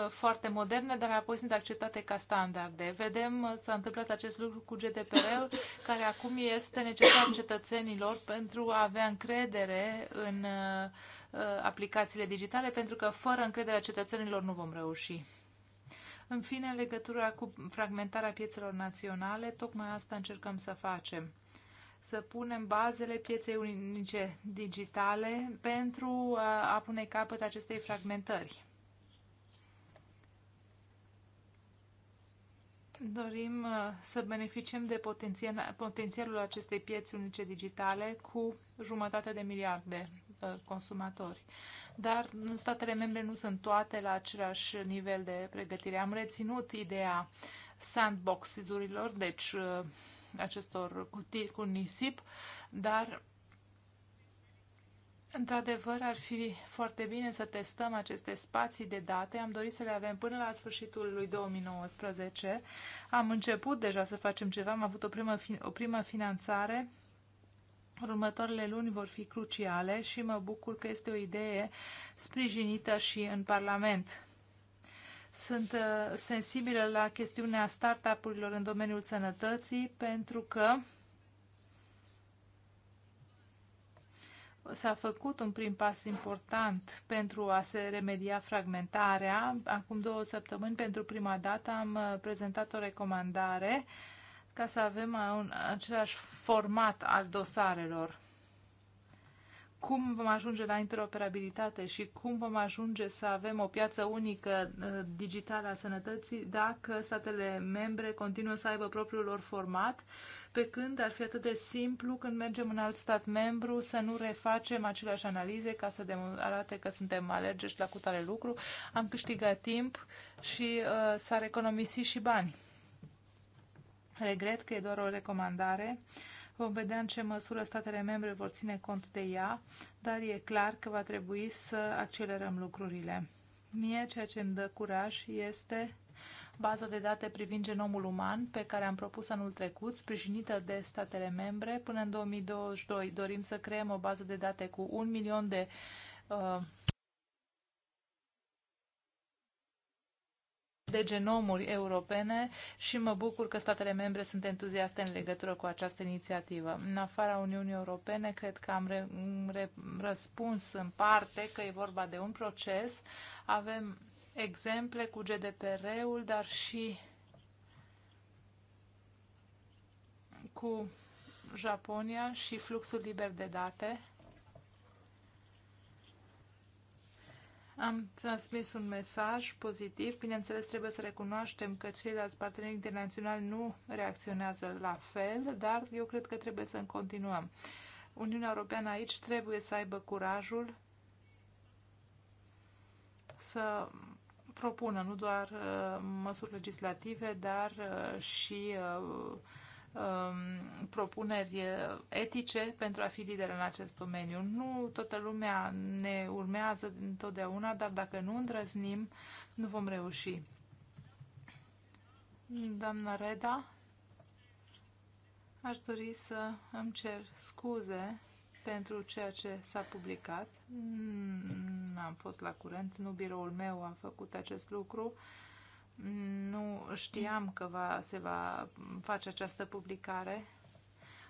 foarte moderne, dar apoi sunt acceptate ca standarde. Vedem, s-a întâmplat acest lucru cu GDPR-ul, care acum este necesar cetățenilor pentru a avea încredere în uh, uh, aplicațiile digitale, pentru că fără încrederea cetățenilor nu vom reuși. În fine, în legătura cu fragmentarea piețelor naționale, tocmai asta încercăm să facem să punem bazele pieței unice digitale pentru uh, a pune capăt acestei fragmentări. dorim uh, să beneficiem de potențialul acestei pieți unice digitale cu jumătate de miliarde uh, consumatori. Dar statele membre nu sunt toate la același nivel de pregătire. Am reținut ideea sandbox-urilor, deci uh, acestor cutii cu nisip, dar Într-adevăr, ar fi foarte bine să testăm aceste spații de date. Am dorit să le avem până la sfârșitul lui 2019. Am început deja să facem ceva, am avut o primă, o primă finanțare. Următoarele luni vor fi cruciale și mă bucur că este o idee sprijinită și în Parlament. Sunt uh, sensibilă la chestiunea startup-urilor în domeniul sănătății pentru că s-a făcut un prim pas important pentru a se remedia fragmentarea. Acum două săptămâni, pentru prima dată, am uh, prezentat o recomandare ca să avem uh, un, același format al dosarelor cum vom ajunge la interoperabilitate și cum vom ajunge să avem o piață unică uh, digitală a sănătății dacă statele membre continuă să aibă propriul lor format, pe când ar fi atât de simplu când mergem în alt stat membru să nu refacem aceleași analize ca să arate că suntem alergești la cutare lucru. Am câștigat timp și uh, s-ar economisi și bani. Regret că e doar o recomandare. Uh, Vom vedea în ce măsură statele membre vor ține cont de ea, dar e clar că va trebui să accelerăm lucrurile. Mie ceea ce îmi dă curaj este baza de date privind genomul uman pe care am propus anul trecut, sprijinită de statele membre. Până în 2022 dorim să creăm o bază de date cu un milion de uh, de genomuri europene și mă bucur că statele membre sunt entuziaste în legătură cu această inițiativă. În afara Uniunii Europene, cred că am re, re, răspuns în parte că e vorba de un proces. Avem exemple cu GDPR-ul, dar și cu Japonia și fluxul liber de date Am transmis un mesaj pozitiv. Bineînțeles, trebuie să recunoaștem că ceilalți parteneri internaționali nu reacționează la fel, dar eu cred că trebuie să continuăm. Uniunea Europeană aici trebuie să aibă curajul să propună nu doar uh, măsuri legislative, dar uh, și uh, um, propuneri etice pentru a fi lider în acest domeniu. Nu toată lumea ne urmează întotdeauna, dar dacă nu îndrăznim, nu vom reuși. Doamna Reda, aș dori să îmi cer scuze pentru ceea ce s-a publicat. n am fost la curent, nu biroul meu a făcut acest lucru. Nu știam că va, se va face această publicare.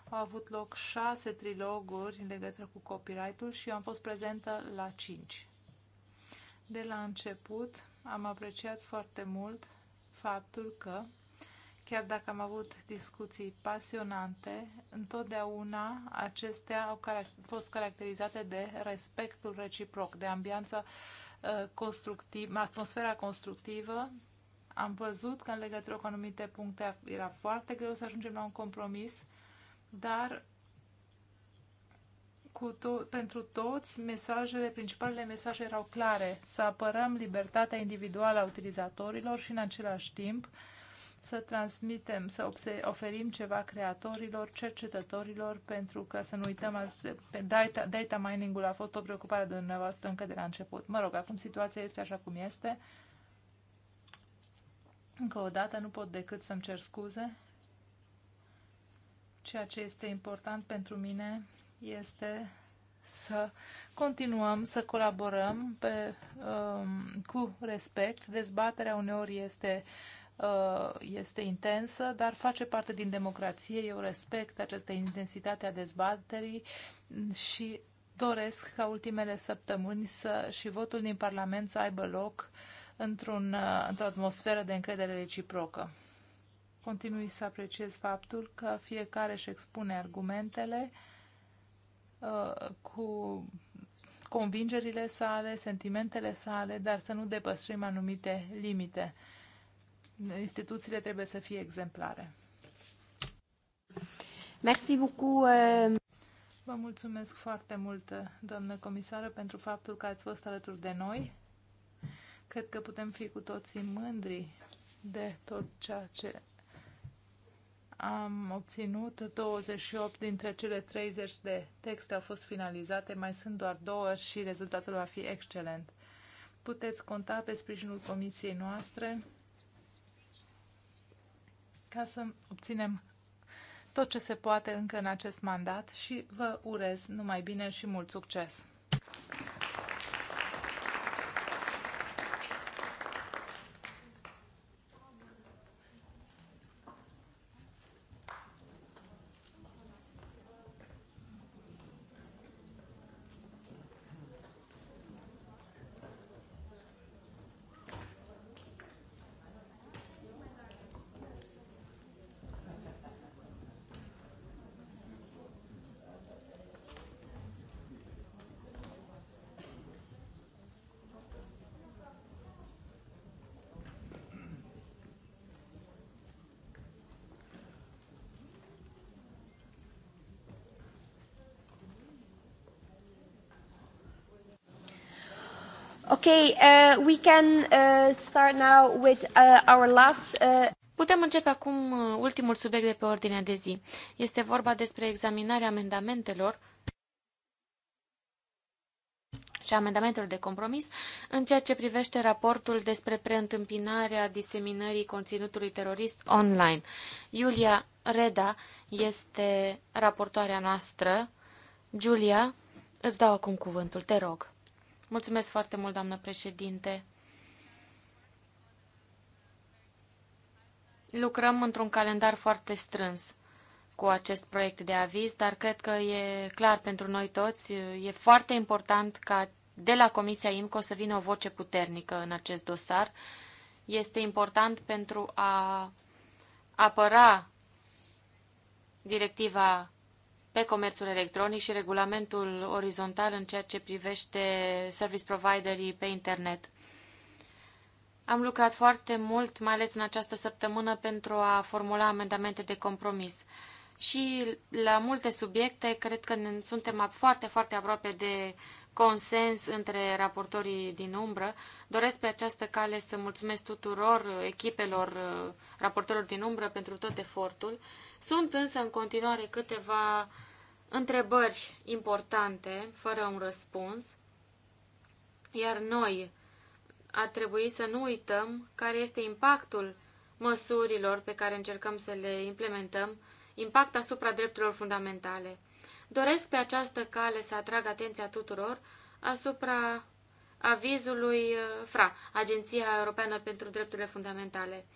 Au avut loc șase triloguri în legătură cu copyright-ul și eu am fost prezentă la cinci. De la început am apreciat foarte mult faptul că, chiar dacă am avut discuții pasionante, întotdeauna acestea au fost caracterizate de respectul reciproc, de ambianța uh, constructivă, atmosfera constructivă am văzut că în legătură cu anumite puncte era foarte greu să ajungem la un compromis, dar cu to- pentru toți, mesajele, principalele mesaje erau clare. Să apărăm libertatea individuală a utilizatorilor și în același timp să transmitem, să oferim ceva creatorilor, cercetătorilor, pentru că să nu uităm, azi, data, data mining-ul a fost o preocupare de dumneavoastră încă de la început. Mă rog, acum situația este așa cum este. Încă o dată nu pot decât să-mi cer scuze. Ceea ce este important pentru mine este să continuăm să colaborăm pe, um, cu respect. Dezbaterea uneori este, uh, este intensă, dar face parte din democrație. Eu respect această intensitate a dezbaterii și doresc ca ultimele săptămâni să, și votul din Parlament să aibă loc uh, într-un, uh, într-o atmosferă de încredere reciprocă. Continui să apreciez faptul că fiecare își expune argumentele uh, cu convingerile sale, sentimentele sale, dar să nu depășim anumite limite. Instituțiile trebuie să fie exemplare. Merci beaucoup. Euh. Vă mulțumesc foarte mult, doamnă comisară, pentru faptul că ați fost alături de noi. Cred că putem fi cu toții mândri de tot ceea ce am obținut. 28 dintre cele 30 de texte au fost finalizate, mai sunt doar două și rezultatul va fi excelent. Puteți conta pe sprijinul comisiei noastre ca să obținem tot ce se poate încă în acest mandat și vă urez numai bine și mult succes! Okay, uh, we can uh, start now with uh, our last. Uh... Putem începe acum uh, ultimul subiect de pe ordinea de zi. Este vorba despre examinarea amendamentelor și amendamentelor de compromis în ceea ce privește raportul despre preîntâmpinarea diseminării conținutului terorist online. Iulia Reda este raportoarea noastră. Julia, îți dau acum cuvântul, te rog. Mulțumesc foarte mult, doamnă președinte. Lucrăm într-un calendar foarte strâns cu acest proiect de aviz, dar cred că e clar pentru noi toți, e foarte important ca de la Comisia IMCO să vină o voce puternică în acest dosar. Este important pentru a apăra directiva pe comerțul electronic și regulamentul orizontal în ceea ce privește service providerii pe internet. Am lucrat foarte mult, mai ales în această săptămână, pentru a formula amendamente de compromis. Și la multe subiecte, cred că suntem foarte, foarte aproape de consens între raportorii din umbră. Doresc pe această cale să mulțumesc tuturor echipelor uh, raportorilor din umbră pentru tot efortul. Sunt însă în continuare câteva întrebări importante, fără un răspuns, iar noi ar trebui să nu uităm care este impactul măsurilor pe care încercăm să le implementăm, impact asupra drepturilor fundamentale. Doresc pe această cale să atrag atenția tuturor asupra avizului uh, FRA, Agenția Europeană pentru Drepturile Fundamentale.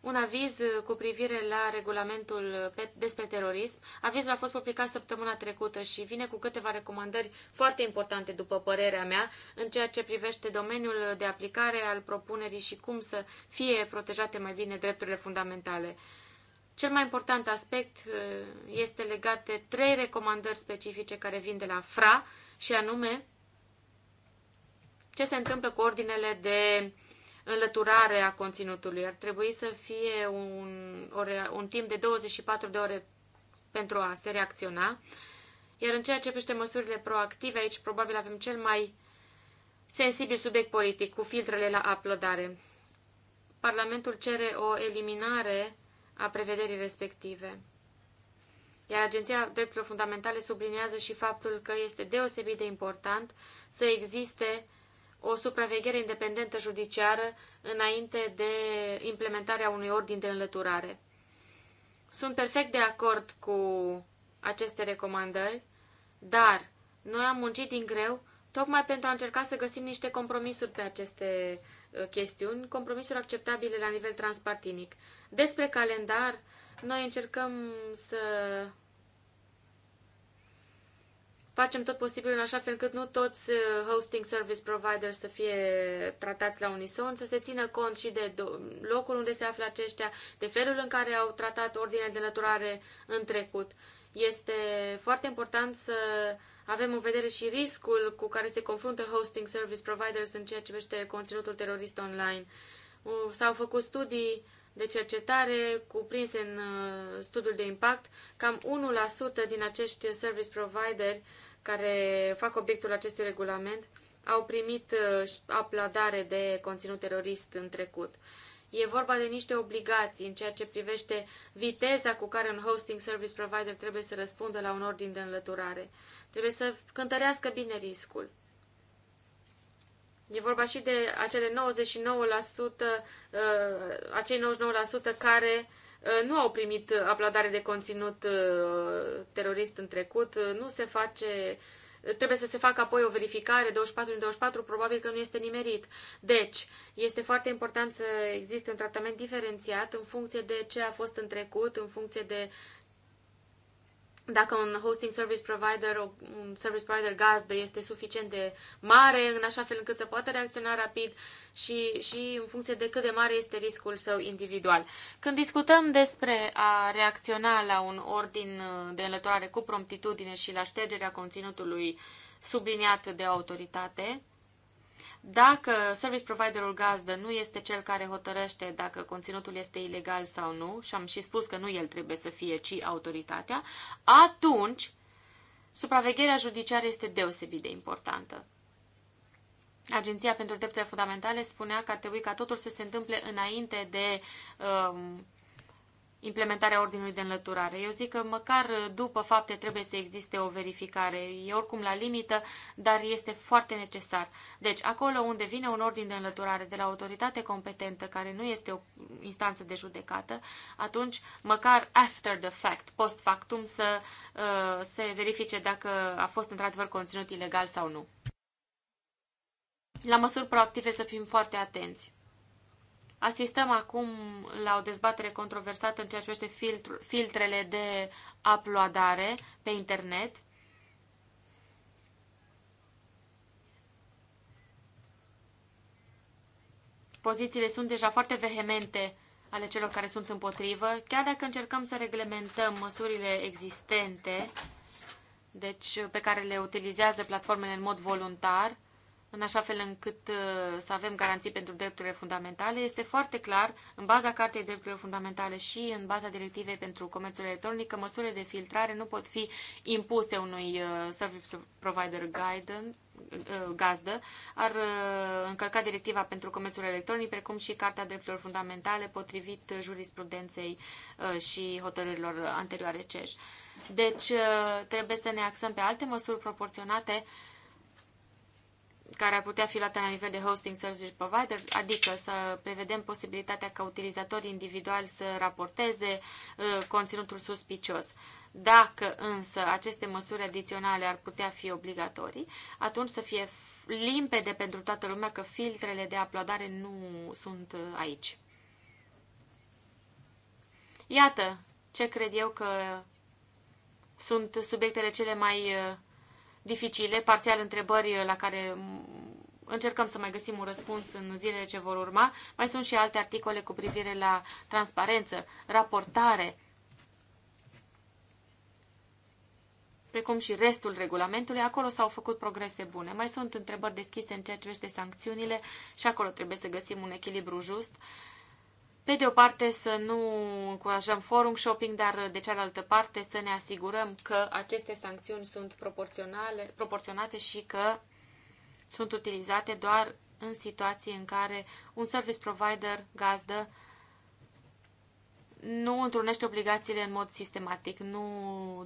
Un aviz uh, cu privire la regulamentul uh, despre terorism. Avizul a fost publicat săptămâna trecută și vine cu câteva recomandări foarte importante, după părerea mea, în ceea ce privește domeniul de aplicare al propunerii și cum să fie protejate mai bine drepturile fundamentale. Cel mai important aspect uh, este legat de trei recomandări specifice care vin de la FRA și anume ce se întâmplă cu ordinele de înlăturare a conținutului. Ar trebui să fie un, un timp de 24 de ore pentru a se reacționa. Iar în ceea ce privește măsurile proactive, aici probabil avem cel mai sensibil subiect politic cu filtrele la uploadare. Parlamentul cere o eliminare a prevederii respective. Iar Agenția Drepturilor Fundamentale subliniază și faptul că este deosebit de important să existe o supraveghere independentă judiciară înainte de implementarea unui ordin de înlăturare. Sunt perfect de acord cu aceste recomandări, dar noi am muncit din greu tocmai pentru a încerca să găsim niște compromisuri pe aceste uh, chestiuni, compromisuri acceptabile la nivel transpartinic. Despre calendar, noi încercăm să facem tot posibil în așa fel încât nu toți uh, hosting service providers să fie tratați la unison, să se țină cont și de locul unde se află aceștia, de felul în care au tratat ordinea de înlăturare în trecut. Este foarte important să avem în vedere și riscul cu care se confruntă hosting service providers în ceea ce privește conținutul terorist online. S-au făcut studii de cercetare cuprinse în uh, studiul de impact, cam 1% din acești service provider care fac obiectul acestui regulament au primit uh, aplaudare de conținut terorist în trecut. E vorba de niște obligații în ceea ce privește viteza cu care un hosting service provider trebuie să răspundă la un ordin de înlăturare. Trebuie să cântărească bine riscul. E vorba și de acele 99%, uh, acei 99% care uh, nu au primit aplaudare de conținut uh, terorist în trecut, nu se face trebuie să se facă apoi o verificare 24 în 24, probabil că nu este nimerit. Deci, este foarte important să existe un tratament diferențiat în funcție de ce a fost în trecut, în funcție de dacă un hosting service provider, un service provider gazdă este suficient de mare, în așa fel încât să poată reacționa rapid și, și în funcție de cât de mare este riscul său individual. Când discutăm despre a reacționa la un ordin uh, de înlăturare cu promptitudine și la ștergerea conținutului subliniat de autoritate, dacă service providerul gazdă nu este cel care hotărăște dacă conținutul este ilegal sau nu, și am și spus că nu el trebuie să fie, ci autoritatea, atunci supravegherea judiciară este deosebit de importantă. Agenția pentru Drepturile Fundamentale spunea că ar trebui ca totul să se întâmple înainte de um, implementarea ordinului de înlăturare. Eu zic că măcar după fapte trebuie să existe o verificare. E oricum la limită, dar este foarte necesar. Deci, acolo unde vine un ordin de înlăturare de la autoritate competentă, care nu este o instanță de judecată, atunci, măcar after the fact, post factum, să uh, se verifice dacă a fost într-adevăr conținut ilegal sau nu. La măsuri proactive să fim foarte atenți. Asistăm acum la o dezbatere controversată în ceea ce privește filtrele de uploadare pe internet. Pozițiile sunt deja foarte vehemente ale celor care sunt împotrivă, chiar dacă încercăm să reglementăm măsurile existente, deci pe care le utilizează platformele în mod voluntar, în așa fel încât uh, să avem garanții pentru drepturile fundamentale. Este foarte clar, în baza Cartei Drepturilor Fundamentale și în baza Directivei pentru Comerțul Electronic, că măsurile de filtrare nu pot fi impuse unui uh, service provider guidance, uh, gazdă ar încălca directiva pentru comerțul electronic, precum și cartea Drepturilor Fundamentale, potrivit jurisprudenței și hotărârilor anterioare CEJ. Deci trebuie să ne axăm pe alte măsuri proporționate care ar putea fi luată la nivel de hosting service provider, adică să prevedem posibilitatea ca utilizatorii individuali să raporteze uh, conținutul suspicios. Dacă însă aceste măsuri adiționale ar putea fi obligatorii, atunci să fie limpede pentru toată lumea că filtrele de aplaudare nu sunt uh, aici. Iată ce cred eu că sunt subiectele cele mai uh, dificile, parțial întrebări la care încercăm să mai găsim un răspuns în zilele ce vor urma. Mai sunt și alte articole cu privire la transparență, raportare, precum și restul regulamentului, acolo s-au făcut progrese bune. Mai sunt întrebări deschise în ceea ce privește sancțiunile și acolo trebuie să găsim un echilibru just. Uh, pe de o parte să nu încurajăm forum shopping, dar de cealaltă parte să ne asigurăm că aceste sancțiuni sunt proporționale, proporționate și că sunt utilizate doar în situații în care un service provider, gazdă, nu întrunește obligațiile în mod sistematic, nu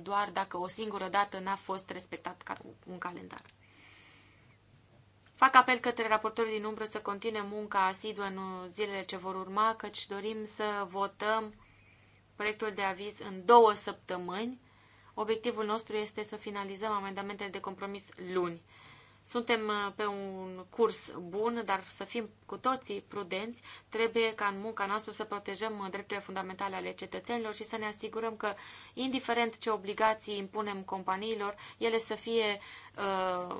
doar dacă o singură dată n-a fost respectat un calendar. Fac apel către raportorii din umbră să continue munca asiduă în zilele ce vor urma, căci dorim să votăm proiectul de aviz în două săptămâni. Obiectivul nostru este să finalizăm amendamentele de compromis luni. Suntem uh, pe un curs bun, dar să fim cu toții prudenți. Trebuie ca în munca noastră să protejăm uh, drepturile fundamentale ale cetățenilor și să ne asigurăm că, indiferent ce obligații impunem companiilor, ele să fie uh,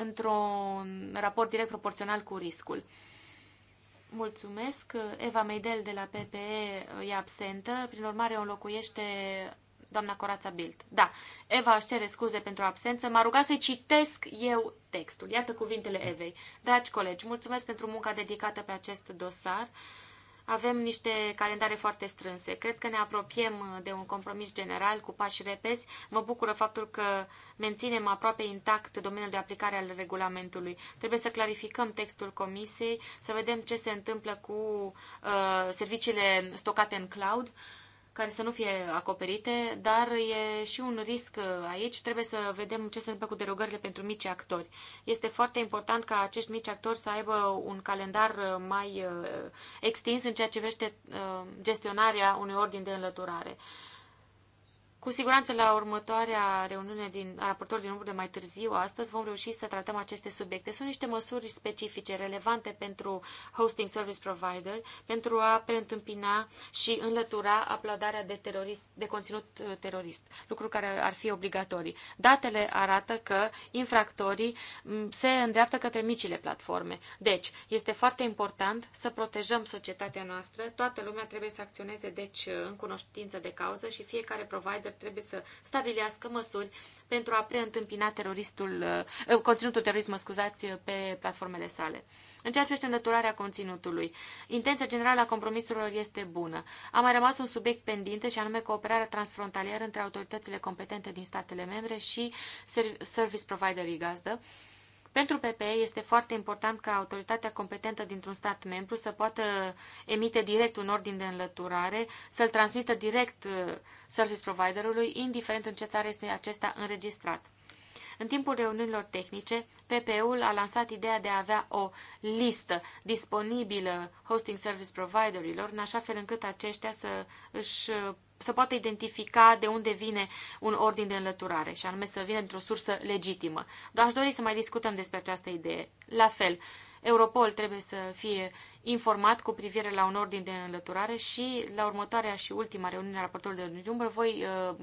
într-un raport direct proporțional cu riscul. Mulțumesc. Eva Meidel de la PPE uh, e absentă, prin urmare o înlocuiește doamna Corața Bild. Da, Eva își cere scuze pentru absență, m-a rugat să citesc eu textul. Iată cuvintele Evei. Dragi colegi, mulțumesc pentru munca dedicată pe acest dosar avem niște calendare foarte strânse. Cred că ne apropiem uh, de un compromis general cu pași repezi. Mă bucură faptul că menținem aproape intact domeniul de aplicare al regulamentului. Trebuie să clarificăm textul comisiei, să vedem ce se întâmplă cu uh, serviciile stocate în cloud. Uh, care să nu fie acoperite, dar e și un risc aici. Trebuie să vedem ce se întâmplă cu derogările pentru mici actori. Este foarte important ca acești mici actori să aibă un calendar mai uh, extins în ceea ce vește uh, gestionarea unui ordin de înlăturare. Cu siguranță la următoarea reuniune din, raportor din urmă de mai târziu, astăzi, vom reuși să tratăm aceste subiecte. Sunt niște măsuri specifice, relevante pentru hosting service provider, pentru a preîntâmpina și înlătura aplaudarea de, terorist, de conținut uh, terorist, lucru care ar fi obligatorii. Datele arată că infractorii mm, se îndreaptă către micile platforme. Deci, este foarte important să protejăm societatea noastră. Toată lumea trebuie să acționeze, deci, în cunoștință de cauză și fiecare provider dezbateri trebuie să stabilească măsuri pentru a preîntâmpina teroristul, eh, conținutul terorism, scuzați, eh, pe platformele sale. În ceea ce privește înlăturarea conținutului, intenția generală a compromisurilor este bună. A mai rămas un subiect pendinte și anume cooperarea transfrontalieră între autoritățile competente din statele membre și service providerii gazdă. Pentru PPE este foarte important ca autoritatea competentă dintr-un stat membru să poată emite direct un ordin de înlăturare, să-l transmită direct uh, service providerului, indiferent în ce țară este acesta înregistrat. În timpul reuniunilor tehnice, PPE-ul a lansat ideea de a avea o listă disponibilă hosting service providerilor, în așa fel încât aceștia să își uh, să poată identifica de unde vine un ordin de înlăturare și anume să vină dintr-o sursă legitimă. Dar aș dori să mai discutăm despre această idee. La fel, Europol trebuie să fie informat cu privire la un ordin de înlăturare și la următoarea și ultima reuniune a raportorului de număr voi uh,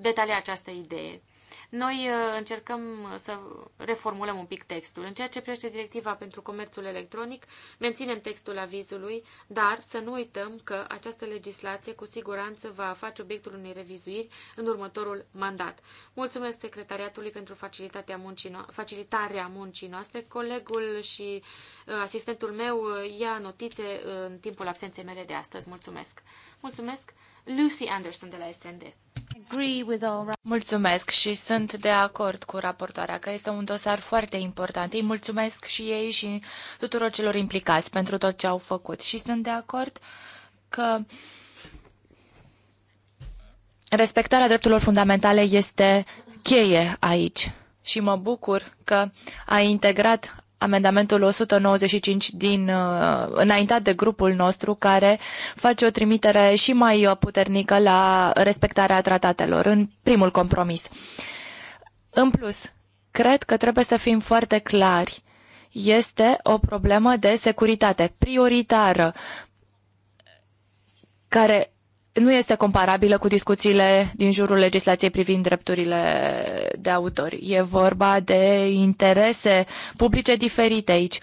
detalia această idee. Noi uh, încercăm uh, să reformulăm un pic textul. În ceea ce privește directiva pentru comerțul electronic, menținem textul avizului, dar să nu uităm că această legislație cu siguranță va face obiectul unei revizuiri în următorul mandat. Mulțumesc secretariatului pentru facilitatea muncii no facilitarea muncii noastre. Colegul și uh, asistentul meu ia notițe în timpul absenței mele de astăzi. Mulțumesc! Mulțumesc! Lucy Anderson de la SND. Mulțumesc și sunt de acord cu raportoarea că este un dosar foarte important. Îi mulțumesc și ei și tuturor celor implicați pentru tot ce au făcut și sunt de acord că respectarea drepturilor fundamentale este cheie aici și mă bucur că a integrat amendamentul 195 din uh, înaintat de grupul nostru care face o trimitere și mai uh, puternică la respectarea tratatelor în primul compromis. În plus, cred că trebuie să fim foarte clari. Este o problemă de securitate prioritară care nu este comparabilă cu discuțiile din jurul legislației privind drepturile de autor. E vorba de interese publice diferite aici.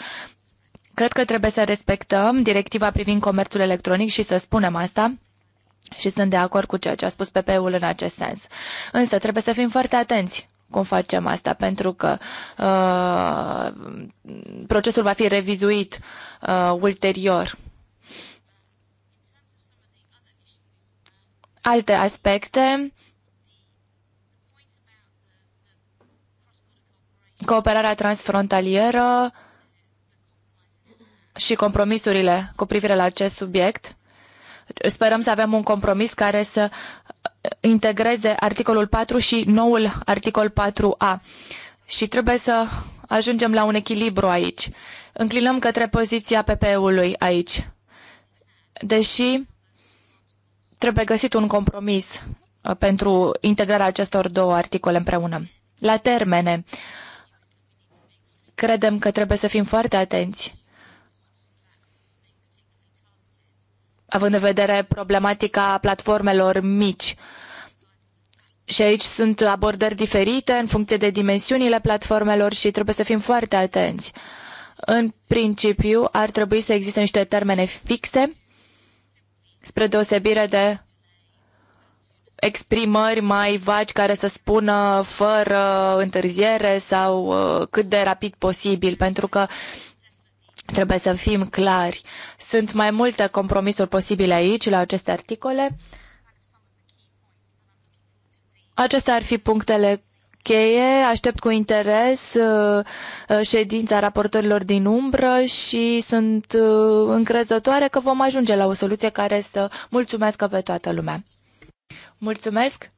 Cred că trebuie să respectăm directiva privind comerțul electronic și să spunem asta. Și sunt de acord cu ceea ce a spus PP-ul în acest sens. Însă trebuie să fim foarte atenți cum facem asta, pentru că uh, procesul va fi revizuit uh, ulterior alte aspecte. Cooperarea transfrontalieră și compromisurile cu privire la acest subiect. Sperăm să avem un compromis care să integreze articolul 4 și noul articol 4a. Și trebuie să ajungem la un echilibru aici. Înclinăm către poziția PPE-ului aici. Deși trebuie găsit un compromis uh, pentru integrarea acestor două articole împreună. La termene, credem că trebuie să fim foarte atenți, având în vedere problematica platformelor mici. Și aici sunt abordări diferite în funcție de dimensiunile platformelor și trebuie să fim foarte atenți. În principiu, ar trebui să existe niște termene fixe spre deosebire de exprimări mai vagi care să spună fără întârziere sau uh, cât de rapid posibil, pentru că trebuie să fim clari. Sunt mai multe compromisuri posibile aici, la aceste articole. Acestea ar fi punctele cheie. Aștept cu interes uh, uh, ședința raportorilor din umbră și sunt uh, încrezătoare că vom ajunge la o soluție care să mulțumească pe toată lumea. Mulțumesc!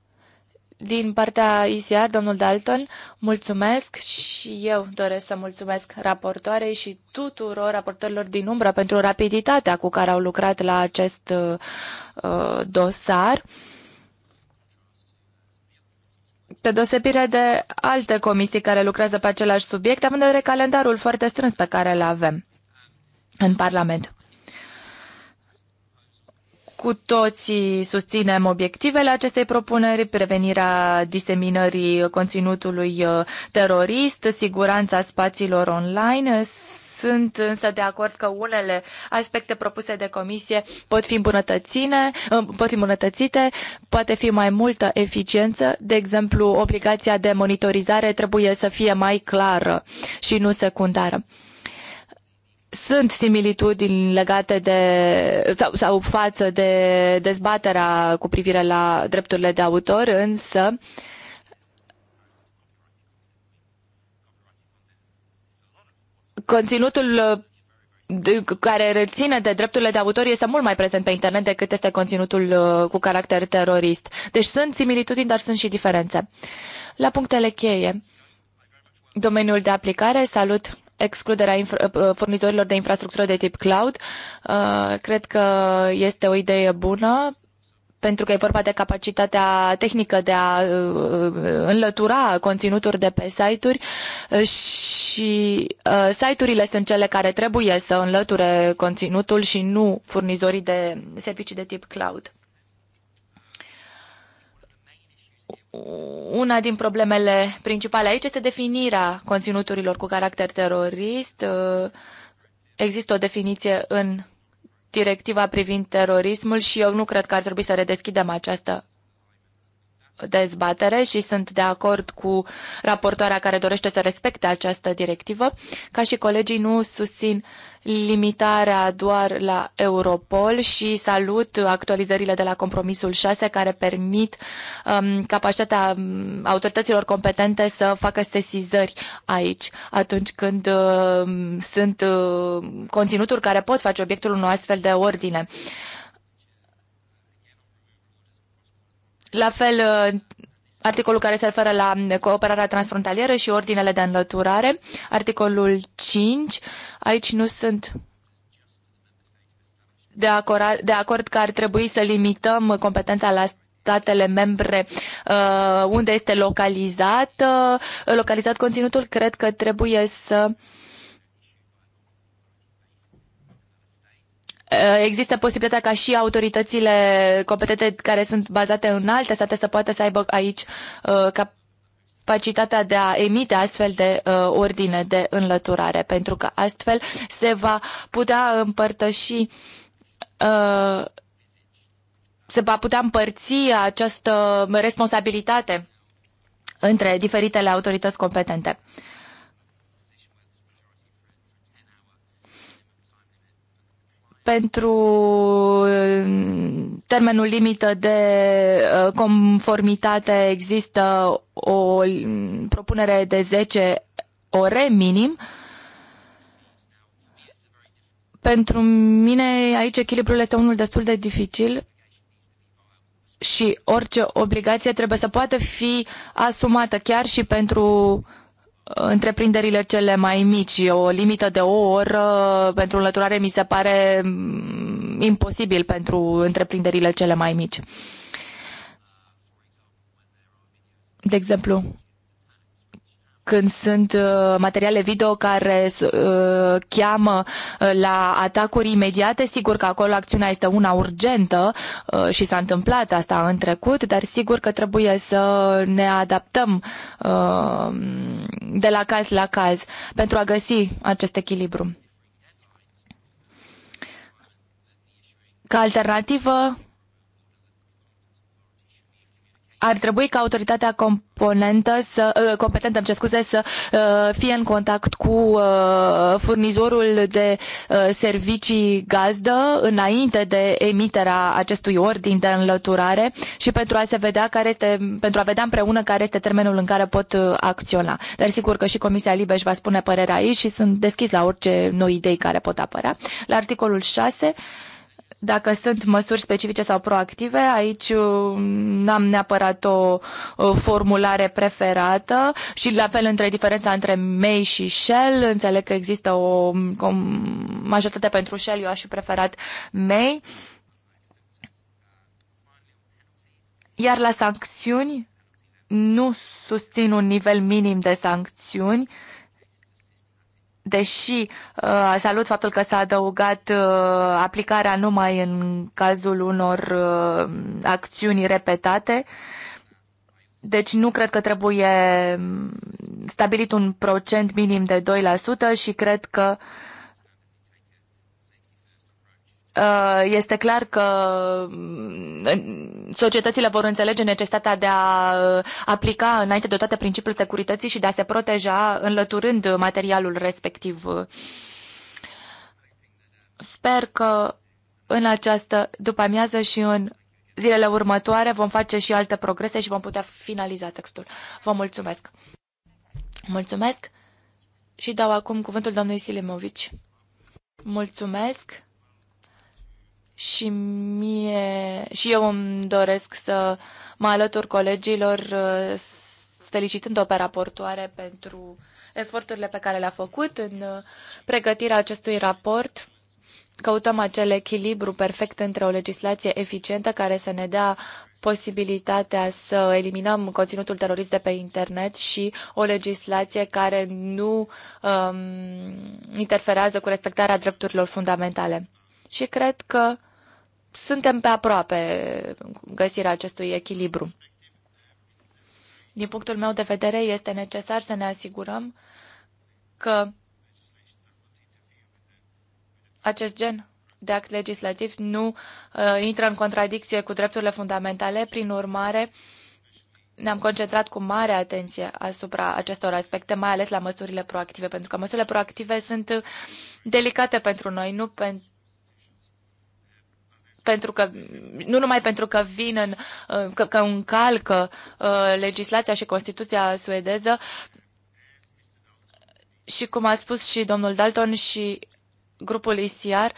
Din partea ICR, domnul Dalton, mulțumesc și eu doresc să mulțumesc raportoarei și tuturor raportorilor din umbră pentru rapiditatea cu care au lucrat la acest uh, dosar. Uh, pe deosebire de alte comisii care lucrează pe același subiect, având în vedere calendarul foarte strâns pe care îl avem în Parlament. Cu toții susținem obiectivele acestei propuneri, prevenirea diseminării conținutului uh, terorist, siguranța spațiilor online, sunt însă de acord că unele aspecte propuse de comisie pot fi, îmbunătăține, pot fi îmbunătățite, poate fi mai multă eficiență. De exemplu, obligația de monitorizare trebuie să fie mai clară și nu secundară sunt similitudini legate de sau, sau față de dezbaterea cu privire la drepturile de autor, însă uh, conținutul uh, care reține de drepturile de autor este mult mai prezent pe internet decât este conținutul uh, cu caracter terorist. Deci sunt similitudini, dar sunt și diferențe. La punctele cheie, domeniul de aplicare, salut excluderea uh, furnizorilor de infrastructură de tip cloud. Cred că este o idee bună pentru că e vorba de capacitatea tehnică de a uh, uh, înlătura conținuturi de pe site-uri uh, și site-urile sunt cele care trebuie să înlăture conținutul și nu furnizorii de servicii de tip cloud. Una din problemele principale aici este definirea conținuturilor cu caracter terorist. Există o definiție în directiva privind terorismul și eu nu cred că ar trebui să redeschidem această dezbatere și sunt de acord cu raportoarea care dorește să respecte această directivă. Ca și colegii, nu susțin limitarea doar la Europol și salut actualizările de la compromisul 6 care permit um, capacitatea um, autorităților competente să facă sesizări aici atunci când uh, sunt uh, conținuturi care pot face obiectul unui astfel de ordine. Uh, La fel, uh, articolul care se referă la cooperarea transfrontalieră și ordinele de înlăturare, articolul 5, aici nu sunt de acord, de acord că ar trebui să limităm competența la statele membre uh, unde este localizat, localizat conținutul, cred că trebuie să uh, Uh, există posibilitatea ca și autoritățile competente care sunt bazate în alte state să poată să aibă aici uh, capacitatea de a emite astfel de uh, ordine de înlăturare, pentru că astfel se va putea împărtăși se va putea împărți această responsabilitate între diferitele autorități competente. pentru uh, termenul limită de uh, conformitate există o propunere de 10 ore minim. Pentru mine aici echilibrul este unul destul de dificil și orice obligație trebuie să poată fi asumată chiar și pentru uh, întreprinderile cele mai mici. O limită de o oră pentru înlăturare mi se pare mm, imposibil pentru întreprinderile cele mai mici. De exemplu, când sunt uh, materiale video care uh, cheamă uh, la atacuri imediate, sigur că acolo acțiunea este una urgentă și s-a întâmplat asta în trecut, dar sigur că trebuie să ne adaptăm de la caz la caz pentru a găsi acest echilibru. Ca alternativă, ar trebui ca autoritatea componentă să, uh, competentă îmi scuze, să uh, fie în contact cu uh, furnizorul de servicii gazdă înainte de emiterea acestui ordin de înlăturare și pentru a se vedea care este, pentru a vedea împreună care este termenul în care pot acționa. Dar sigur că și Comisia Libe își va spune părerea ei și sunt deschis la orice noi idei care pot apărea. La articolul 6 dacă sunt măsuri specifice sau proactive, aici uh, n-am neapărat o, formulare preferată și la fel între diferența între May și Shell, înțeleg că există o, o majoritate pentru Shell, eu aș fi preferat May. Iar la sancțiuni, nu susțin un nivel minim de sancțiuni, deși uh, salut faptul că s-a adăugat uh, aplicarea numai în cazul unor uh, acțiuni repetate, deci nu cred că trebuie stabilit un procent minim de 2% și cred că uh, Uh, este clar că uh, societățile vor înțelege necesitatea de a uh, aplica înainte de toate principiul securității și de a se proteja înlăturând materialul respectiv. Sper că în această după-amiază și în zilele următoare vom face și alte progrese și vom putea finaliza textul. Vă mulțumesc! Mulțumesc și dau acum cuvântul domnului Silimovici. Mulțumesc! și mie și eu îmi doresc să mă alătur colegilor uh, felicitând-o pe raportoare pentru eforturile pe care le-a făcut în uh, pregătirea acestui raport. Căutăm acel echilibru perfect între o legislație eficientă care să ne dea posibilitatea să eliminăm conținutul terorist de pe internet și o legislație care nu um, interferează cu respectarea drepturilor fundamentale. Și cred că suntem pe aproape găsirea acestui echilibru. Din punctul meu de vedere, este necesar să ne asigurăm că acest gen de act legislativ nu uh, intră în contradicție cu drepturile fundamentale. Prin urmare, ne-am concentrat cu mare atenție asupra acestor aspecte, mai ales la măsurile proactive, pentru că măsurile proactive sunt delicate pentru noi, nu pentru pentru că, nu numai pentru că vin în, uh, că, că încalcă uh, legislația și Constituția suedeză, și cum a spus și domnul Dalton și grupul ICR,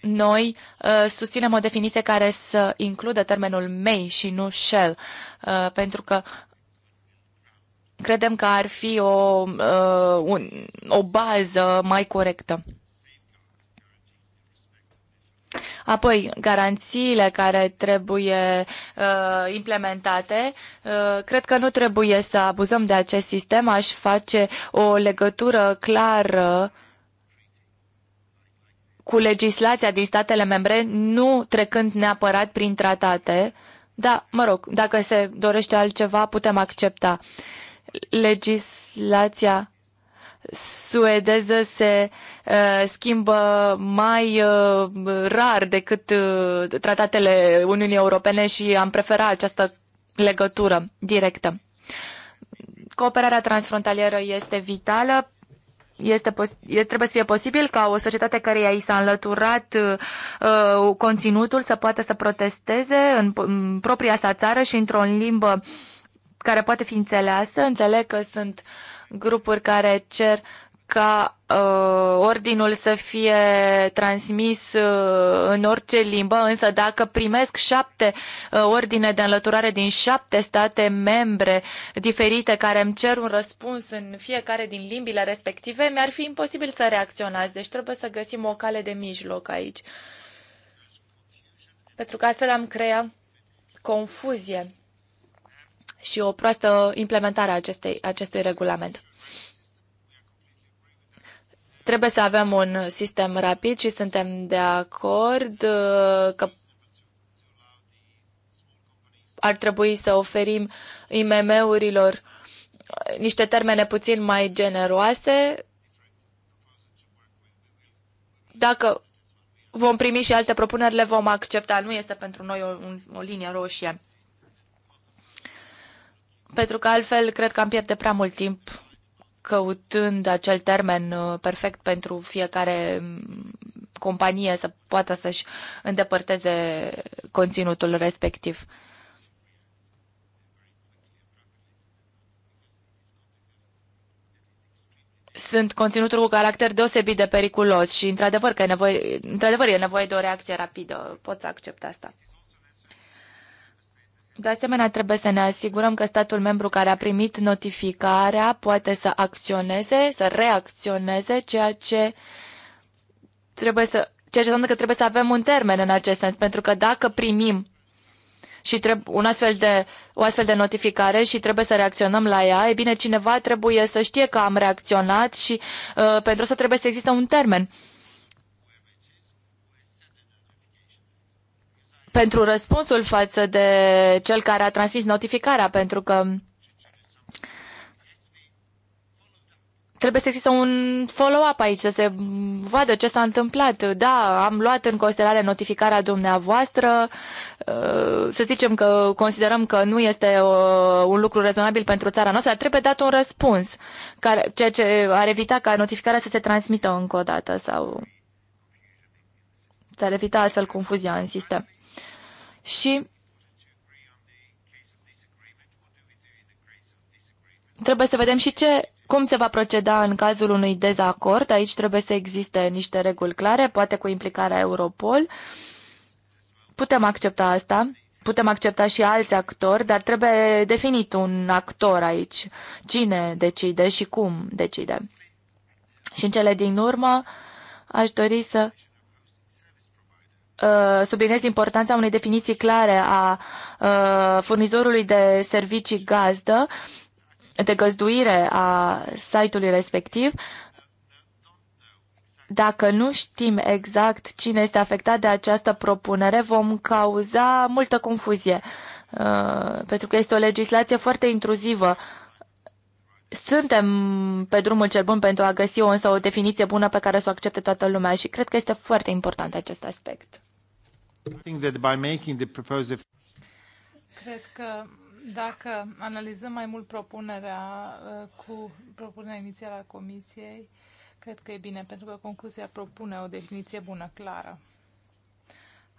noi uh, susținem o definiție care să includă termenul may și nu shall, uh, pentru că credem că ar fi o, uh, un, o bază mai corectă. Apoi, garanțiile care trebuie uh, implementate, uh, cred că nu trebuie să abuzăm de acest sistem, aș face o legătură clară cu legislația din statele membre, nu trecând neapărat prin tratate. Da, mă rog, dacă se dorește altceva, putem accepta legislația suedeză se uh, schimbă mai uh, rar decât uh, tratatele Uniunii Europene și am preferat această legătură directă. Cooperarea transfrontalieră este vitală. Este trebuie să fie posibil ca o societate care i s-a înlăturat uh, uh, conținutul să poată să protesteze în, în propria sa țară și într-o limbă care poate fi înțeleasă. Înțeleg că sunt uh, grupuri care cer ca uh, ordinul să fie transmis uh, în orice limbă, însă dacă primesc șapte uh, ordine de înlăturare din șapte state membre diferite care îmi cer un răspuns în fiecare din limbile respective, mi-ar fi imposibil să reacționați. Deci trebuie să găsim o cale de mijloc aici. Pentru că altfel am crea confuzie și o proastă implementare a acestei, acestui regulament. Trebuie să avem un sistem rapid și suntem de acord uh, că ar trebui să oferim IMM-urilor niște termene puțin mai generoase. Dacă vom primi și alte propuneri, le vom accepta. Nu este pentru noi o, o linie roșie pentru că altfel cred că am pierde prea mult timp căutând acel termen uh, perfect pentru fiecare mm, companie să poată să-și îndepărteze conținutul respectiv. sunt conținuturi cu caracter deosebit de periculos și, într-adevăr, că e nevoie, într-adevăr, e nevoie de o reacție rapidă. Pot să accept asta. De asemenea, trebuie să ne asigurăm că statul membru care a primit notificarea poate să acționeze, să reacționeze, ceea ce trebuie să ceea ce înseamnă că trebuie să avem un termen în acest sens, pentru că dacă primim și un astfel de, o astfel de notificare și trebuie să reacționăm la ea, e bine, cineva trebuie să știe că am reacționat și uh, pentru asta trebuie să existe un termen. Uh, pentru răspunsul față de cel care a transmis notificarea, pentru că trebuie să există un follow-up aici, să se vadă ce s-a întâmplat. Da, am luat în considerare notificarea dumneavoastră, uh, să zicem că considerăm că nu este uh, un lucru rezonabil pentru țara noastră, dar trebuie dat un răspuns, care, ceea ce ar evita ca notificarea să se transmită încă o dată sau ți ar evita astfel confuzia în sistem și trebuie să vedem și ce, cum se va proceda în cazul unui dezacord. Aici trebuie să existe niște reguli clare, poate cu implicarea Europol. Putem accepta asta, putem accepta și alți actori, dar trebuie definit un actor aici. Cine decide și cum decide. Și în cele din urmă aș dori să Uh, subliniez importanța unei definiții clare a uh, furnizorului de servicii gazdă, de găzduire a site-ului respectiv. Dacă nu știm exact cine este afectat de această propunere, vom cauza multă confuzie, uh, pentru că este o legislație foarte intruzivă suntem pe drumul cel bun pentru a găsi o, însă o definiție bună pe care să o accepte toată lumea și cred că este foarte important acest aspect. Cred că dacă analizăm mai mult propunerea uh, cu propunerea inițială a Comisiei, cred că e bine, pentru că concluzia propune o definiție bună, clară.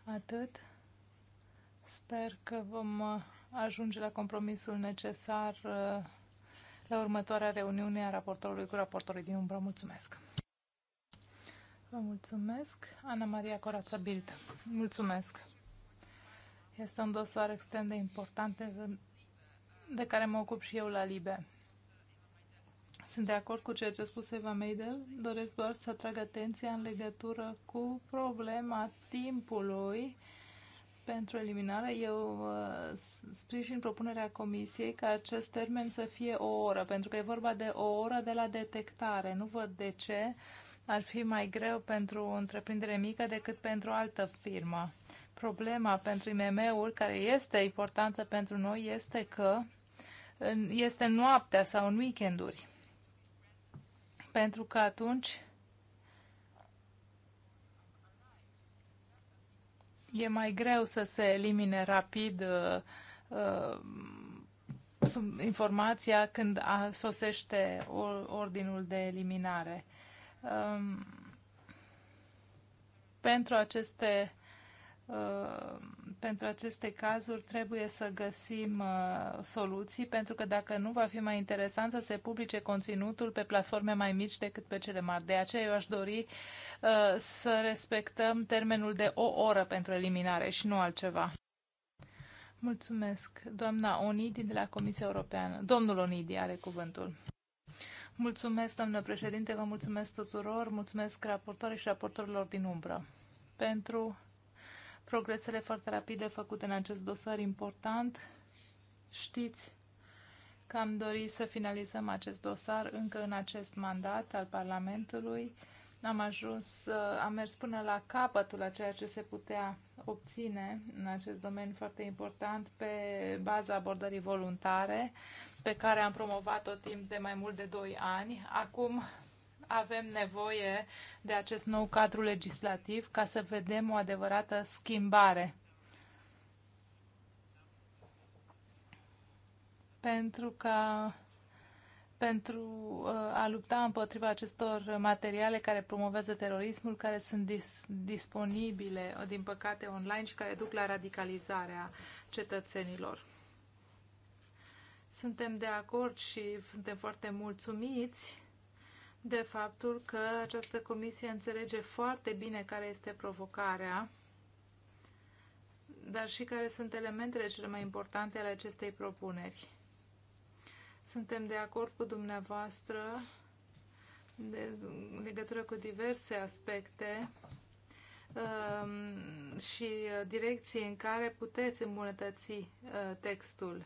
Atât. Sper că vom uh, ajunge la compromisul necesar uh, la următoarea reuniune a raportorului cu raportorii din umbră. Mulțumesc! Vă mulțumesc. Ana Maria Corața Bild. Mulțumesc. Este un dosar extrem de important de care mă ocup și eu la LIBE. Sunt de acord cu ceea ce a spus Eva Meidel. Doresc doar să atrag atenția în legătură cu problema timpului pentru eliminare. Eu uh, sprijin propunerea comisiei ca acest termen să fie o oră, pentru că e vorba de o oră de la detectare. Nu văd de ce uh, ar fi mai greu pentru o întreprindere mică decât pentru o altă firmă. Problema pentru IMM-uri, care este importantă pentru noi, este că este noaptea sau în weekenduri. Pentru că atunci e mai greu să se elimine rapid uh, uh informația când a, sosește ordinul de eliminare um, pentru aceste uh, pentru aceste cazuri trebuie să găsim uh, soluții, pentru că dacă nu va fi mai interesant să se publice conținutul pe platforme mai mici decât pe cele mari. De aceea eu aș dori uh, să respectăm termenul de o oră pentru eliminare și nu altceva. Mulțumesc. Doamna Onidi de la Comisia Europeană. Domnul Onidi are cuvântul. Mulțumesc, doamnă președinte, vă mulțumesc tuturor, mulțumesc raportorii și raportorilor din umbră pentru progresele foarte rapide făcute în acest dosar important. Știți că am dorit să finalizăm acest dosar încă în acest mandat al Parlamentului. Am ajuns, am mers până la capătul a ceea ce se putea obține în acest domeniu foarte important pe baza abordării voluntare pe care am promovat-o timp de mai mult de 2 ani. Acum avem nevoie de acest nou cadru legislativ ca să vedem o adevărată schimbare. Pentru că pentru uh, a lupta împotriva acestor materiale care promovează terorismul, care sunt dis- disponibile, din păcate, online și care duc la radicalizarea cetățenilor. Suntem de acord și suntem foarte mulțumiți de faptul că această comisie înțelege foarte bine care este provocarea, dar și care sunt elementele cele mai importante ale acestei propuneri. Suntem de acord cu dumneavoastră de legătură cu diverse aspecte um, și uh, direcții în care puteți îmbunătăți uh, textul.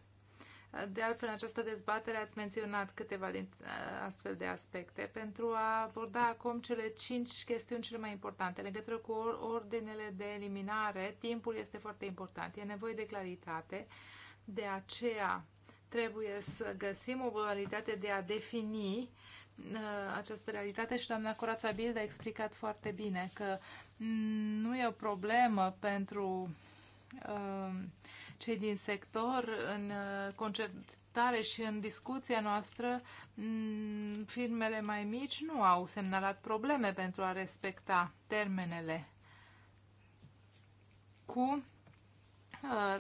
De altfel, în această dezbatere ați menționat câteva din uh, astfel de aspecte pentru a aborda acum cele cinci chestiuni cele mai importante. Legătură cu ordinele de eliminare, timpul este foarte important. E nevoie de claritate. De aceea trebuie să găsim o modalitate de a defini uh, această realitate și doamna Curața Bild a explicat foarte bine că nu e o problemă pentru uh, cei din sector în uh, concertare și în discuția noastră, mm, firmele mai mici nu au semnalat probleme pentru a respecta termenele cu uh,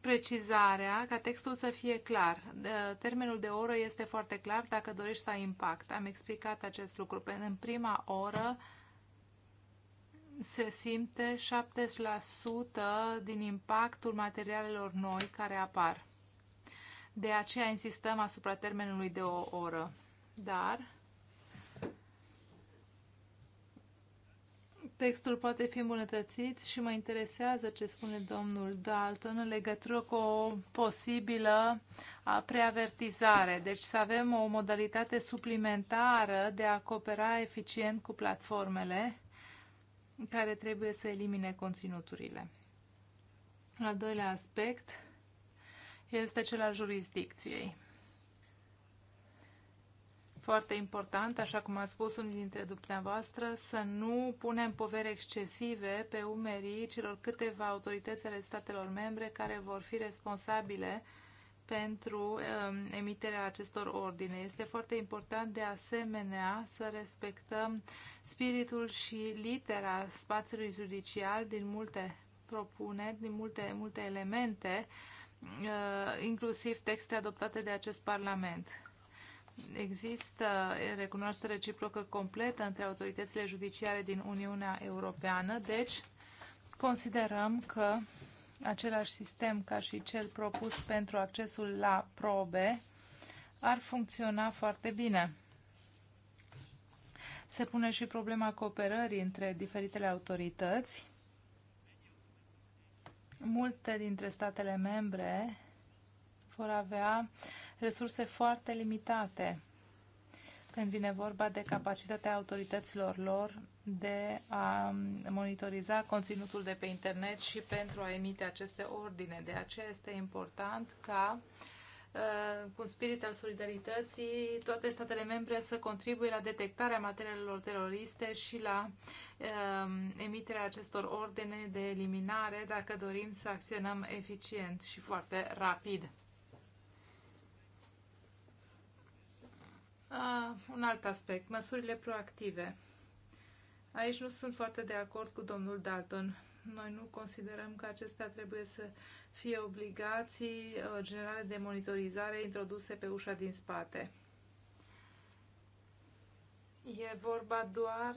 precizarea ca textul să fie clar. Termenul de oră este foarte clar dacă dorești să ai impact. Am explicat acest lucru. În prima oră se simte 70% din impactul materialelor noi care apar. De aceea insistăm asupra termenului de o oră. Dar textul poate fi îmbunătățit și mă interesează ce spune domnul Dalton în legătură cu o posibilă preavertizare. Deci să avem o modalitate suplimentară de a coopera eficient cu platformele care trebuie să elimine conținuturile. al doilea aspect este cel al jurisdicției. Foarte important, așa cum ați spus unii dintre dumneavoastră, să nu punem povere excesive pe umerii celor câteva autorități ale statelor membre care vor fi responsabile uh, pentru um, emiterea acestor ordine. Este foarte important de asemenea să respectăm spiritul și litera spațiului judicial din multe propuneri, din multe, multe elemente, uh, inclusiv texte adoptate de acest Parlament. Există recunoaștere reciprocă completă între autoritățile judiciare din Uniunea Europeană, deci considerăm că același sistem ca și cel propus pentru accesul la probe, ar funcționa foarte bine. Se pune și problema cooperării între diferitele autorități. Multe dintre statele membre vor avea resurse foarte limitate când vine vorba de capacitatea autorităților lor de a monitoriza conținutul de pe internet și pentru a emite aceste ordine. De aceea este important ca uh, cu spirit al solidarității, toate statele membre să contribuie la detectarea materialelor teroriste și la uh, emiterea acestor ordine de eliminare dacă dorim să acționăm eficient și foarte rapid. Uh, un alt aspect, măsurile proactive. Aici nu sunt foarte de acord cu domnul Dalton. Noi nu considerăm că acestea trebuie să fie obligații uh, generale de monitorizare introduse pe ușa din spate. E vorba doar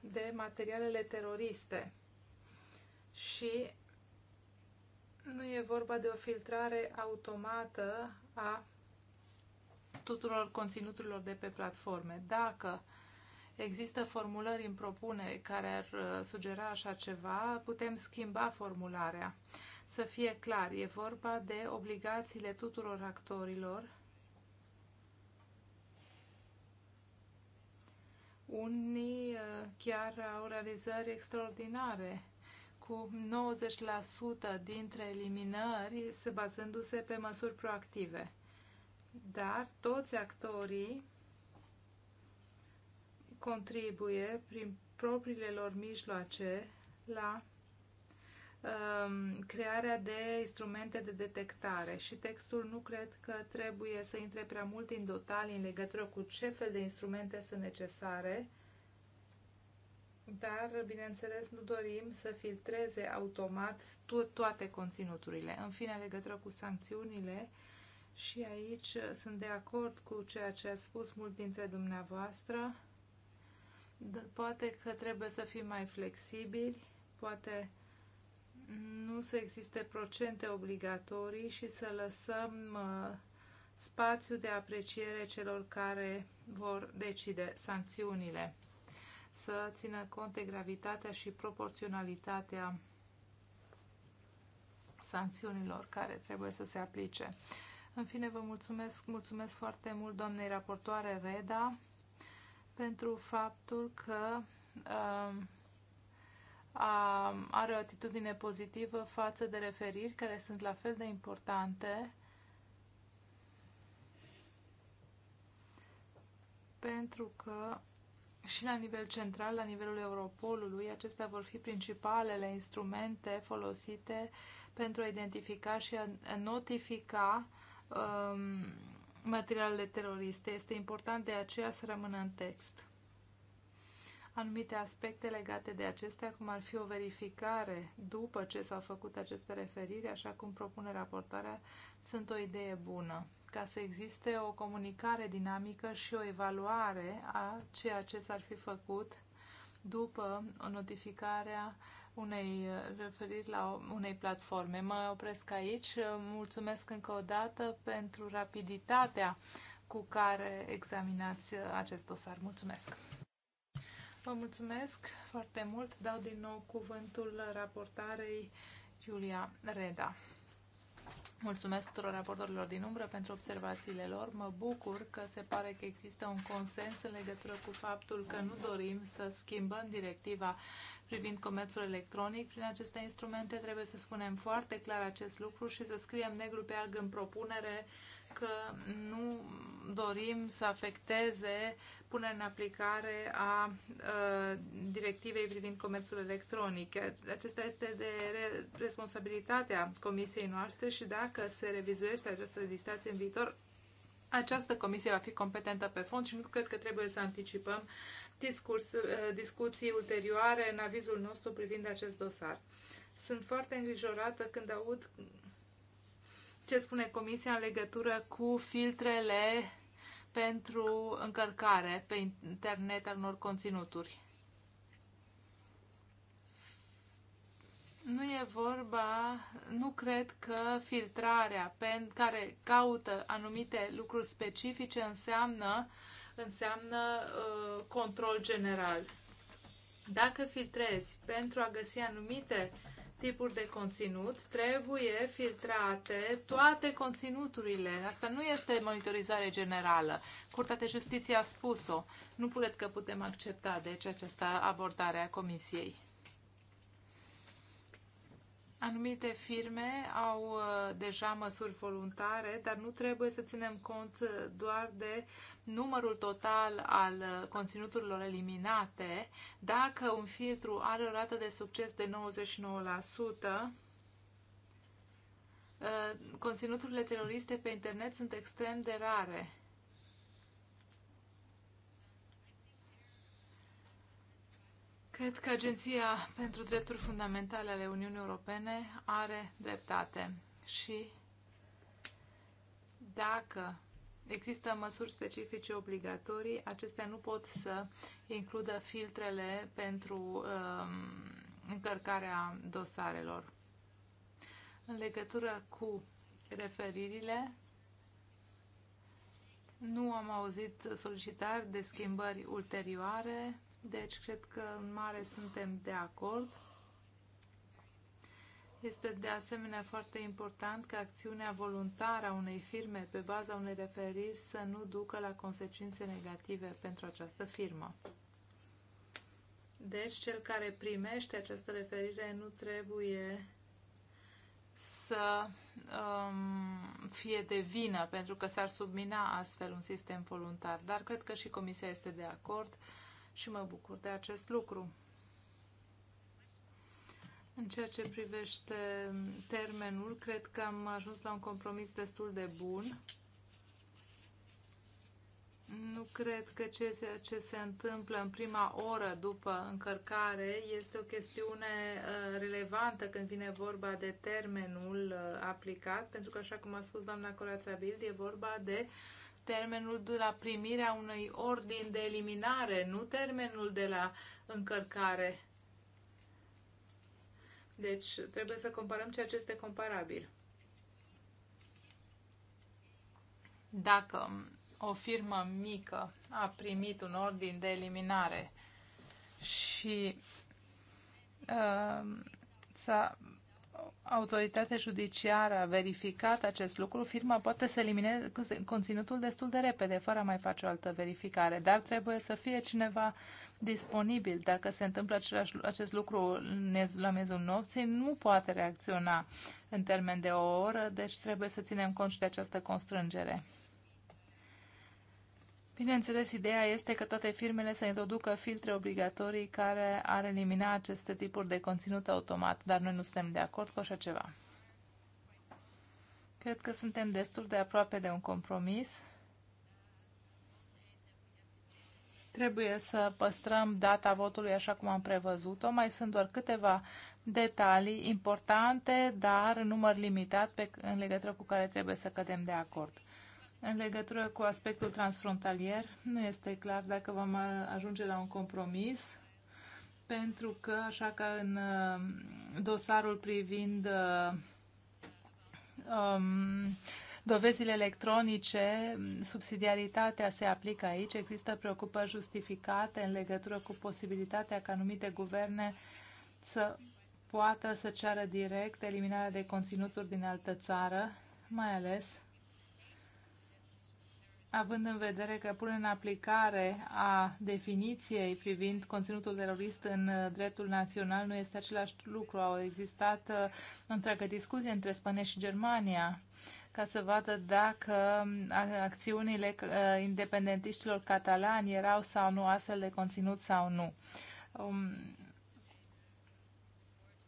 de materialele teroriste și nu e vorba de o filtrare automată a tuturor conținuturilor de pe platforme. Dacă Există formulări în propunere care ar uh, sugera așa ceva, putem schimba formularea. Să fie clar, e vorba de obligațiile tuturor actorilor Unii uh, chiar au realizări extraordinare, cu 90% dintre eliminări se bazându-se pe măsuri proactive. Dar toți actorii contribuie prin propriile lor mijloace la um, crearea de instrumente de detectare și textul nu cred că trebuie să intre prea mult în detalii în legătură cu ce fel de instrumente sunt necesare, dar, bineînțeles, nu dorim să filtreze automat to toate conținuturile. În fine, în legătură cu sancțiunile, și aici sunt de acord cu ceea ce a spus mult dintre dumneavoastră, Poate că trebuie să fim mai flexibili, poate nu să existe procente obligatorii și să lăsăm uh, spațiu de apreciere celor care vor decide sancțiunile, să țină cont de gravitatea și proporționalitatea sancțiunilor care trebuie să se aplice. În fine, vă mulțumesc, mulțumesc foarte mult doamnei raportoare Reda pentru faptul că uh, a, are o atitudine pozitivă față de referiri care sunt la fel de importante pentru că și la nivel central, la nivelul Europolului, acestea vor fi principalele instrumente folosite pentru a identifica și a notifica um, materialele teroriste. Este important de aceea să rămână în text. Anumite aspecte legate de acestea, cum ar fi o verificare după ce s-au făcut aceste referiri, așa cum propune raportarea, sunt o idee bună ca să existe o comunicare dinamică și o evaluare a ceea ce s-ar fi făcut după notificarea uh, unei uh, referiri la unei platforme. Mă opresc aici. Uh, mulțumesc încă o dată pentru rapiditatea cu care examinați uh, acest dosar. Mulțumesc! Vă mulțumesc foarte mult. Dau din nou cuvântul raportarei Iulia Reda. Mulțumesc tuturor raportorilor din umbră pentru observațiile lor. Mă bucur că se pare că există un consens în legătură cu faptul că nu dorim să schimbăm directiva privind comerțul electronic. Prin aceste instrumente trebuie să spunem foarte clar acest lucru și să scriem negru pe alb în propunere că nu dorim să afecteze punerea în aplicare a, a directivei privind comerțul electronic. Acesta este de re responsabilitatea comisiei noastre și dacă se revizuiește această distanție în viitor, această comisie va fi competentă pe fond și nu cred că trebuie să anticipăm discurs, ă, discuții ulterioare în avizul nostru privind acest dosar. Sunt foarte îngrijorată când aud ce spune Comisia în legătură cu filtrele pentru încărcare pe internet al unor conținuturi. Nu e vorba, nu cred că filtrarea pe care caută anumite lucruri specifice înseamnă, înseamnă uh, control general. Dacă filtrezi pentru a găsi anumite uh, tipuri de conținut, trebuie filtrate toate conținuturile. Asta nu este monitorizare generală. Curtea de Justiție a spus-o. Nu cred că putem accepta, deci, această abordare a Comisiei. Anumite firme au uh, deja măsuri voluntare, dar nu trebuie să ținem cont uh, doar de numărul total al uh, conținuturilor eliminate. Dacă un filtru are o rată de succes de 99%, conținuturile teroriste pe internet sunt extrem de rare Cred că Agenția pentru Drepturi Fundamentale ale Uniunii Europene are dreptate și dacă există măsuri specifice obligatorii, acestea nu pot să includă filtrele pentru um, încărcarea dosarelor. În legătură cu referirile, nu am auzit solicitări de schimbări ulterioare deci, cred că în mare suntem de acord. Este de asemenea foarte important că acțiunea voluntară a unei firme pe baza unei referiri să nu ducă la consecințe negative pentru această firmă. Deci, cel care primește această referire nu trebuie să um, fie de vină, pentru că s-ar submina astfel un sistem voluntar. Dar cred că și Comisia este de acord uh, și mă bucur de acest lucru. În ceea ce privește termenul, cred că am ajuns la un compromis destul de bun. Nu cred că ceea ce se întâmplă în prima oră după încărcare este o chestiune uh, relevantă când vine vorba de termenul uh, aplicat, pentru că, așa cum a spus doamna Corața Bild, e vorba de uh, termenul de la primirea unui ordin de eliminare, nu termenul de la încărcare. Deci trebuie să comparăm ceea ce este comparabil. Dacă o firmă mică a primit un ordin de eliminare și uh, s-a autoritatea judiciară a verificat acest lucru, firma poate să elimine conținutul destul de repede, fără a mai face o altă verificare, dar trebuie să fie cineva disponibil. Dacă se întâmplă același, acest lucru la miezul nopții, nu poate reacționa în termen de o oră, deci trebuie să ținem cont și de această constrângere. Bineînțeles, ideea este că toate firmele să introducă filtre obligatorii care ar elimina aceste tipuri de conținut automat, dar noi nu suntem de acord cu așa ceva. Cred că suntem destul de aproape de un compromis. Trebuie să păstrăm data votului așa cum am prevăzut-o. Mai sunt doar câteva detalii importante, dar în număr limitat pe, în legătură cu care trebuie să cădem de acord. În legătură cu aspectul transfrontalier, nu este clar dacă vom uh, ajunge la un compromis, pentru că, așa ca în uh, dosarul privind uh, um, dovezile electronice, subsidiaritatea se aplică aici. Există preocupări justificate în legătură cu posibilitatea ca anumite guverne să poată să ceară direct eliminarea de conținuturi din altă țară, mai ales având în vedere că pune în aplicare a definiției privind conținutul terorist în uh, dreptul național nu este același lucru. Au existat uh, întreagă discuție între Spania și Germania ca să vadă dacă um, acțiunile uh, independentiștilor catalani erau sau nu astfel de conținut sau nu. Um,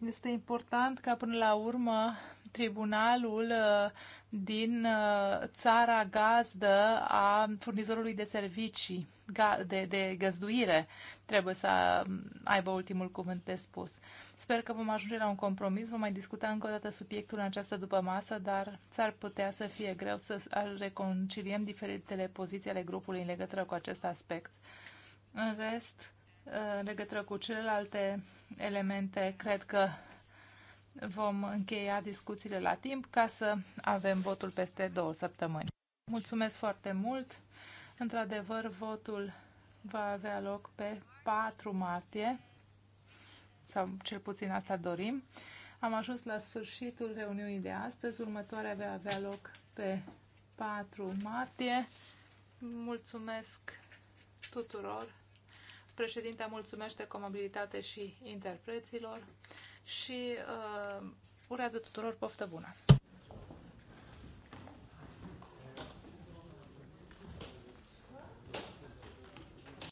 este important ca până la urmă tribunalul uh, din uh, țara gazdă a furnizorului de servicii, de, de găzduire, trebuie să um, aibă ultimul cuvânt de spus. Sper că vom ajunge la un compromis, vom mai discuta încă o dată subiectul în această după masă, dar ți ar putea să fie greu să reconciliem diferitele poziții ale grupului în legătură cu acest aspect. În rest, uh, în legătură cu celelalte elemente, cred că vom încheia discuțiile la timp ca să avem votul peste două săptămâni. Mulțumesc foarte mult! Într-adevăr, votul va avea loc pe 4 martie, sau cel puțin asta dorim. Am ajuns la sfârșitul reuniunii de astăzi. Următoarea va avea loc pe 4 martie. Mulțumesc tuturor! Președinta mulțumește comabilitate și interpreților și uh, urează tuturor poftă bună!